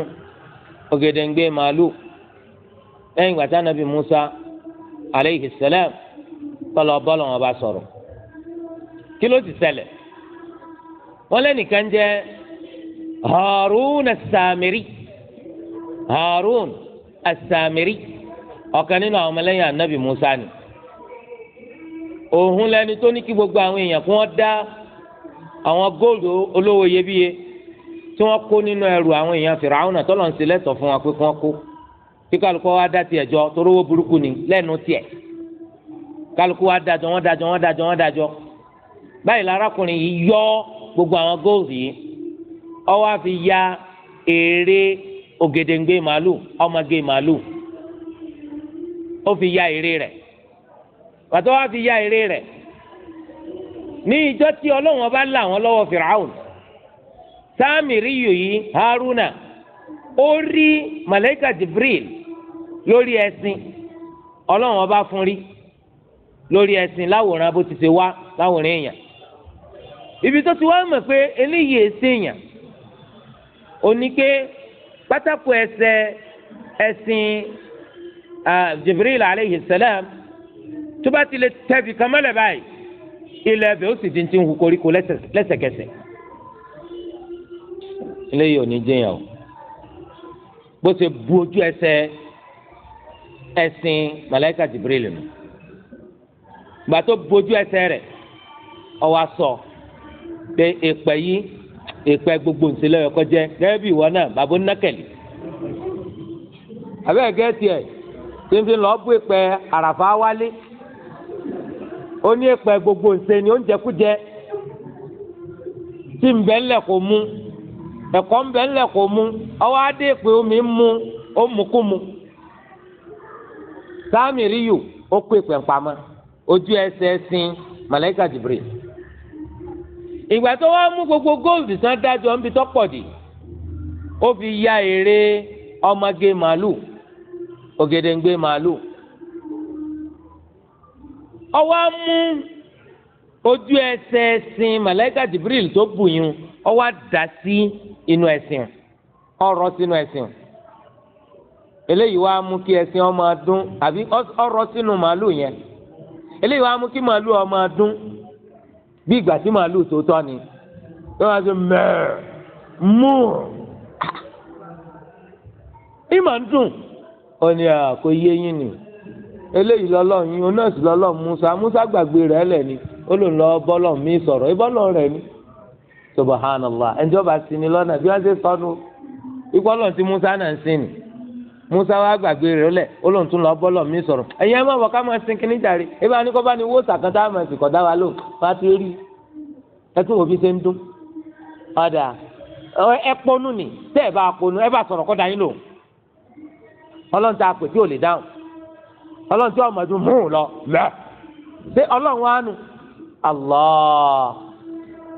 ògèdèǹgbé màálù lẹ́yìn ìgbà tí Ànábì Musa aleyhi salam tọ́lọ bọ́lọ̀ wọn bá sọ̀rọ̀ kí ló ti ṣẹlẹ̀ wọ́n lẹ́nìkan jẹ́ Harun As-Samiri Harun As-Samiri ọ̀kan nínú àwọn ọmọlẹ́yìn anabi Musa ni òun lẹni tó ní kí gbogbo àwọn èèyàn kí wọ́n dá àwọn góòlù olówó iyebíye tí wọ́n kó nínú ẹrù àwọn èèyàn Fìràwọ̀nà tọ́lọ̀ ń ṣe lẹ́tọ̀ọ́ fún wa pé kí wọ́n kó kí kálukú wa dá tiẹ̀ jọ torówó burúkú ni lẹ́nu tiẹ̀ kálukú wa dájọ́ wọ́n dájọ́ wọ́n dájọ́ wọ́n dájọ́ báyìí lárakùnrin yìí yọ gbogbo àwọn gold yìí ó wá fi ya èrè ògèdèǹgbè màálù ọmọge màálù ó fi ya èrè rẹ̀ pàtó wá fi ya èrè rẹ̀ ní ìjọ tí ọlọ́wọ́n bá là wọ́n lọ́wọ́ fìràwùn sáàmìrì yòyí haruna ó rí malayika jibril lórí ẹṣin ọlọ́wọ́n bá fún rí lórí ẹṣin láwòrán bó ti ṣe wá láwòrán èèyàn ibi tó ti wá mọ̀ pé eléyìí èsèèyàn oníke pátákó ẹsẹ̀ ẹ̀sìn Jibril aleyhi salam tó bá ti lè tẹ̀bi kan mọ́lẹ̀ báyìí ilẹ̀ ẹ̀bẹ̀ ó sì di ti ń hu koríko lẹ́sẹ̀kẹsẹ̀ eléyìí ò ní jẹyàn o bó ṣe bu ojú ẹsẹ̀ ẹ̀sìn màláíkà Jibril nù gbàtó bu ojú ẹsẹ̀ rẹ̀ ọwọ́ asọ. So pé èpè yìí èpè gbogbo nsèlè ọkọ jẹ gẹ́gẹ́ bí ìwọ náà bàbá onákẹlẹ abẹ́ẹ̀ gẹ́tì ẹ̀ tí n fi lọ́ọ́ bú èpè àràfà wálé ó ní èpè gbogbo nsè ni oúnjẹ kú jẹ tí nbẹ ńlẹ kò mú ẹ̀kọ́ nbẹ ńlẹ kò mú ọwọ́ adé èpè omi mú ó mú kú mu sáàmì ríyù ó kó èpè ńpamọ́ ojú ẹsẹ̀ sin màláíkà Jibril ìgbà tó wá mú gbogbo góòlù sàn dájọ ń tó pọ̀ dì ó fi ya èrè ọmọge màálù ògèdèǹgbè màálù ọwọ́ á mú ojú ẹsẹ̀ ẹ̀sìn màláíkà jibril tó bù yín ọwọ́ á dà sí inú ẹ̀sìn ọ̀rọ̀ sínú ẹ̀sìn eléyìí wá mú kí ẹ̀sìn ọmọ dún àbí ọ̀rọ̀ sínú màálù yẹn eléyìí wá mú kí màálù ọmọ dún bí ìgbà tí màálù ni wọ́n máa ṣe mẹ́ẹ̀ mú ì máa ń dùn ó ní yé yín ni eléyìí yín Musa Musa gbàgbé rẹ̀ lẹ̀ ni ó lò lọ bọ́lọ̀ mi sọ̀rọ̀ ìbọ́lọ̀ rẹ̀ ni ẹnjọba bí wọ́n ṣe sọnù tí Musa náà ń musa wa gbàgbé rẹ̀ lẹ̀ ó lọ bọ́lọ̀ mi sọ̀rọ̀ ẹ̀yin má bọ̀ ká máa sin jàre ní kó bá ní wó wa lò rí ni tẹ́ ẹ bá pọnú ẹ bá sọ̀rọ̀ kọ́ da lò ọlọ́run tá pè tí ò lè dáhùn ọlọ́run tí ọmọ mú lọ lẹ́ ṣé ọlọ́run wa nù Allah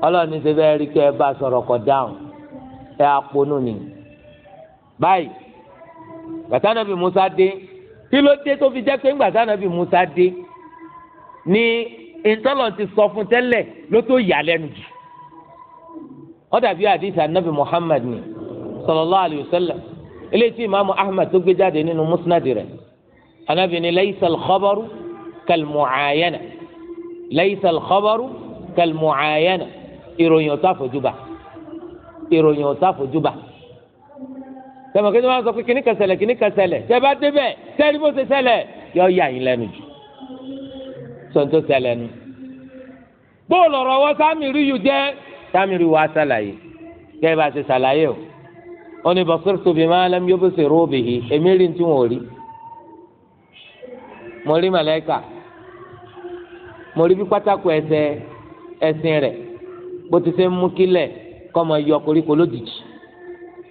ọlọ́run ní ṣe rí kẹ́ ẹ bá sọ̀rọ̀ dáhùn ni báyìí. gbàtà nàbì Musa dé kí ló dé tó fi jẹ́ pé gbàtà nàbì Musa dé ní ìtọ́lọ̀ ti sọ fún tẹ́lẹ̀ ló tó yà lẹ́nu jù ó dàbí àdìsí anabi Muhammad ni sallallahu alayhi wa sallam eléyìí tí imaamu Ahmad tó gbé jáde nínú musnadi rẹ̀ anabi ni laysa khabaru kal-mu'ayana laysa khabaru kal-mu'ayana ìròyìn ọ̀tá àfojúbà ìròyìn ọ̀tá àfojúbà sọmọ kí ni wọn sọ pé kíní kan ṣẹlẹ̀ kíní kan ṣẹlẹ̀ tẹ bá débẹ̀ tẹrí bó ṣe ṣẹlẹ̀ yọ yà yín lẹ́nu jù sọńtò ṣẹlẹ̀ nu. bóòlù ọ̀rọ̀ wọ sámìrì yù jẹ́ sámìrì wà ṣàlàyé kẹ́ ẹ bá ṣe ṣàlàyé o ó ní basirtu bima lam yubsiru bihi èmi rí tí wọn ò rí mo rí màláíkà mo rí bí pátákó ẹsẹ̀ ẹ̀sìn rẹ̀ bó ti ṣe mú kílẹ̀ kọ́ mọ yọ koríko lójijì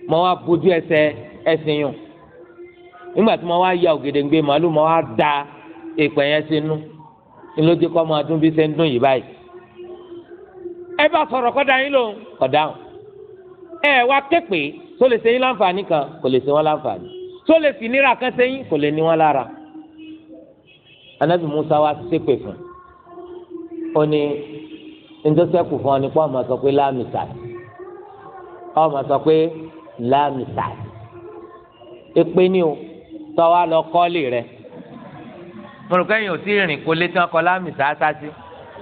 mo wá bójú ẹsẹ̀ ẹ̀sìn yùn nígbà tí mo wá ya ògèdèǹgbè màálù mo wá da èèpẹ̀ yẹn sínú ńlọ́dẹ kọ́ máa dún bí ṣe ń dún yìí báyìí ẹ bá sọ̀rọ̀ kọ́ da yín lòun kọ̀ dáhùn ẹ wá képe tó lè ṣe yín láǹfààní kan kò lè ṣe wọ́n láǹfààní tó lè fi nira kan ṣe kò lè ní wọ́n lára anabi musa wá ṣépè fún ó ní ntọ́sẹ́kù fún ọ ní kó ọmọ sọ pé láàmì sàì ọmọ sọ pé láàmì sáàdì ní ni o tọ́wá lọ kọ́ọ̀lì rẹ̀ mo rò kẹ́yìn ò sí ìrìn kó létí wọn kọ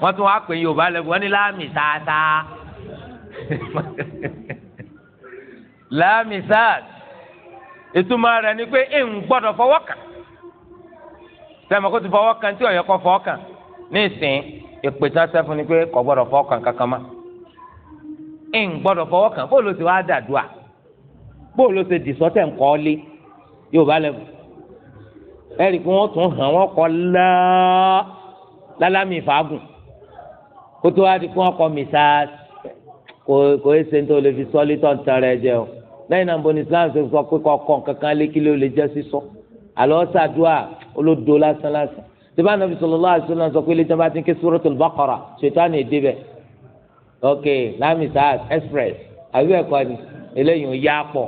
wọ́n tún wá pè yorùbá bá wọ́n ní láàmì sáàsá láàmì ìtumọ̀ rẹ̀ ni pé ẹ̀ ń gbọ́dọ̀ fọwọ́ kàn sẹ́mi kó ti fọwọ́ kàn tí ọ̀yọ́ kọ́ fọwọ́ kàn ní ìsìn ìpè tí wọ́n sẹ́ fún ni pé kò gbọ́dọ̀ fọwọ́ kàn kankan mọ́ ẹ̀ ń gbọ́dọ̀ fọwọ́ kàn ti wá dàdúrà. bóò ló ṣe dìsọ́tẹ̀ ńkọ́ lé yóò bá lẹ́bù ẹ̀rì kí wọ́n tún hàn wọ́n kọ́ láá lálámì fàágùn kótó wá di kí wọ́n kọ́ mìsáàs kò kò é ṣe nítorí fi sọ́lé tó ń tẹ̀rẹ̀ jẹ o lẹ́yìn náà bọ́ni Islam ṣe sọ pé kọ́kọ́ kankan lé kí ló lè jẹ́ sísọ àlọ́ sàdúà olódo lásán lásán tìbá nàbì sallallahu alaihi wasallam sọ pé ilé jọba ti ń ké Suratul Baqara ṣètánì èdè bẹ̀ ok lámì sáàs express àbí ẹ̀kọ́ ni eléyìí ò yá pọ̀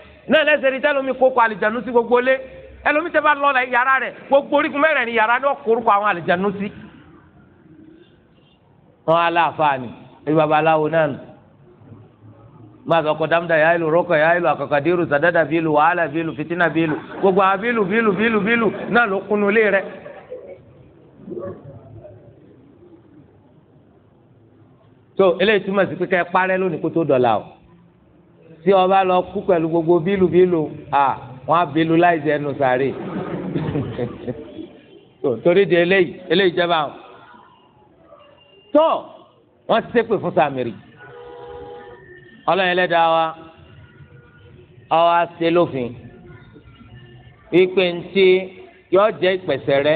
náà lẹ́sẹ̀ rí tẹ́lómi kókó àlìjánu sí gbogbo lé ẹlòmí tẹ́ bá lọ yàrá rẹ̀ gbogbo orígun mẹ́rẹ̀ ni yàrá náà kórúkọ àwọn àlìjánu sí. wọn aláàfáàní ẹbí babaláwo náà nù máa sọ kọdámdà yà ìlú rọkọ yà ìlú àkàkàdérò sàdádà bílù wàhálà bílù fìtínà bílù gbogbo àwọn bílù bílù bílù bílù náà ló kunu lé rẹ̀. tó eléyìí túmọ̀ sí pé ká ẹ parẹ́ tí ọba lọ kú pẹ̀lú gbogbo bílù bílù à wọ́n á bílù láì jẹ́ ẹnu sàárè torí di eléyìí eléyìí jẹ́ báwọn. tó wọ́n ti ṣépè fún Sàmìrì ọlọ́yin ẹlẹ́dàá wa ọwọ́ àṣẹ lófin wípé ntí yọ jẹ́ ìpẹ̀sẹ̀ rẹ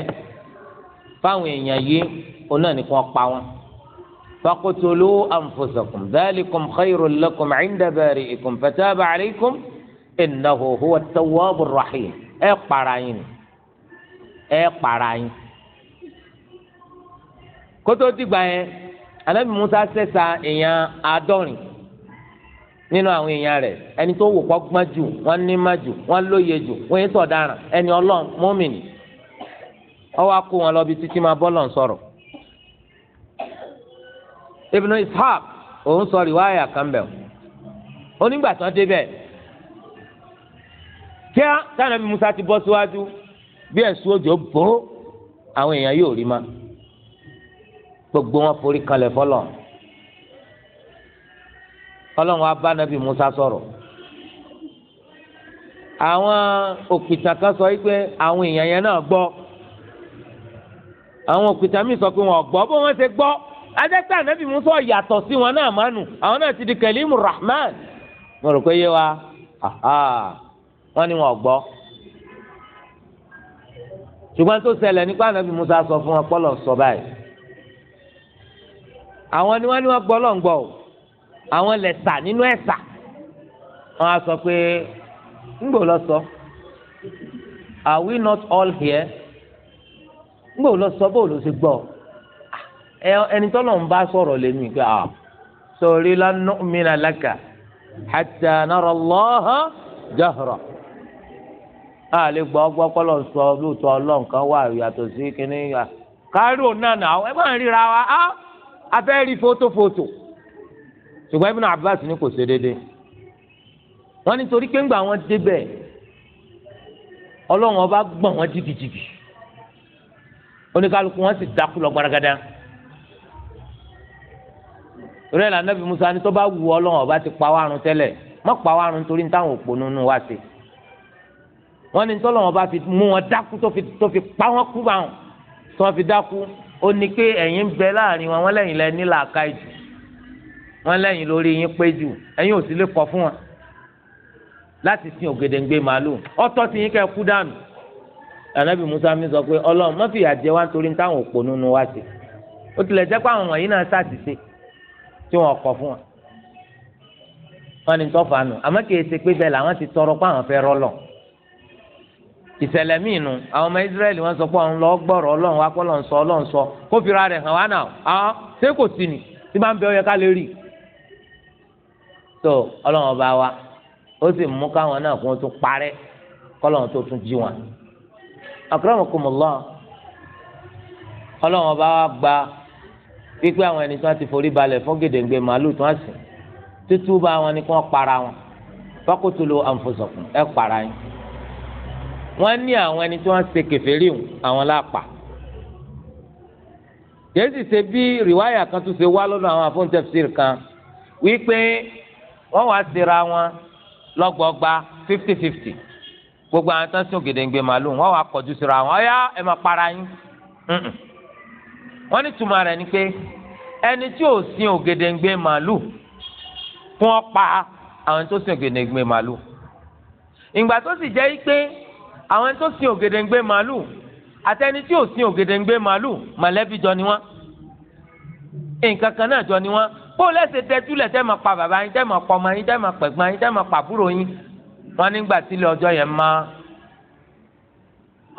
fáwọn èèyàn yìí òun náà nìkan pa wọn. فاقتلوا أنفسكم ذلكم خير لكم عند بارئكم فتاب عليكم إنه هو التواب الرحيم ẹ para yín ẹ أنا yín kótó dìgbà yẹn anabi musa sẹsa èèyàn àádọ́rin nínú àwọn èèyàn rẹ̀ ẹni tó wò kọ́ gbọ́n jù wọ́n ní má jù wọ́n lóye jù wọ́n yẹn sọ̀daràn ẹni ọlọ́run mọ́mìnì ọwọ́ akó wọn lọ bí títí máa bọ́ lọ́n sọ̀rọ̀. Ibn Ishaq òun sọ rìwáyà kan bẹ̀ onígbà tán débẹ̀ kíá táwọn ẹbí Musa ti bọ́ síwájú bí ẹ̀sùn òjò bò ó àwọn èèyàn yóò rí ma gbogbo wọn forí kalẹ̀ fọlọ́ Ọlọ́run wa bá Musa sọ̀rọ̀ àwọn òkìtà kan sọ wípé àwọn èèyàn yẹn náà gbọ́ àwọn òkìtà míì sọ pé wọn gbọ́ bó wọn ṣe gbọ́. ajẹ́sẹ́ ànábì musa yàtọ̀ sí wọn náà mánu àwọn náà ti di kẹlímù rahman mo rò pé yé wa wọ́n ní wọn gbọ́ ṣùgbọ́n tó ṣẹlẹ̀ nípa ànábì musa sọ fún wọn pọ́lọ̀ sọ báyìí àwọn ni wọ́n ní wọ́n gbọ́ lọ́n gbọ́ o àwọn lẹ̀ nínú ẹ̀ sà á sọ pé ńgbò lọ sọ are we not all here ńgbò lọ sọ bó ló ṣe gbọ́ ọ. ẹni tọ́lọ̀ ń bá sọ̀rọ̀ lẹ́nu ìgbà à sọ̀rí lánà mìíràn lákà hatta nara Allaha jahra a lè gbọ́ ọgbọ́ kọ́lọ̀ sọ lóòótọ́ ọlọ́run wà yàtọ̀ sí kínní yà káàró nànà ẹ máa ń ríra wa á abẹ́ rí fótófótó ṣùgbọ́n Ibn Abbas ní kò ṣe déédéé wọ́n ní torí pé ńgbà wọn débẹ̀ ọlọ́run ọba gbọ̀n wọn jìgìjìgì oníkálukú wọn sì dákú lọ gbaragada. rẹ la nabi musa ni tó bá wù ọ lọ́wọ́ ọba ti pa wàrùn tẹ́lẹ̀ má pa wàrùn torí ní táwọn òpó nínú wa ṣe wọn ni tọ́lọ̀ wọn bá fi mú wọn dákú tó fi pa wọn kú báwọn tí wọn fi dákú ó ní pé ẹ̀yin ń bẹ láàrin wọn wọn lẹ́yìn lẹ nílà aka jù wọn lẹ́yìn lórí yín pé jù ẹ̀yin ò sì lè kọ fún wọn láti sin ògèdèǹgbè màálùú ọtọ́ sí yín kẹ́ kú dànù anabi musa mi sọ pé ọlọ́run má fìyà jẹ wá nítorí táwọn òpó nínú wa ṣe ó tilẹ̀ jẹ́ pé àwọn wọ̀nyí náà ṣàtìṣe tí wọn kọ fún wọn wọn ni tọfà nù àmọ́ kì í ṣe pé bẹ́ẹ̀ làwọn ti tọrọ pé àwọn fẹ́ rọlọ ìṣẹ̀lẹ̀ míì nù àwọn ọmọ Israẹli wọn sọ pé àwọn lọ gbọrọ Ọlọ́run wa kọlọ nsọ Ọlọ́run sọ kó fira rẹ̀ hàn wá nà àwọn ṣé kò sí ni tí bá ń bẹ ọ yẹ ká lè rí tó Ọlọ́run ọba wa ó sì mú káwọn náà kó tún parẹ́ kọlọ́run tó tún jí wọn. akramakumullah Ọlọ́run ọba wa gba pípé àwọn ẹni tí wọ́n ti forí balẹ̀ fún gèdèǹgbè màálù tí wọ́n sìn tútú bá wọn ni kí wọ́n para wọn faqtulu anfusakum ẹ para yín wọ́n ní àwọn ẹni tí wọ́n ṣe kèfèrí hùn àwọn lápá jésì ṣe bí rìwáyà kan tún ṣe wá lọ́dọ̀ àwọn afọ́ńtẹ́fsìrì kan wípé wọ́n wá síra wọn lọ́gbọ̀gba fifty fifty gbogbo àwọn tó ń sún gèdèǹgbè màálù wọ́n wá kọjú síra wọn ọ̀yá ẹ máa para yín wọ́n ní tùmọ̀ rẹ̀ ni pé ẹni tí ò sin ògèdèǹgbè màálù fún ọ pa àwọn tó sin ògèdèǹgbè màálù ìgbà tó sì jẹ́ pé àwọn tó sin ògèdèǹgbè màálù àtẹni tí ò sin ògèdèǹgbè màálù mọ̀lẹ́bí jọ ni wọ́n nǹkan kan náà jọ ni wọ́n bó lẹ́sẹ̀ tẹ́túlẹ̀ tẹ́ máa pa bàbá yín tẹ́ máa pa ọmọ yín tẹ́ máa pẹ̀gbọ́n yín tẹ́ máa pa àbúrò yín wọ́n nígbà tílé ọjọ́ yẹn má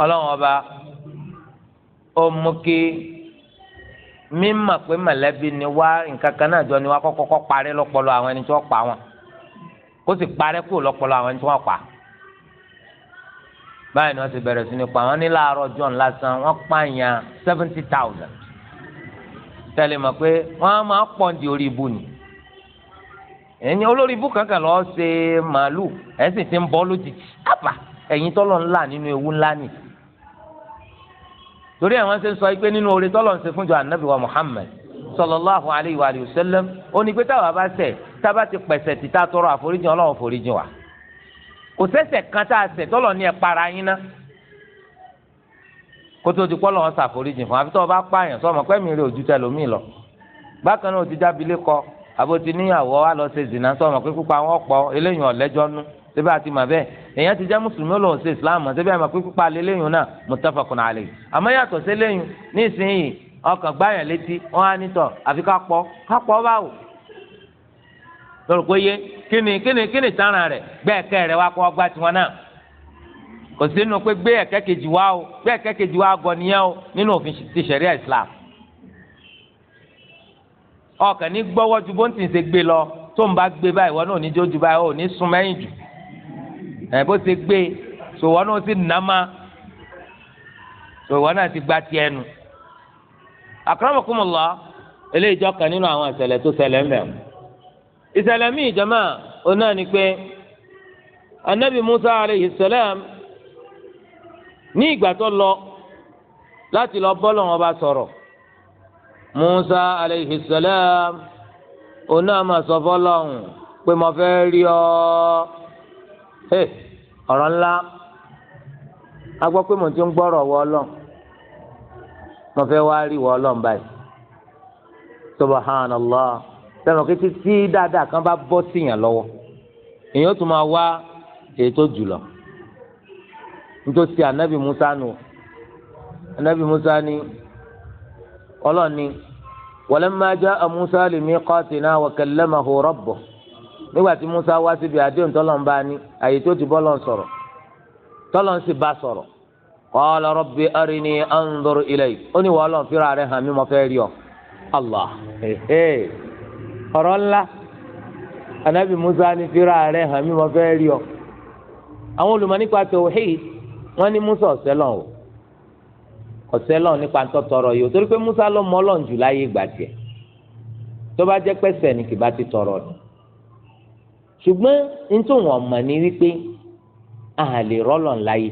ọlọ́run ọba ó mú kí mímọ̀ pé mọ̀lẹ́bí ni wá nǹkan kan náà jọ ni wá kọ́kọ́kọ́ parẹ́ lọ́pọlọ àwọn ẹni tí wọ́n pa wọn kó sì parẹ́ kúrò lọ́pọlọ àwọn ẹni tí wọ́n pa báyìí ni wọ́n ti bẹ̀rẹ̀ sí ni pa wọ́n ní láàárọ̀ john lásán wọ́n pààyàn seventy thousand tẹ́lẹ̀ mọ̀ pé wọ́n á máa pọ̀ di orí ibu ni ẹ̀yin olórí ibu kankan lọ́ọ́ ṣe màálù ẹ̀sìn ti ń bọ́ lójijì àbà ẹ̀yin tọ́lọ́ ńlá nínú ewu ńlá nìyí torí àwọn ṣe ń sọ pé nínú oore tọ́lọ̀ ń ṣe fúnjọ anabi wa muhammed sallallahu alayhi wa sallam ó ní pé táwa bá ṣẹ̀ tába ti pẹ̀sẹ̀ tí tá tọrọ àforíjì ọlọ́run foríjì wa kò sẹ́ṣẹ̀ kan tá a ṣẹ̀ tọ́lọ̀ ní ẹ para yín ná kótó ti pọ́ lọ́wọ́ ṣàforíjì fún àfi tó o bá pààyàn sọ́mọ pẹ́mi rẹ̀ ojú tẹ lómi lọ bákan náà o ti jábí lé kọ àbótiníyàwó wa lọ ṣe zìnnà sọ́mọ pé púpọ̀ àwọn ọ̀pọ̀ eléyìí ọ̀lẹ́jọ́ nú síbẹ̀ àti mà bẹ́ẹ̀ èèyàn ti jẹ́ mùsùlùmí olóhùn sí islam mọ̀ síbẹ̀ àmọ́ pípa lélẹ́yìn náà muttafaqun alayhi àmọ́ yàtọ̀ sí lẹ́yìn nísìnyìí ọkàn gbáyàn létí wọn á nítọ̀ àfi ká pọ̀ ká pọ̀ báwò lọ́rọ̀ pé yé kíni kíni kíni tánra rẹ̀ gbé ẹ̀kẹ́ rẹ̀ wá kọ́ ọgbà tiwọn náà kò sí nínú pé gbé ẹ̀kẹ́ kejì wá o gbé ẹ̀kẹ́ kejì wá gọ nìyẹn o nínú òfin ti ṣẹ̀ríà islam ọkàn ní gbọ́wọ́ ju bó ń tì í ṣe gbé lọ tó ń bá gbé báyìí wọn náà ò ní jó ju báyìí ó ní sún mẹ́yìn jù ẹ bó ṣe gbé sòwò náà sì nà má sòwò náà ti gba tiẹ̀ nu akramakumullah eléyìí jọ kan nínú àwọn ìṣẹ̀lẹ̀ tó ṣẹlẹ̀ ń bẹ ìṣẹ̀lẹ̀ míì jama ọ̀nà ni pé anabi musa aleyhi salam ní ìgbà tó lọ láti lọ bọ́ lọ́wọ́ bá sọ̀rọ̀ musa aleyhi salam ọ̀nà máa sọ fọlọ́hún pé mo fẹ́ rí ọ ẹ ọ̀rọ̀ ńlá a gbọ́ pé mo ti ń gbọ́rọ̀ wọ ọlọ́n mo fẹ́ wá rí wọ ọlọ́n báyìí subhanallah sẹ́wọ̀n kété tí dáadáa kan bá bọ́ síyàn lọ́wọ́ èyàn tún máa wá ètò jùlọ nítòsí anabi musa nù anabi musa ni ọlọ́ni walamma jaa musa limiqatina wa kallamahu rabbuh. nígbà tí Musa wá síbi àdéhùn tọ́lọ̀ ń bá ní àyè tó ti bọ́lọ̀ sọ̀rọ̀ tọ́lọ̀ ń sì bá sọ̀rọ̀ qala rabbi arini anzur ilayk ó ní wọ́n lọ́n fira rẹ̀ hàn mí mo fẹ́ rí ọ. Allah ọ̀rọ̀ ńlá anabi Musa ní fira rẹ̀ hàn mí mo fẹ́ rí ọ. àwọn olùmọ̀ nípa tauhid wọ́n Musa o ọ̀sẹ̀ nípa yìí torí pé Musa lọ mọ́ lọ́n jù láyé ìgbà tiẹ̀ ṣùgbọ́n nítorí wọn mọ̀ ní wípé a lè rọ́lọ́n láyé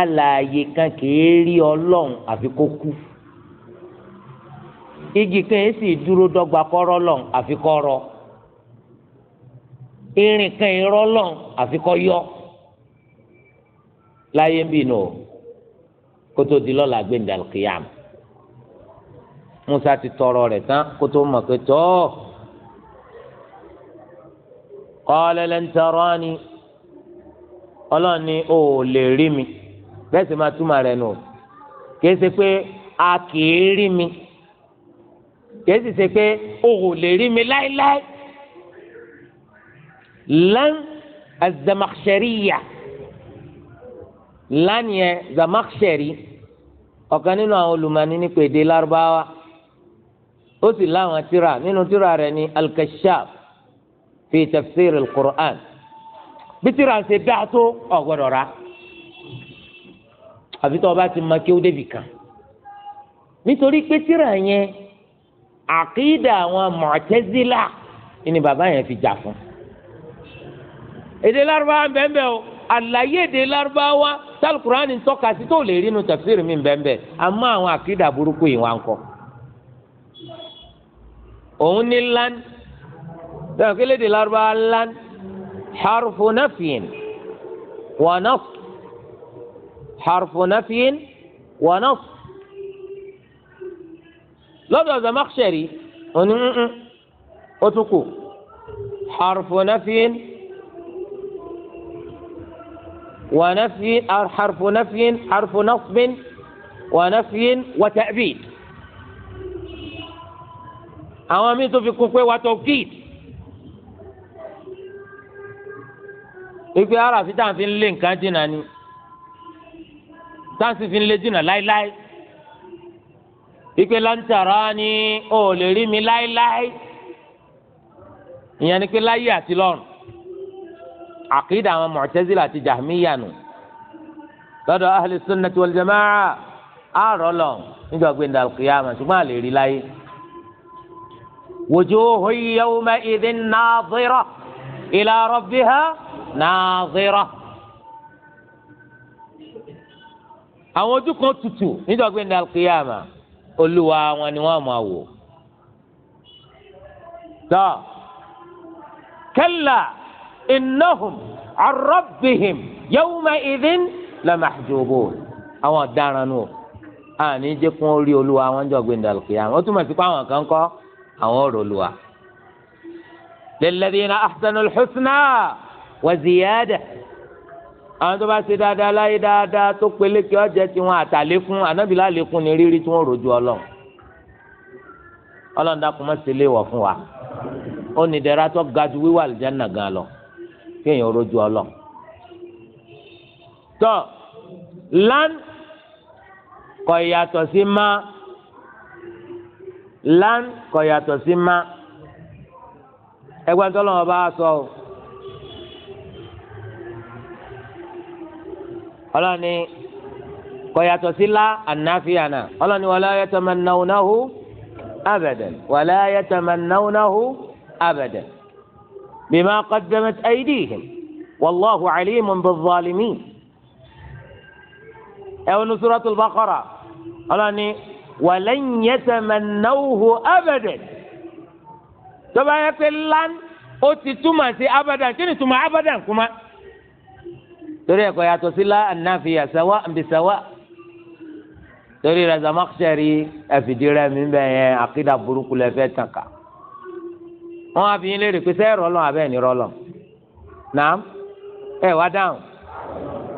alààyè kan kìí rí ọlọ́run àfi kó kú igi kan èsì dúró dọ́gba kọ́rọ́ lọ́n àfi kó rọ irin kan irọ́ lọ́n àfi kó yọ láyé ń bì nù kótó di lọ́la gbẹ̀ndàlùkìyàm Musa ti tọrọ rẹ̀ tán kótó mọ̀ pé tọ́ọ̀ qala lan tarani ọlọ́run ni ò lè rí mi bẹ́ẹ̀ sì máa túmọ̀ rẹ̀ nù kìí ṣe pé a kìí rí mi kìí sì ṣe pé ò lè rí mi láéláé lan az-zamakhshariya lan yẹn zamakhshari ọ̀kan nínú àwọn olùmọ̀ọ́ni ní pèdè lárúbáwá ó sì láwọn tíra nínú tíra rẹ̀ ní al fi tafsir al-Qur'an bitira ṣe dáa tó ọ̀gbọ́dọ̀ ra àfi tó o bá ti ma kí ó débi kan nítorí pé tírà yẹn àkídà àwọn Mu'tazila ni bàbá yẹn fi jà fún èdè lárúbáwá bẹ́ẹ̀ o àlàyé èdè lárúbáwá sálùkùránì tọ́ka sí tó lè rí nu tafsir mi bẹ́ẹ̀ àmọ́ àwọn àkídà burúkú yìí wá ń kọ́ òun ní sọ̀rọ̀ kí léde lárúbáwá lan harfu nafiyin wa nas harfu nafiyin wa nas lọ́dọ̀ Zamakhshari òní nǹkan ó tún kù harfu nafiyin wa nafiyin harfu nafiyin harfu nasbin wa nafiyin wa ta'bid àwọn míín tó fi kún pé wa tawkid. ìpè arafi tá à ń fi lé nǹkan jìnnà ni tá à ń fi lé jìnnà láéláé ìpè lantara ni ò lè rí mi láéláé ìyẹn ni pé láyé àti lọ́run àkìdá àwọn Mu'tazila àti Jahmiya nù lọ́dọ̀ ahli sunnati wal jamaa àárọ̀ lọ níjọ́ gbẹ̀ndà al-qiyamah ṣùgbọ́n àlè rí láyé. wujuhu yawma idhin nadhira ila rabbiha nàzírà àwọn ojú kan tutù níjọ́ pé ní alkiyama olúwa wọn ni wọ́n máa wò tọ kalla innahum an rabbihim yawma idhin lamahjubun àwọn ọ̀daràn nù àní jẹ́ kí wọ́n rí olúwa wọn níjọ́ pé ní alkiyama ó túmọ̀ sí pé àwọn kan kọ́ àwọn ọ̀rọ̀ olúwa lilladhina ahsanul husna wa ziyada àwọn tó bá ṣe dáadáa láyé dáadáa tó peléke ọjà tiwọn àtàlé fún anábìlá lẹkùn ní rírí tí wọn rojú Ọlọ́run Ọlọ́run dákun má ṣe léèwọ̀ fún wa ó ní dẹ̀ra tó ga ju wíwà àlùjáná gan lọ kéèyàn rojú Ọlọ́run tọ lan kò yàtọ̀ sí má lan kò yàtọ̀ sí má ẹgbẹ́ tó bá sọ o. ọlọ́ni kò yàtọ̀ sí la ànáfíà náà ọlọ́ni wala yatamannawnahu abadan wala yatamannawnahu abadan bima qaddamat aydihim wallahu alimun bizzalimin ẹ̀wọ̀n suratul baqara ọlọ́ni walan yatamannawhu abẹ́dẹ́ tọ́ba yẹ pé lan ó ti túmọ̀ sí abẹ́dẹ́ kí ni túmọ̀ abẹ́dẹ́ kuma. torí ẹ̀kọ́ yàtọ̀ sí lá ànáfíà sẹ́wà ǹbí sẹ́wà torí rẹ̀ Zamakhshari ẹ̀fìdírẹ́ mi bẹ́ẹ̀ yẹn àkídà burúkú lẹ fẹ́ tàn ká wọn á fi yín léèrè pé sẹ́ẹ̀ rọ́lọ́ abẹ́ ní rọ́lọ́ nàám ẹ wá dáhùn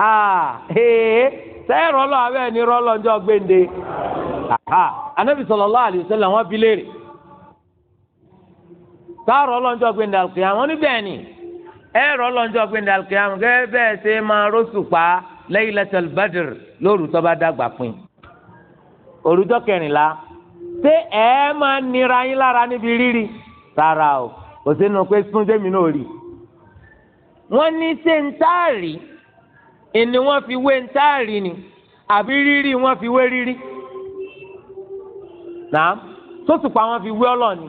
aa hee sẹ́ẹ̀ rọ́lọ́ abẹ́ ní rọ́lọ́ ńjọ́ gbéǹde aha anabi sallallahu alaihi wasallam wọn fi léèrè sáà rọ́lọ́ ńjọ́ gbéǹde àlùkìyà wọn ní bẹ́ẹ̀ ni ẹ rọ lọ́njọ́ pé ndàlùkìyàmù gẹ́gẹ́ bẹ́ẹ̀ ṣe máa rọ́ṣùpá Laylatul Badr lóru tó bá dàgbà pin òrùjọ́ kẹrìnlá ṣé ẹ máa nira yín lára níbi rírì rárá o kò sínú pé súnjẹ́mi náà rí wọ́n ní ṣé ń táàrí ni wọ́n fi wé ń táàrí ni àbí rírì wọ́n fi wé rírì náà sóṣùpá wọ́n fi wé ọlọ́ọ̀ni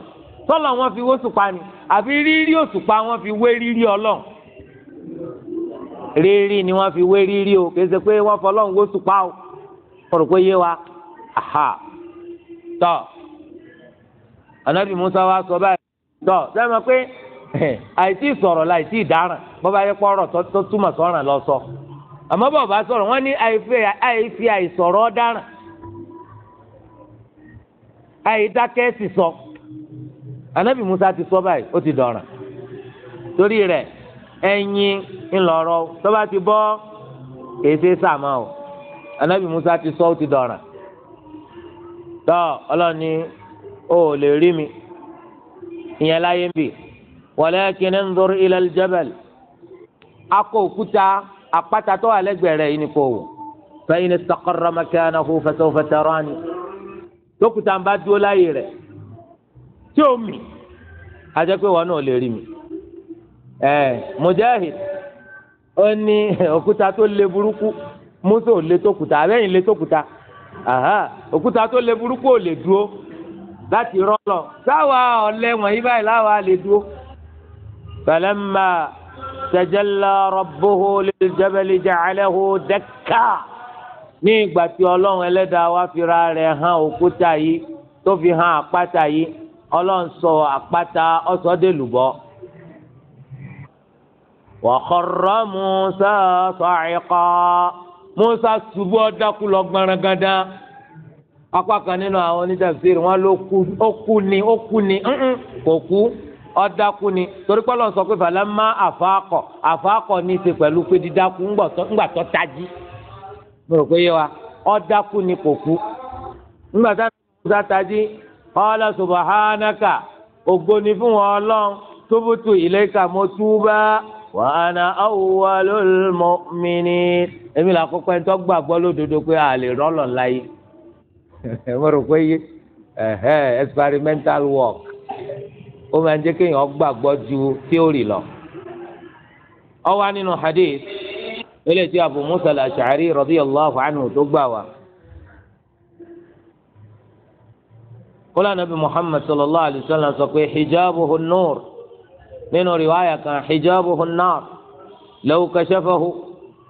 sọ́lọ̀ wọ́n fi wé ṣùpá ni àfi rírí òṣùpá wọn fi wé rírí ọlọ́run rírí ni wọ́n fi wé rírí o kìí ṣe pé wọ́n fọlọ́run wó òṣùpá o kọ̀rọ̀ pé yé wa aha tọ́ anabi musa wa sọ báyìí tọ́ sẹ́wọ̀n pé eh, àìsí sọ̀rọ̀ la àìsí ìdáràn bọ́ba yẹ kọ́ ọ̀rọ̀ tó túmọ̀ sọ̀ràn lọ sọ àmọ́ bàbá sọ̀rọ̀ wọ́n ní àìfi àìsọ̀rọ̀ dáràn àìdákẹ́ sọ. So anabi musa ti sọ báyìí ó ti dọ̀ràn torí rẹ̀ ẹyin ńlọrọ tọba ti bọ èsè sàmà o anabi musa ti sọ ó ti dọ̀ràn tọ ọlọ́ni ó lè rí mi ìyẹn láyé ń bì walakin anzur ila al-jabal akọ òkúta àpáta tó wà yìí ni kò wò fa in istaqarra makanahu fa sawfa tarani tókùtà ń bá dúró láyé rẹ̀ tí ó mì ajẹ́ pé wọn náà lè rí mi ẹ mujahid ó ní òkúta tó le burúkú musa ò le tókùtà abẹ́yìn le tókùtà òkúta tó le burúkú ò lè dúró láti rọ́lọ̀ sáwa ọ̀lẹ wọ̀nyí báyìí láwa lè dúró. falamma tajalla rabbuhu lil jabali ja'alahu ní ìgbà tí ọlọ́run ẹlẹ́dàá wa fira rẹ̀ hàn òkúta yìí tó fi hàn àpáta yìí ọlọ́nsọ àpáta ọ̀sọ́dẹ̀lùbọ́. wa kharra Musa sa'iqa Musa ṣubú ọ̀dàkú lọ gbaragada apá kan nínú àwọn onítafsiri wọn ló kú ó kú ni ó kú ni kò kú ni torí pé ní í ṣe pẹ̀lú pé ńgbà tó tají mo rò wa ni kò qala subhanaka ògo ni fún wọn ọlọ́run tubutu ilayka mo túbá wa ana awwalul mu'minin èmi là kọ́kọ́ ẹni tó gbàgbọ́ lódodo pé a lè rọ́lọ̀ láyé mo rò pé experimental work ó máa ń jẹ́ kéèyàn gbàgbọ́ ju theory lọ. nínú hadith eléyìí tí Abu Musa al-Ash'ari tó gbà wá. kólá nàbí muhammad sallallahu alayhi wa sallam sọ pé hijabuhu nur nínú riwaayà kan hijabuhu nar law kashafahu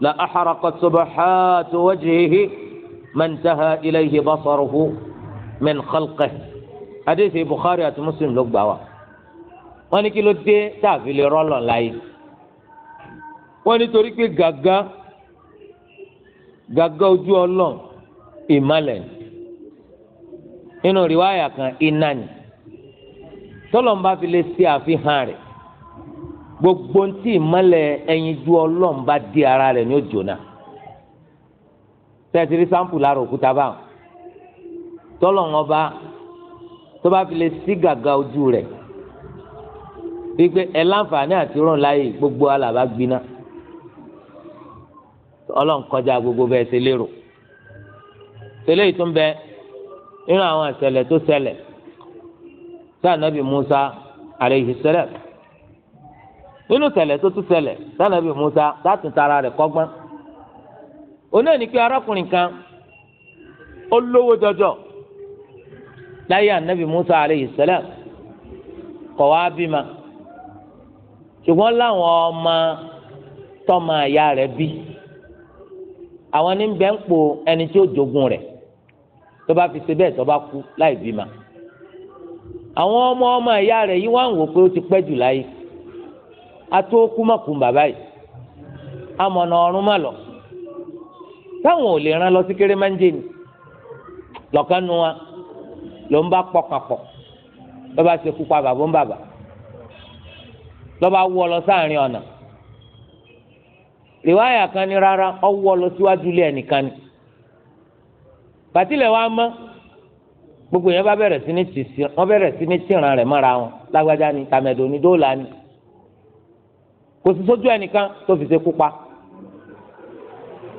la aharaqat subahatu wajhihi mantaha ilayhi basaruhu min khalqihi adéṣe bukhari àti muslim ló gbà wá wọ́n ní kí ló dé tààfi lè rọlọ láyé wọ́n ní torí pé gàgà gàgà ojú ọlọ ìmàlẹ ni nínú rìwáyà kan iná ni tọ́lọ́mbà fi lè ṣe àfihàn rẹ̀ gbogbo ntí ìmọ̀lẹ̀ ẹyin ju ọlọ́mbà di ara rẹ̀ ní òjò náà tẹ́tìrì sáǹpù lára òkúta báwọn tọ́lọ́ngọba tó bá fi lè sí gàgà ojú rẹ̀ wípé ẹ láǹfààní àti rún láyè gbogbo alàbá gbiná ọlọ́nkọjá gbogbo bẹ́ẹ̀ ṣe lérò tẹ́lẹ̀ ìtúnbẹ́ẹ́ nínú àwọn ìṣẹ̀lẹ̀ tó ṣẹlẹ̀ sànàbì Musa alayhi salam nínú ìṣẹ̀lẹ̀ tó tún ṣẹlẹ̀ sànàbì Musa láti tara rẹ̀ kọ́gbọ́n oní ẹni pé arákùnrin kan ó lówó jọjọ láyé ànàbì Musa alayhi salam kọ̀ wá bímọ ṣùgbọ́n láwọn ọmọ tọ́mọ àyà rẹ̀ bí àwọn ní bẹ́ẹ̀ ń po ẹni tí ó jogun rẹ̀ tó bá fi ṣe bẹ́ẹ̀ tó bá kú láì bímọ àwọn ọmọ ọmọ ìyá rẹ̀ yìí wá ń wò pé ó ti pẹ́ jù láyé ató kú mọ̀kùn bàbá yìí amọ̀nà ọ̀run má lọ táwọn ò lè rán lọ sí kérémánjé ni lọ́kàn nu wa ló ń bá pọkànpọ̀ lọ́ba ṣe kú pa bàbá ń bàbá lọ́ba wọ́ lọ sáàrin ọ̀nà rìwáyà kan ní rárá ọ lọ síwájú ilé ẹnìkan ni pàtílẹ̀ wa mọ́ gbogbo yẹn bá bẹ̀rẹ̀ sí ní tìsí wọ́n bẹ̀rẹ̀ sí ní tìran rẹ̀ mọ́ra wọn lágbájá ni tàmẹ̀dò ni dóòlà ni kò sí sójú ẹnìkan tó fi ṣe kú pa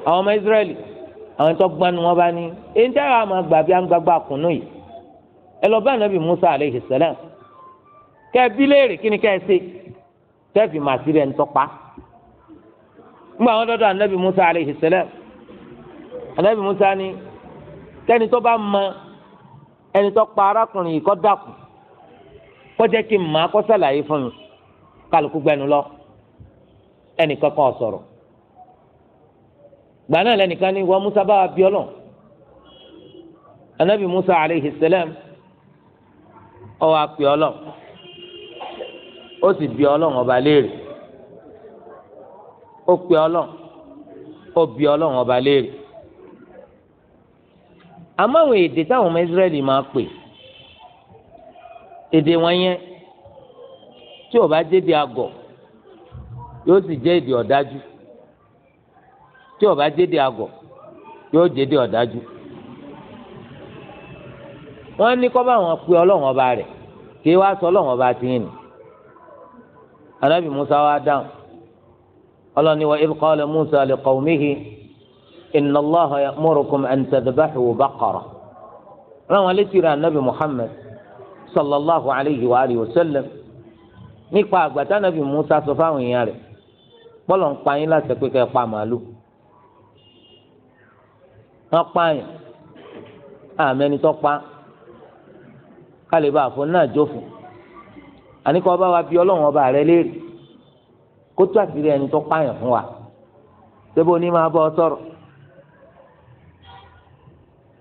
àwọn ọmọ Israẹli àwọn tó gbanu wọn bá ní èyí tẹ́ àwọn àmọ́ gbàbí àgbàgbà kùnú yìí ẹ lọ bá ànábì Musa aleyhi salam kẹ ẹ bí léèrè kí ni kẹ ẹ ṣe kẹ fi màá sí rẹ ń tọpa ńgbà wọn dọdọ ànábì Musa aleyhi salam ànábì Musa ni kẹ́ni tó bá mọ ẹni tó pa arákùnrin yìí kọ́ dàkú kọjá kí n máa kọ́ sàlàyé fún mi kálukú gbẹnu lọ ẹnì kankan sọ̀rọ̀ gbà náà lẹ́nìkan ní wọ́n Musa bá bí ọlọ́ anabi Musa aleyhi salam ó wá pè ọlọ́ ó sì bí ọlọ́ ọba léèrè ó pè ọlọ́ ó bí ọlọ́ ọba léèrè àmọ́ àwọn èdè táwọn ọmọ Ísírẹ́lì máa pè èdè wọn yẹn tí ò bá jẹ́ di àgọ̀ yóò sì jẹ́ èdè ọ̀dájú tí ò bá jẹ́ di àgọ̀ yóò jẹ́ di ọ̀dájú wọ́n ní kọ́ bá wọn pe ọlọ́wọ́n ọba rẹ̀ kí wàá sọ ọlọ́wọ́n ọba ti yìn anábì Musa wa dáhùn ọlọ́ni wa ibqala Musa liqawmihi inna allaha ya'murukum an tadbahu baqara ráwọn létí ra anabi muhammad sallallahu alayhi wa alihi wa sallam nípa àgbàtà anabi musa sọ fáwọn èèyàn rẹ̀ bọlọ ń pa yín láti pé kẹ́ pa màálù wọn pa yín àmẹni tó pa kálí bá àfọ náà jófin àníkọ́ ọba wa bí ọlọ́run ọba rẹ̀ léèrè kó tó àṣírí ẹni tó pààyàn fún wa ṣé bó ní máa bọ́ ọ sọ̀rọ̀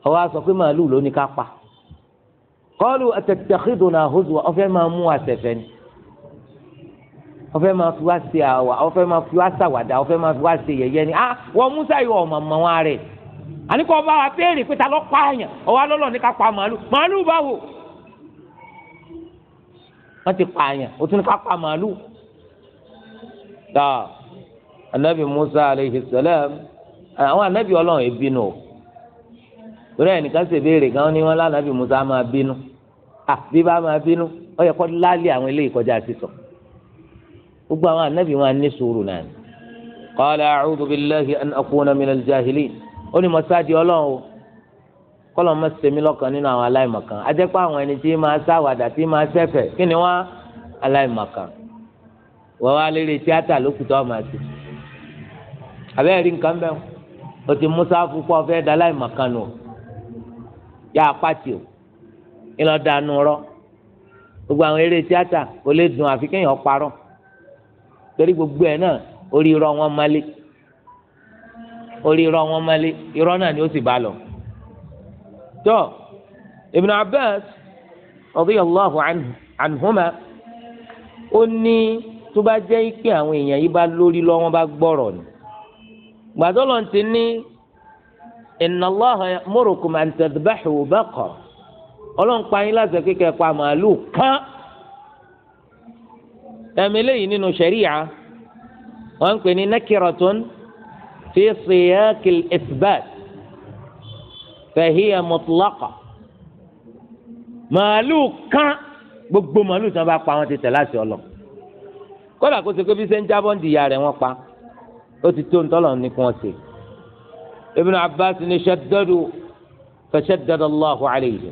ọwọ́ a sọ pé màálù ló ní ká pa kọ́ọ̀lù àtẹ̀tẹ̀kìdùnà àhózùwà ọ̀fẹ́ máa mú àtẹ̀fẹ́ ni ọ̀fẹ́ máa fi wá ṣe àwà ọ̀fẹ́ máa fi wá ṣàwàdà ọ̀fẹ́ máa fi wá ṣe yẹ̀yẹ́ ni ah wọ́n musa yọ ọ̀mọ̀ mọ̀ wọn rẹ̀ àníkọ́ ọba wa béèrè pé ta ló pa àyàn ọwọ́ alọ́lọ́ ní ká pa màálù màálù báwo wọ́n ti pa àyàn ó tún ní ká pa màálù. tá anabi musa aleyhi salam àwọn anabi ọlọ́run ebínú o torí ẹnìkan ṣe béèrè gan ni wọn lánàbì musa máa bínú à bí bá máa bínú ó yẹ kó lálẹ́ àwọn eléyìí kọjá sísọ gbogbo àwọn ànábì wọn ní sùúrù náà ni. qala a'udhu billahi an akuna minal jahilin ó ní mọ̀sáàdì ọlọ́run o kọ́lọ̀ mọ̀ sẹ́mi lọ́kàn nínú àwọn aláìmọ̀kan ajẹ́pọ̀ àwọn ẹni tí máa sáwàdà tí máa sẹ́fẹ̀ kí ni wọ́n aláìmọ̀kan wọ́n wá lérè tíátà lókùtọ́ ọmọ àti àbẹ́ẹ̀rí nǹkan bẹ́ẹ̀ o ti musa fún pọ́ fẹ́ aláìmọ̀kan nù o yá apáti o ńlọ dànù rọ gbogbo àwọn eré tíátà kò lè dùn àfi kéèyàn parọ́ torí gbogbo ẹ̀ náà orí irọ́ wọn mọ́lé orí irọ́ wọn mọ́lé irọ́ náà ni ó sì bá lọ. tó Ibn Abbas radiyallahu anhuma ó ní tó bá jẹ́ pé àwọn èèyàn yìí bá lórí lọ́wọ́ bá gbọ́rọ̀ ni gbàdọ́lọ́ ti ní inna Allaha ya'murukum an tadhbahu baqara ọlọ́run pa yín láti kékeré pa màálùú kán ẹ̀mí lẹ́yìn nínú ṣẹ̀ríyà wọ́n ń pè ní nakiratun fi siyaq al-ithbat fahiya mutlaqa màálùú kán gbogbo màálùú tí wọ́n bá pa wọ́n ti tẹ̀ láti ọlọ́ kódà kó ṣe pé bí sẹ́ńjábọ́ǹdì ìyá rẹ̀ wọ́n pa ó ti tó ń tọ́lọ̀ ní kí wọ́n ṣe. ابن عباس ni ṣadadu fẹṣẹdada allahu alayhi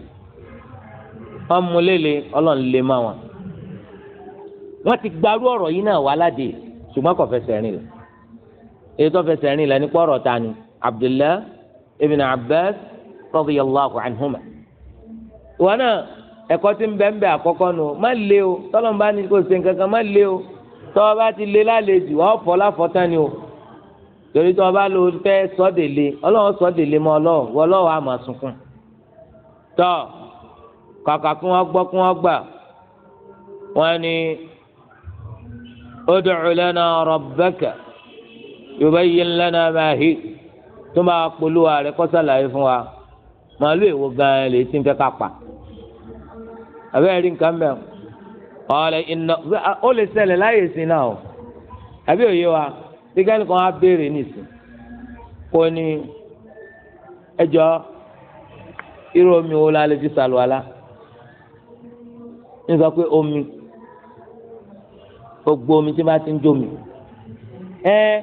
wọn mú lélẹ̀ Ọlọ́run lè má wọn wọn ti gbarú ọ̀rọ̀ yìí náà wà ládé ṣùgbọ́n kò fẹsẹ̀ rìn lọ èyí tó fẹsẹ̀ rìn lọ nípa ọ̀rọ̀ ta ni abdullah ibn abbas radiyallahu anhuma wọn náà ẹ̀kọ́ tí ń bẹ ń àkọ́kọ́ nu má lé o tọlọmọba ni kò ṣe má lé o tọwọ bá ti lé lálejò ọ̀fọ̀ láfọ̀ tán ni o torí tí wọn bá lò fẹ́ sọ́dẹ̀lẹ̀ ọlọ́run sọ́dẹ̀lẹ̀ mọ́ ọlọ́run wọ́n ọlọ́run á máa sunkún tọ́ kàkà kí wọ́n gbọ́ kí wọ́n gbà wọ́n ní ud'u lana rabbaka yubayyin lana ma hi tó máa polówó rẹ̀ kó ṣàlàyé fún wa màálù èwo gan-an lè ti fẹ́ ká pa àbẹ́rẹ́ rí nǹkan mẹ́rin ọ̀rẹ́ ìnà ó lè ṣẹlẹ̀ láyè sí náà àbí òye wa sígáàlì kan á béèrè nìsín kò ní ẹjọ́ omi wo la lè fi ṣàlùwàlá ní sọ pé omi gbogbo omi tí bá ti ń jómi ẹ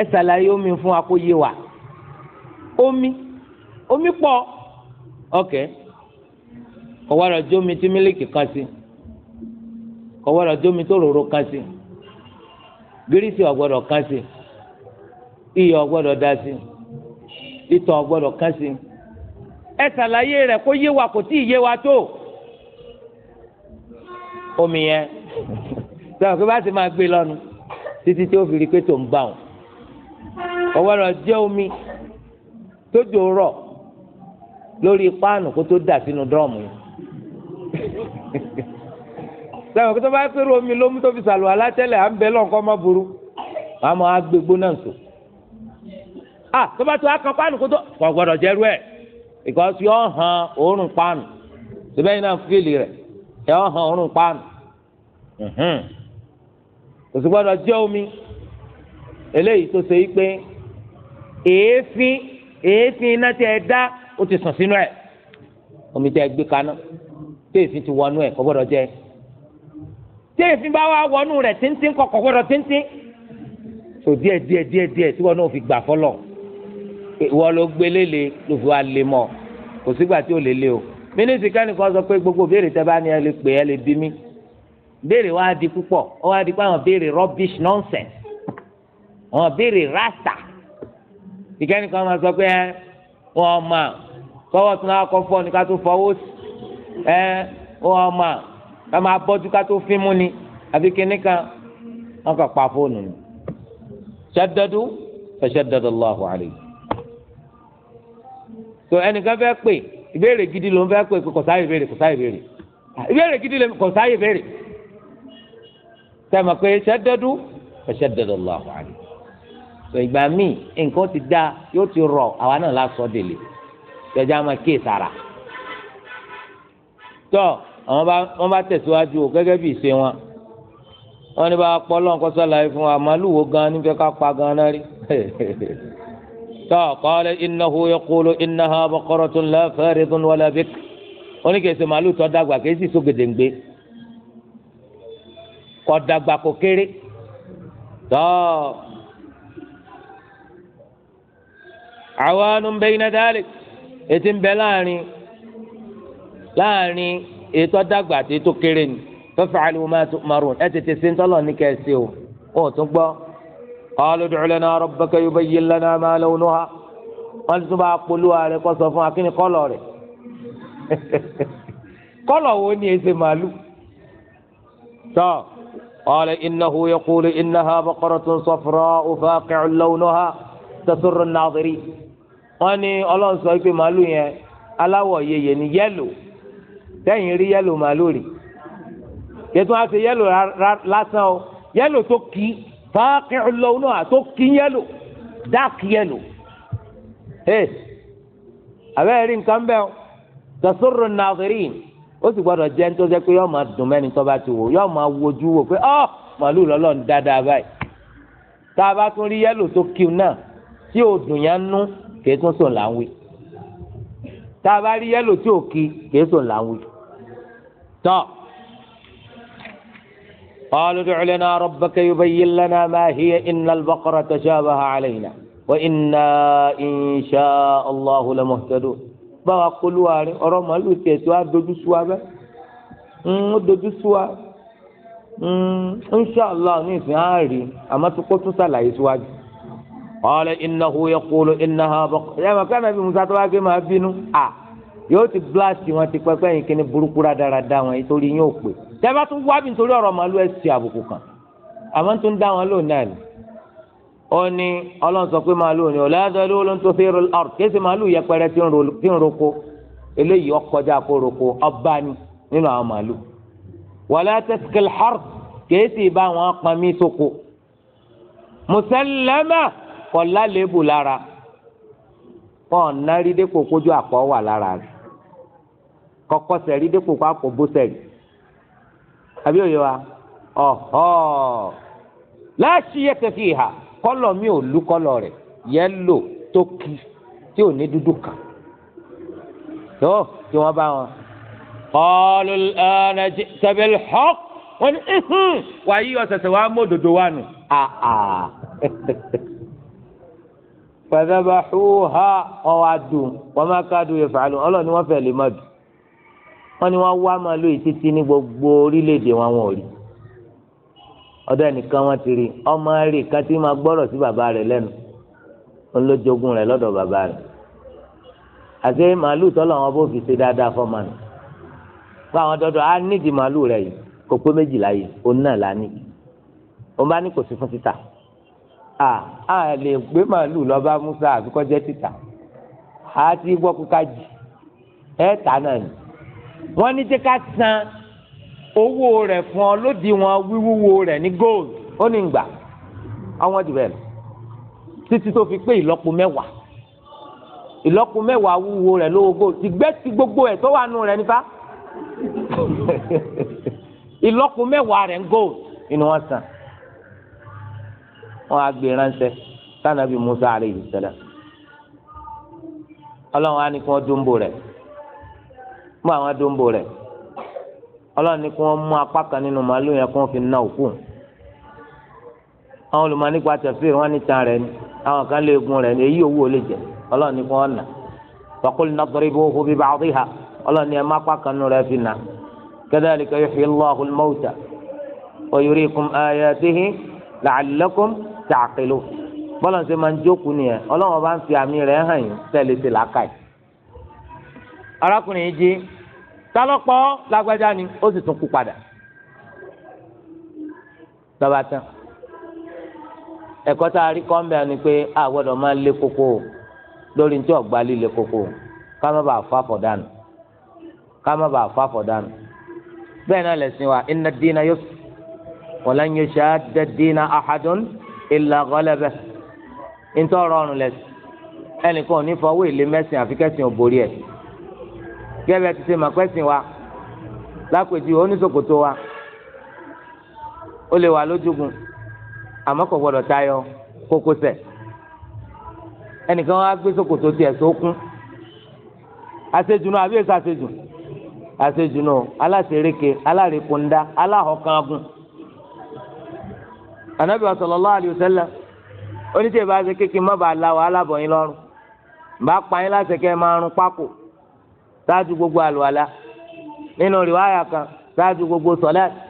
ẹ ṣàlàyé omi fún wa kó yé wa omi omi pọ̀ ọkẹ kọwárọ jómi tí mílíkì kan sí kọwárọ jómi tó ròró kan gírísì ọ̀gbọ́dọ̀ kán sí iyọ̀ ọ̀gbọ́dọ̀ dá sí ìtọ̀ ọ̀gbọ́dọ̀ kán sí ẹ ṣàlàyé rẹ̀ kó yé wa kò tí ì yé wa tó omi yẹn sọ pé bá ti máa gbé lọ́nu títí tí ó fi rí pé tó ń bá wọn ọ̀gbọ́dọ̀ jẹ́ omi tó jò rọ̀ lórí páànù kó tó dà sínú dọ́ọ̀mù yìí. sẹ́wọ̀n kótó bá péré omi ló mú tó fi sàlù alátẹ́lẹ̀ à ń bẹ́ lọ́nkọ́ má burú àmọ́ agbègbó náà sọ. à tó bá tó akàn pánù kótó kò gbọdọ̀ jẹ́rú ẹ̀ because yọ hàn òórùn pánù síbẹ̀ yìí náà fíìlì rẹ̀ yọ hàn òórùn pánù kò sì gbọdọ̀ jẹ́ omi eléyìí tó ṣe pé èéfín èéfín iná tí ẹ dá ó ti sàn sínú ẹ̀ omi tí ẹ gbé kaná tí èéfín ti wọnú ẹ̀ kò gbọdọ̀ jẹ́ ẹ̀ tí èéfín bá wà wọnú rẹ̀ tíntín kọ̀kọ̀ gbọ́dọ̀ tíntín so díẹ̀ díẹ̀ díẹ̀ díẹ̀ tí wọn náà fi gbà fọlọ̀ ìwọ ló gbélé le ló fi wá lé mọ́ kò sígbà tí ò lè lé o mínísítì kẹ́nìkan sọ pé gbogbo béèrè tẹ́ bá ní ẹ lè pè ẹ lè bí mí béèrè wa di púpọ̀ ó wá di pé àwọn béèrè rubbish nonsense àwọn béèrè rasta ìkẹ́nìkan máa sọ pé wọn ọmọ kọ́wọ́ tún náà kọ́ fọ́ ni ká tó fọwọ́ sí ẹ wọn ọmọ ká máa bọ́jú ká tó fín mú ni àbí kíní kan wọn kàn pa fóònù ni ṣàdọdú ṣàdọdú Allahu alayhi. tó ẹnìkan fẹ́ pè ìbéèrè gidi ló ń fẹ́ pè kò sáyè béèrè kò sáyè ah, gidi ló kò sáyè béèrè sẹ́mi pé ṣàdọdú ṣàdọdú Allahu alayhi. tó ìgbà míì nǹkan ti dá yóò ti rọ àwa náà lásọ̀ọ́ délé jọjá máa kíyè sára. tó. So, àwọn bá wọn bá tẹ̀síwájú o gẹ́gẹ́ bí ìṣe wọn wọn ní bá pọ́ lọ́n kọ́ sọ́láyé fún wa màálùú wo gan nífẹ̀ẹ́ ká pa gan náà rí. tọ́ kọ́lé innahu yaqulu innaha baqaratun la faridun wala bik oníkèsè màálùú tó dàgbà kì í sì sógedengbe kọ́ dàgbà kò kéré tọ́ awanun bayna dhalik ètí ń bẹ láàrin láàrin ètò dàgbà àti ètò kéré ni faf'alu ma tu'marun ẹ tètè ṣe ń tọ́lọ̀ ní kẹ́ ẹ ṣe o wọn ò tún gbọ́. qalu ud'u lana rabbaka yubayyin lana ma lawnuha wọn ti tún bá polúwa rẹ kọ́ sọ fún wa kí ni kọ́lọ̀ rẹ̀ kọ́lọ̀ wo ni èsè màálù. tọ́ qala innahu yaqulu innaha baqaratun safra'u faqi'un lawnuha tasurru an-nazirin. wọ́n ní ọlọ́run sẹ́yìn rí yẹ́lò màálù rì kẹtù á ṣe yẹ́lò lásán o yẹ́lò tó kí fáàkì ọlọ́wọ́ náà tó kí yẹ́lò dáàkì yẹ́lò ee abẹ́rẹ́ rí nǹkan bẹ́ẹ̀ o tẹ̀sọ́rọ̀ nàgírí ó sì gbọ́dọ̀ jẹ́ ní tó jẹ́ pé yọ́ máa dùn mẹ́ni tó bá ti wò yọ́ máa wojú wò pé ọ́ màálù lọ́lọ́ ń dáadáa báyìí tá a bá tún rí yẹ́lò tó kí náà tí ò dùn yẹn nú kì í tún sùn láwìn tá a bá rí yẹ́lò tí ò kí kì í sùn láwìn tọ́ قالوا ادع لنا ربك يبين لنا ما هي إن البقرة تشابه علينا وإنا إن شاء الله لمهتدون báwa kólú wa rí ọ̀rọ̀ màálù tiẹ̀ tí wàá dojú sú wa bẹ ń hmm, dojú sú wa hmm, inshàlá ní ìsìn á rí àmọ́ tó kó tún sàlàyé síwájú. ọ̀rẹ́ ináhu yẹ kúló ináha bọ̀ ẹ̀yà màkà nàbí musa tó wá gé màá bínú à yóò ti blast wọn ti pẹpẹ yìí kí ni burúkú rádaràda wọn nítorí yóò pè tẹ́lá tún wábì nítorí ọ̀rọ̀ màálù ẹ̀ sí àbùkù kan àmọ́ tún dá wọn lóun náà ni ó ní ọlọ́run sọ pé màálù ni ọ̀làdọ́dọ́ ló ń tó fi rọlọ́ ọ̀rọ̀ kí ẹ sì màálù yẹpẹrẹ tí ń roko eléyìí ọkọjá kó roko ọba ni nínú àwọn màálù wàlá tẹsikẹl xọrt kìí sì bá wọn pọnmi soko mùsàlámà kọlá lébù lára kọ́ ọ̀nà rí dépò kójú àpọ̀ wà lára rẹ̀ kọkọ sẹrí dépò kó àpò bó sẹrí àbí òye wa ọhọ láṣìyẹ kẹfì ìhà kọlọ mi ò lu kọlọ rẹ yẹlò tó tí ò ní dúdú kan tó tí wọn bá wọn. qalu al-ana ji'ta bil-haqq wọn ní wàyí ọ̀sẹ̀sẹ̀ wàá mú òdòdó wa nù. fadabahuha wọn wá dùn wọn má ká dùn yẹn fàálù ọlọ́ọ̀ni wọn fẹ́ lè má dùn wọ́n ní wọ́n wá màálù yìí títí ní gbogbo orílẹ̀-èdè wọn wọn ò rí ọ̀dọ̀ ẹnìkan wọ́n ti rí ọmọ rè kan tí máa gbọ́rọ̀ sí bàbá rẹ̀ lẹ́nu ńlọjọgún rẹ̀ lọ́dọ̀ bàbá rẹ̀ àti màálù tọ́lọ̀ wọn bó fi ṣe dáadáa fọ́ọ̀mà nù fún àwọn dọ́dọ̀ á nídìí màálù rẹ̀ yìí kò pé méjìlá yìí òun náà là ní òun bá ní kò sí fún títà à á lè gbé màálù lọ Musa àbíkọ́jẹ́ títà àá gbọ́ kó ẹ̀ẹ́ta náà ni wọ́n ní jẹ́ ká san owó rẹ̀ fún ọ lódì wọn wíwúwo rẹ̀ ní gold ó ní gbà àwọn jù bẹ́ẹ̀ lọ títí tó fi pé ìlọ́po mẹ́wàá ìlọ́po mẹ́wàá wúwo rẹ̀ lówó gold ìgbẹ́ ti gbogbo ẹ̀ tó wà nù rẹ̀ nípa ìlọ́po mẹ́wàá rẹ̀ ń gold inú wọn san wọn á gbé ránṣẹ́ sanabi Musa aleyhi sẹlẹ Ọlọ́run á ní kí wọn dúnbò rẹ̀ mú àwọn dombo rẹ̀ ọlọ́run ní kí wọ́n mú apá kan nínú màálù yẹn kí wọ́n fi ná òkú àwọn olùmọ̀ nípa tẹ̀síìrì wọn ní tan rẹ̀ ni àwọn kan lé egun rẹ̀ ni èyí òwú ò lè jẹ ọlọ́run ní kí wọ́n nà wàkúlù náà tọ́rí bó hóbi bá ọdún ìhà ọlọ́run ní má apá kan nínú rẹ̀ fi nà kadhalika yuhyi Allahu al-mawta wa yuriikum ayatihi la'allakum ta'qilun bọ́lá ń sẹ́ máa ń jókòó nìyẹn ọlọ́run bá ń fi àmì rẹ̀ hàn yín tẹ̀lé sí làákàyè arákùnrin yìí jí talọ́pọ̀ lágbájá ni ó sì tún kú padà lọ́ba tán ẹ̀kọ́ tá a rí kọ́ńbẹ́ ni pé a gbọ́dọ̀ máa lé koko lórí ní tí ọ̀gbá líle koko ká má bàa fà fọ̀ dànù ká má bàa fà fọ̀ dànù bẹ́ẹ̀ náà lẹ̀sìn wa inna ad-dina yusr wa lan yushadda ad-dina ahadun illa ghalabahu ntọ́ rọrùn lẹ̀sìn ẹnìkan ò ní fọwọ́ ìlé mẹ́sìn àfikẹ́sìn ò borí ẹ̀ gẹ́gẹ́ bí ti ṣe màkẹ́sìn wa lápèjì oníṣòkòtò wa ó lè wà lójúgun àmọ́ kò gbọ́dọ̀ tayọ kókósẹ̀ ẹnìkan wá gbé ṣòkòtò tiẹ̀ sókún àṣejù náà àbí èso àṣejù àṣejù náà aláṣẹ̀rẹ̀kẹ̀ alárekunda aláhọ̀kanagun anabi wa sallallahu alayhi wa sallam oníṣẹ́ ìbáṣe kékeré má bàa la wàhálà bọ̀ yín lọ́rùn bá pa ṣáájú gbogbo àlùwàlà nínú rìwáyà kan ṣáájú gbogbo sọ̀láàtì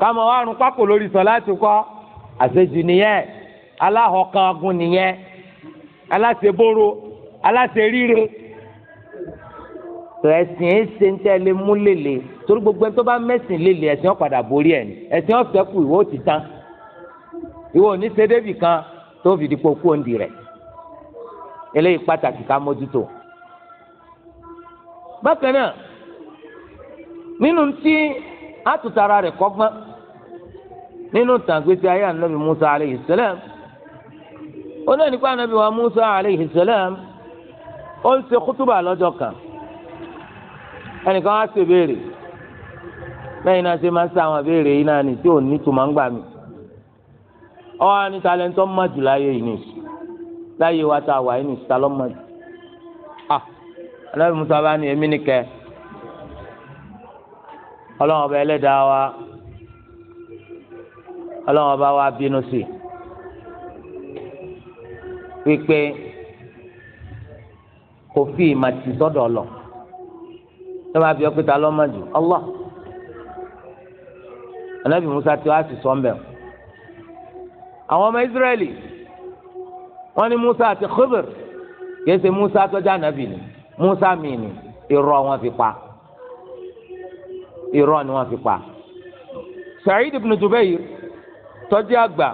kámọ wá rún pákó lórí sọ̀láàtì kọ́ àṣejù nìyẹn aláhọ̀kangun nìyẹn aláṣeboro aláṣeríre ẹ̀sìn ẹ̀ ṣe ń tẹ́lẹ̀ mú lélẹ̀ torí gbogbo ẹni tó bá mẹ́sìn lélẹ̀ ẹ̀sìn ọ̀padà borí ẹ̀ ni ẹ̀sìn ọ̀sẹ̀kù ìwọ ti tán ìwọ ò ní ṣe kan tó fìdí pokú òǹdì rẹ̀ eléyìí pàtàkì ká mójútó bákan náà nínú tí àtúntara rẹ̀ kọ́gbọ́n nínú tàǹgbèsè ayé ànábì Musa aleyhi sẹlẹm onánípa ànábì wa Musa aleyhi sẹlẹm ó ń ṣe kútùbà lọ́jọ́ kan ẹnìkan á ṣe béèrè lẹ́yìn náà ṣe máa ń ṣe àwọn béèrè yìí náà ní tí ò ní tùmọ̀ ń gbà mí ọ̀ ní talẹ́ńtọ́ mọ̀ láyé yìí ní láyé wa tá wà yìí ní talọ́ mọ̀ alábi musa bá ní èmi nìkẹ́ ọlọ́run ọba ẹlẹ́dàá wa ọlọ́run ọba wa bínú sí wípé kò fi ìmàtí sọ́dọ̀ lọ tó bá bí ọpẹ́ta lọ́mọdù Allah alábi musa tí wàá sì sọ mbẹ́ àwọn ọmọ israẹli wọn ni musa àti Khidir kìí ṣe musa tọ́jà nàbì ni musa mìíní irọ́ wọn fi pa irọ́ ni wọ́n fi pa sa'id ibn jubair tọ́jú àgbà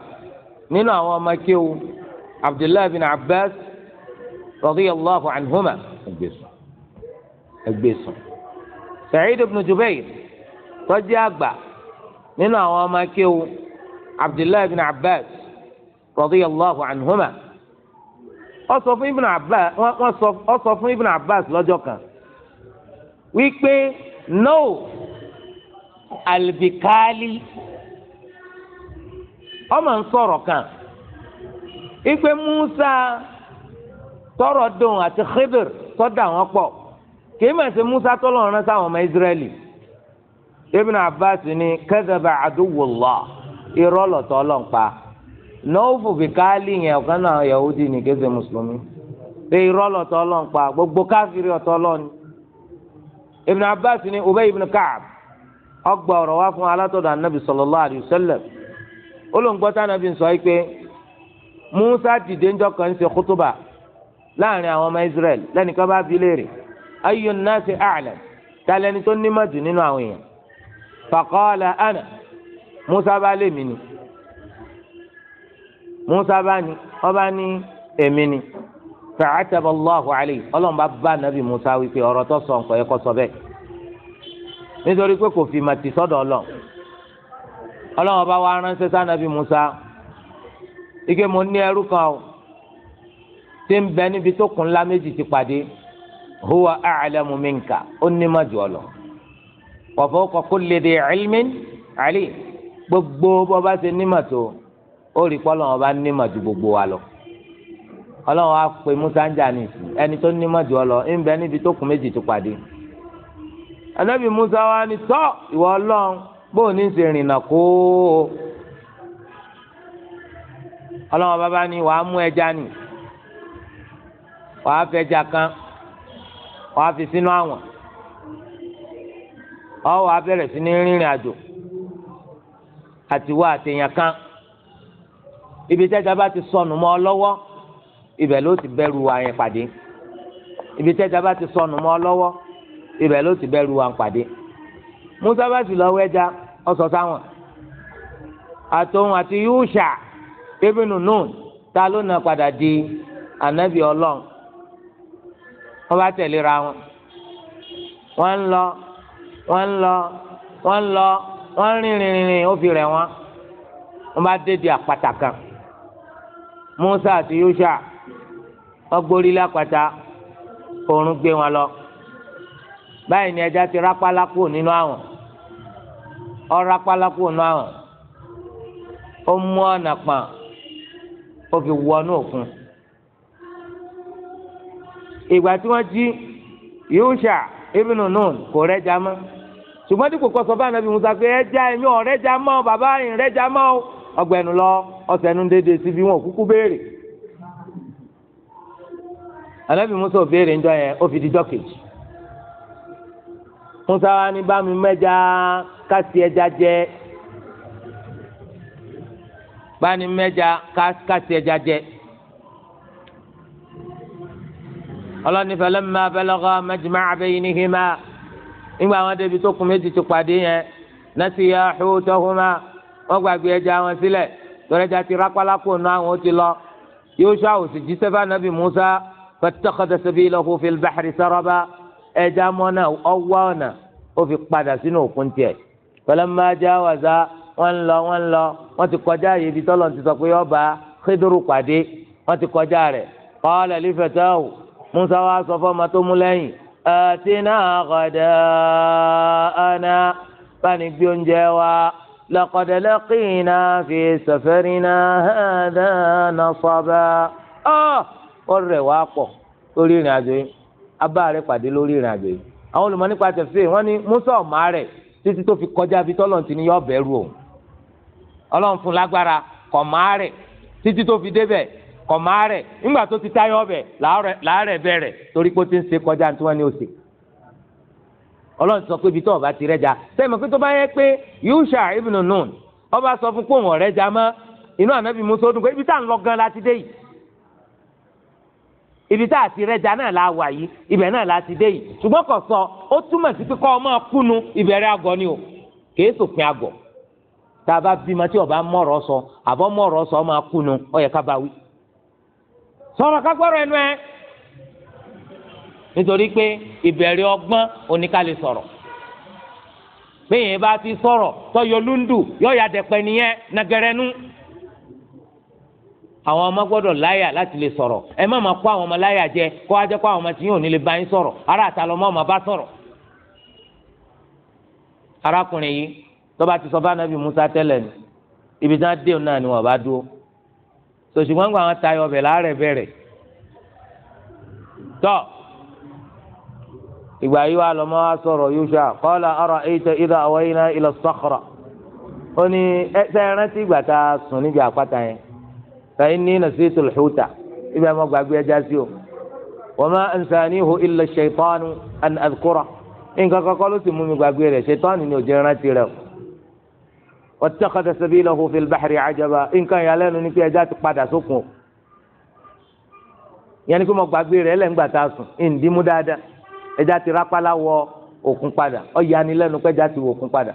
nínú àwọn ọmọ kéwu abdullahi bin abbas radiyallahu anhuma ẹgbẹ́sùn ẹgbẹ́sùn sa'id ibn jubair tọ́jú àgbà nínú àwọn ọmọ kéwu abdullahi bin abbas radiyallahu anhuma wọ́n sọ fún Ibn Abbas wọ́n sọ fún Ibn Abbas lọ́jọ́ kan wípé no albikali ọmọ ń sọ̀rọ̀ kan wípé Musa tọrọ dùn àti Khidr, tọ́da wọn pọ̀ kì í mà ṣe Musa tọ́lọ̀ ọ̀rán sáwọn ọmọ Israẹli Ibn Abbas ni kadhaba aduwullah irọ́ lọ̀tọ̀ ọlọ́ǹpa nọ́ọ̀fù bìkálì yẹn ọ̀kan náà yahudi ní kéde mùsùlùmí pé irọ́ lọ́tọ́ ọlọ́run pa gbogbo káfíìrì ọ̀tọ́ ọlọ́run ibn abbas ni ubay ibn ka'b ọgbà ọ̀rọ̀ wá fún alátọ̀dọ̀ anabi sallallahu alayhi wa sallam olóńgbọ́tà anabi sọ yìí pé musa dìde ńjọ́ kan ṣe kútúbà láàrin àwọn ọmọ israel lẹ́nìkan bá bi léèrè ayyu nnaasi a'lam tàlẹ́ni tó nímọ̀ jù nínú àwọn èèyàn faqala ana musa bá lé mi ni musa bá ní ọba ní èmi ni fa'ataba Allahu alayhi ọlọ́run bá bá nàbì musa wípé ọ̀rọ̀ tó sọ nǹkan yẹn kọ́ sọ bẹ́ẹ̀ nítorí pé kò fi màtí sọ́dọ̀ ọlọ́ ọlọ́run ọba wa ránṣẹ́ sá nàbì musa ike mo ní ẹrú kan o tí ń bẹ níbi tó kún ńlá méjì ti pàdé huwa a'lamu minka ó ní má jù ọ lọ wa fawqa kulli dhi ilmin alim gbogbo bọ́ bá ṣe ní màtó ó rí pé ọlọ́run bá ní màdù gbogbo wa lọ ọlọ́run á pe musa ń jà ní ìsìn ẹni tó ní màdù ọlọ ń bẹ níbi tó kún méjì tó pàdé anabi musa wa ni tọ́ ìwọ ọlọ́run bóun ní ṣe rìnnà kó ọlọ́run bàbá ni wàá mú ẹja ni wàá fẹja kan wàá fi sínú àwọn ọ wàá bẹ̀rẹ̀ sí ní rìnrìn àjò àtiwọ́ àtẹ̀yàn kan ibi tẹ́jà bá ti sọnù mọ́ ọ lọ́wọ́ ibẹ̀ ló ti bẹ̀rù wa yẹn pàdé ibi tẹ́jà bá ti sọnù mọ́ ọ lọ́wọ́ ibẹ̀ ló ti bẹ̀rù wa pàdé musa bá sì lọ wẹja ọsọ sáwọn àtòun àti yúṣà ibùnú nùn ta ló na padà di ànábì Ọlọ́run wọ́n bá tẹ̀léra wọn wọ́n ń lọ wọ́n ń lọ wọ́n ń lọ wọ́n ń rìn rìn ó fi rẹ̀ wọ́n wọ́n bá dé di kan musa àti yusha ọgbórí lápáta oòrùn gbé wọn lọ báyìí ni ẹja ti rápálá kúrò nínú àwọn ọ rápálá kúrò nínú àwọn ó mú ọ̀nà pọ̀n ó fi wọnú òkun ìgbà tí wọ́n jí yusha ibn nun kò rẹ́jà mọ́ ṣùgbọ́n dípò kọ́ bá nàbí musa pé ẹja ẹ̀mí ọ̀rẹ́jà mọ́ bàbá ìrẹ́jà mọ́ o ọgbẹnu lọ ọsẹnu dédé sí bí wọn kúkú béèrè anabi musa òbéèrè ńjọ yẹn ó fi di jọkèjì musa wa ní bá mi mẹja kásì ẹja jẹ bá ní mẹja kásì ẹja jẹ. ọlọ́ni falamma balagha majma'a baynihima nígbà wọn débi tó kún méjì ti pàdé yẹn nasiya hutahuma wọ́n gbàgbé ẹja wọn sílẹ̀ tọ́lẹ́jà ti rápálákò náà àwọn ó ti lọ Yóṣùà sì jíṣẹ́ fún anabi Musa fattakhadha sabilahu fil bahri saraba ẹja mọ́nà ọwọ́ ọ̀nà ó fi padà sínú òkun tiẹ̀ falamma jawaza wọ́n ń lọ wọ́n ń lọ wọ́n ti kọjá yìí ibi tọ́lọ̀ ti sọ pé ọba Khidru pàdé wọ́n ti kọjá rẹ̀ qala li fatahu Musa wa sọ fọ́ ọmọ tó mú lẹ́yìn atina ghadaana báni gbé oúnjẹ wa. لقد لقينا في سفرنا هذا نصبا آه ọ̀rẹ́ wa pọ̀ lórí ìrìn àjò yìí pàdé àwọn olùmọ̀ nípa tẹ̀sí wọ́n n'i Musa ọ̀mà rẹ̀ títí tó fi kọjá tọ́lọ̀ yọ bẹ̀rù òun Ọlọ́run fún lágbára kọ̀ fi débẹ̀ kọ̀ rẹ, nígbà tó ti táyọ̀ bẹ̀ bẹ̀rẹ̀ torí pé ó ti ń ọlọ́run sọ pé ibi tó ọba ti rẹ́jà sẹ́mi pé tó bá yẹ pé Yusha ibn Nun ọba sọ fún pé ọ̀rẹ́jà mọ́ inú ànábì Musa dùn pé ibi tá à ń lọ gan la ti dé yìí ibi tá a ti rẹ́jà náà la wà yìí ibẹ̀ náà la ti dé yìí ṣùgbọ́n kò sọ ó túmọ̀ sí pé kọ́ ọ máa kúnu ìbẹ̀rẹ̀ àgọ́ ni o kèé sòpin àgọ́ tá a bá bímọ tí ọba mọ̀rọ̀ sọ àbọ̀ mọ̀rọ̀ sọ máa kúnu ó bá wí sọ̀rọ̀ nítorí pé ìbẹ̀rẹ̀ ọgbọ́n oníkàlẹ̀ sọ̀rọ̀ bẹ́ẹ̀ yẹn bá ti sọ̀rọ̀ tọ́yọ lúndù yọ̀ọ́yà dẹ̀pẹ̀ nìyẹn nàgẹ̀rẹ́nu àwọn ọmọ gbọ́dọ̀ láyà láti lè sọ̀rọ̀ ẹ má máa kó àwọn ọmọ láyà jẹ kó wá jẹ́ kó àwọn ọmọ tí yóò ní lè bá yín sọ̀rọ̀ ará àtàlọ́ ọmọ ọmọ bá sọ̀rọ̀ arákùnrin yìí tọ́ba ti sọ bá nàbì Musa tẹ́lẹ̀ ni ibi tí wọ́n dé náà ni wọ́n bá dúró sòṣùgbọ́n gbọ́n àwọn tayọ ọbẹ̀ láàrẹ̀ bẹ̀rẹ̀ tọ́ ìgbà yìí wà lọ́mọ́ wa sọ̀rọ̀ Yusha qala ara'ayta idha awayna ila as-sakhra ó ní ẹsẹ̀ rántí ìgbà tá a sùn níbi àpáta yẹn fa inni nasitu al-huta ibà mọ́ gbàgbé ẹja sí o wa ma ansanihu illa ash-shaytanu an adhkura nǹkan kọ́kọ́ ló sì mú mi gbàgbé rẹ̀ ṣètọ́nù ni ò jẹ́ rántí rẹ̀ o wàtẹ́kọ̀tẹ́ ẹja ti rápálá wọ òkun padà ọ̀yanilẹ́nu pẹ́ja ti wọ òkun padà.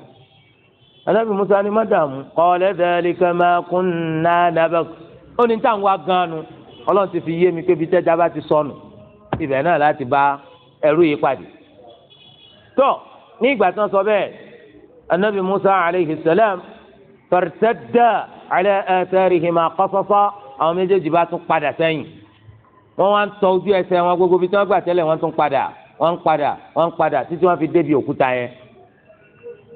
anábì musa ni mọ́dàmú kọ́lẹ́ bẹ́ẹ̀lì kẹ́mẹ́ kún náà nàbẹ́ ó ní táwọn wá ganu ọlọ́run ti fi yé mi pé bí tẹ́já bá ti sọnù ibẹ̀ náà láti bá ẹrú yìí pàdé. tó ní ìgbà tán sọ bẹ́ẹ̀ anábì musa alayhi salam fẹ̀rẹ̀tẹ̀dá alẹ́ ẹ̀ẹ́tẹ̀rìhìmà kọ́sọ́sọ́ àwọn méjèèjì bá tún padà sẹ́yìn wọ́n wá ń tọ́ ojú ẹsẹ̀ wọn gbogbo bí tí wọ́n gbà tẹ́lẹ̀ wọ́n tún padà wọ́n padà wọ́n padà títí wọ́n fi débi òkúta yẹn.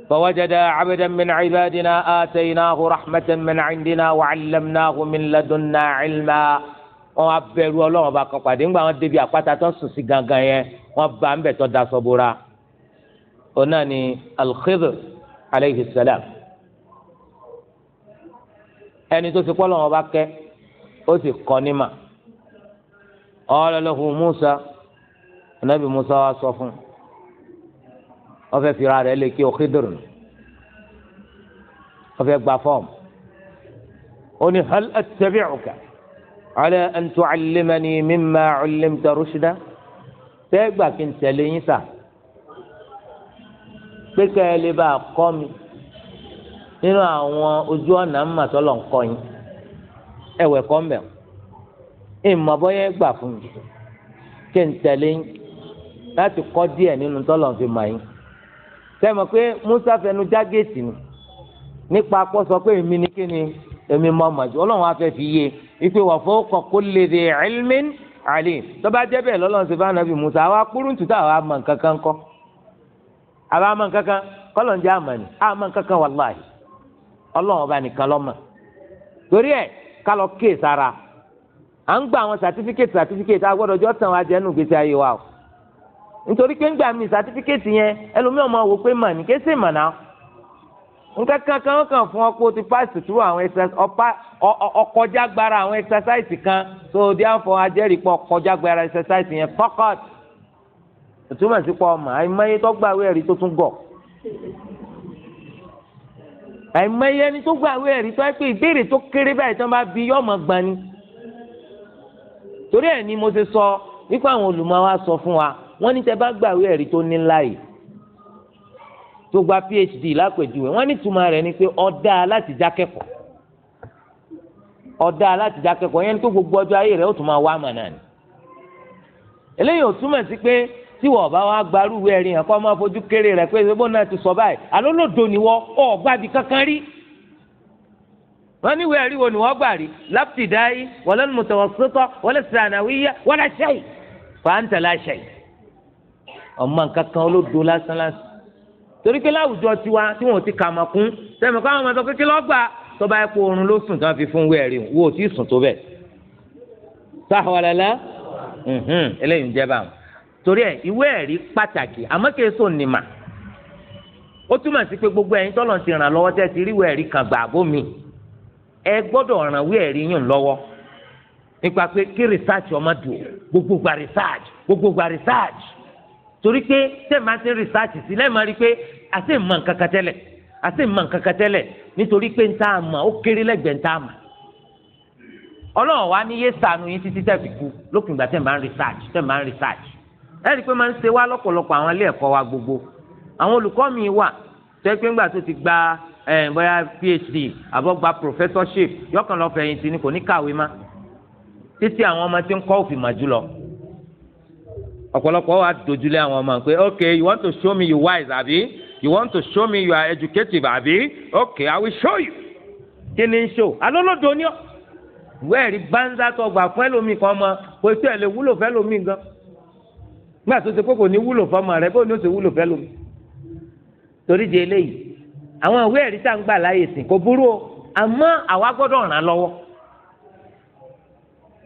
فوجد عبدا من عبادنا آتيناه رحمة من عندنا وعلمناه من لدنا علما wọ́n wá bẹ̀rù Ọlọ́run ọba kan pàdé ńgbà wọ́n débi àpáta tó sùn sí gangan yẹn wọ́n bá ń bẹ tó daṣọ bora òun náà ni Al-Khidr aleyhi salam ẹni tó ti kọ́ Ọlọ́run ọba kẹ́ ó sì kọ́ ní mà qala lahu Musa anabi musa wa sọ fún ó fẹ́ fira rẹ̀ lé kí o Khidr ó fẹ́ gba fọ́ọ̀mù ó ní hal attabi'uka ala an tu'allimani mimma 'ullimta rushda tẹ́gbà kí n tẹ̀lé yín sà pé kẹ́ ẹ lè nínú àwọn ojú ọ̀nà ń mà ń kọ́ yín ẹ̀wẹ̀ kọ́ mbẹ̀ ìmọ̀ bọ́yẹ́ gbà fún mi kí n tẹ̀lé yín láti kọ́ díẹ̀ nínú tọ́lọ̀ fi mọ̀ yín sẹ́mi pé Musa fẹnu já géètì ni nípa akọ́ sọ pé èmi ni kíni èmi mọ̀ fi yé ipe wà fún kọ̀kọ́ lédè ẹ̀lmín àlè tọ́ba jẹ́ bẹ́ẹ̀ lọ́lọ́run bá Musa àwa kúrúntù ntutu àwa mọ̀ nǹkan kọ́ àwa mọ̀ kọ́lọ̀ ń jẹ́ ni àmọ̀ ọlọ́run ọba nìkan torí ẹ̀ kálọ̀ kéè sára à ń nítorí pé ńgbà mi sátífíkẹ́tì yẹn ẹlòmíràn máa wò pé mà ní kése mà náà nǹkan kan kan kan fún ọ pé o ti pass through àwọn ọkọjá gbára àwọn exercise kan so therefore ajẹ́rìí pọ̀ ọkọjá gbára exercise yẹn fọ́kọ̀t ìtumọ̀ sí pọ̀ ọmọ àìmọye tó gbàwé ẹ̀rí tó tún gọ̀ àìmọye ẹni tó gbàwé ẹ̀rí tó ẹ pé ìbéèrè tó kéré báyìí tó ń bá bí yọ ọmọ gbani torí ẹ̀ ni mo ti sọ nípa àwọn olùmọ̀ wa sọ fún wa wọ́n ní tẹ́ bá gbàwé ẹ̀rí tó ní ńlá yìí tó gba phd lápèjúwe wọ́n ní túmọ̀ rẹ̀ ni pé ọ̀dà láti jákẹ́kọ̀ọ́ ọ̀dà láti jákẹ́kọ̀ọ́ yẹn tó gbogbo ọjọ́ ayé rẹ̀ ó tún máa wá àmà náà ni eléyìí ò túmọ̀ sí pé tí wọ́n bá wá gbarúwé ẹ̀rí yẹn kọ́ máa fojú kéré rẹ̀ pé ìṣẹ́bó náà ti sọ báyìí alólòdò ni wọ́n ọ̀ gbàbí kankan rí wọ́n níwèé ẹ̀rí wo ni wọ́n gbà rí láptìdáyì wala mùtàwọ́sọ́tọ̀ wala sànàwíyà ọmọ nǹkan kan olódo lásán lásán torí pé láwùjọ tiwa tí wọn ò ti kà mọ̀ kún sẹ́mi káwọn ọmọ sọ pé kí lọ́ọ́ gbà tó bá yẹ kó oorun ló sùn tí wọ́n fi fún wẹ́ẹ̀rì wò ó tí ì sùn tó bẹ̀. sáhọ́lẹ́lẹ́ eléyìí ń jẹ́ báwọn torí ẹ̀ ìwé ẹ̀rí pàtàkì àmọ́ kí èso nìmà ó túmọ̀ sí pé gbogbo ẹ̀yin tọ́lọ̀ ti ràn lọ́wọ́ tẹ́ ti rí ìwé ẹ̀rí kan gbà bómi ẹ gbọ́dọ̀ ràn ìwé ẹ̀rí yín lọ́wọ́ nípa pé kí research ọmọ gbogbo gba research gbogbo gba research torí pé tẹ́ẹ̀mà ti ń rìsáàtì sí lẹ́ẹ̀ma rí pé àti ìmọ̀ nǹkan kan tẹ́lẹ̀ àti ìmọ̀ nǹkan kan tẹ́lẹ̀ nítorí pé ń tá a mọ̀ ó kéré lẹ́gbẹ̀ẹ́ ń tá a mọ̀ ọlọ́run wa ní yé sànù yín títí tẹ̀ fi kú lópin ìgbà tẹ̀ ń research tẹ̀ máa ń research ẹ̀rí pé máa ń ṣe wá lọ́pọ̀lọpọ̀ àwọn ilé ẹ̀kọ́ wa gbogbo àwọn olùkọ́ mi wà tó ẹ pé ńgbà phd àbọ̀ professorship yọkànlọ́fẹ̀yìntì ni kò ní kàwé má títí àwọn ọmọ tí ń kọ́ ọ̀pọ̀lọpọ̀ wa dojúlé àwọn ọmọ pé okay you want to show me you wise àbí you want to show me you are educative àbí okay I will show you kí ni n ṣó alólòdò ni ọ ìwé ẹ̀rí bánzá tó gbà fún ẹlòmíì kan mọ kò sí ẹ̀ lè wúlò fẹ́ lómi gan gbà tó ṣe pé kò ní wúlò fọmọ rẹ bó ni ó ṣe wúlò fẹ́ lómi torí di eléyìí àwọn ìwé ẹ̀rí tá à ń gbà láyè sìn kò burú o àmọ́ àwa gbọ́dọ̀ ràn án lọ́wọ́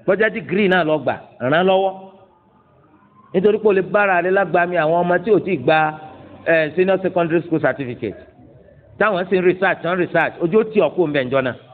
bọ́jà dìgírì náà lọ gbà ràn án lọ́wọ́ nítorí pé o lè bára rẹ lágbàmì àwọn ọmọ tí o ti gba senior secondary school certificate táwọn sì ń research ń research ojú ó ti ọ̀kú ń bẹ̀ ń jọ náà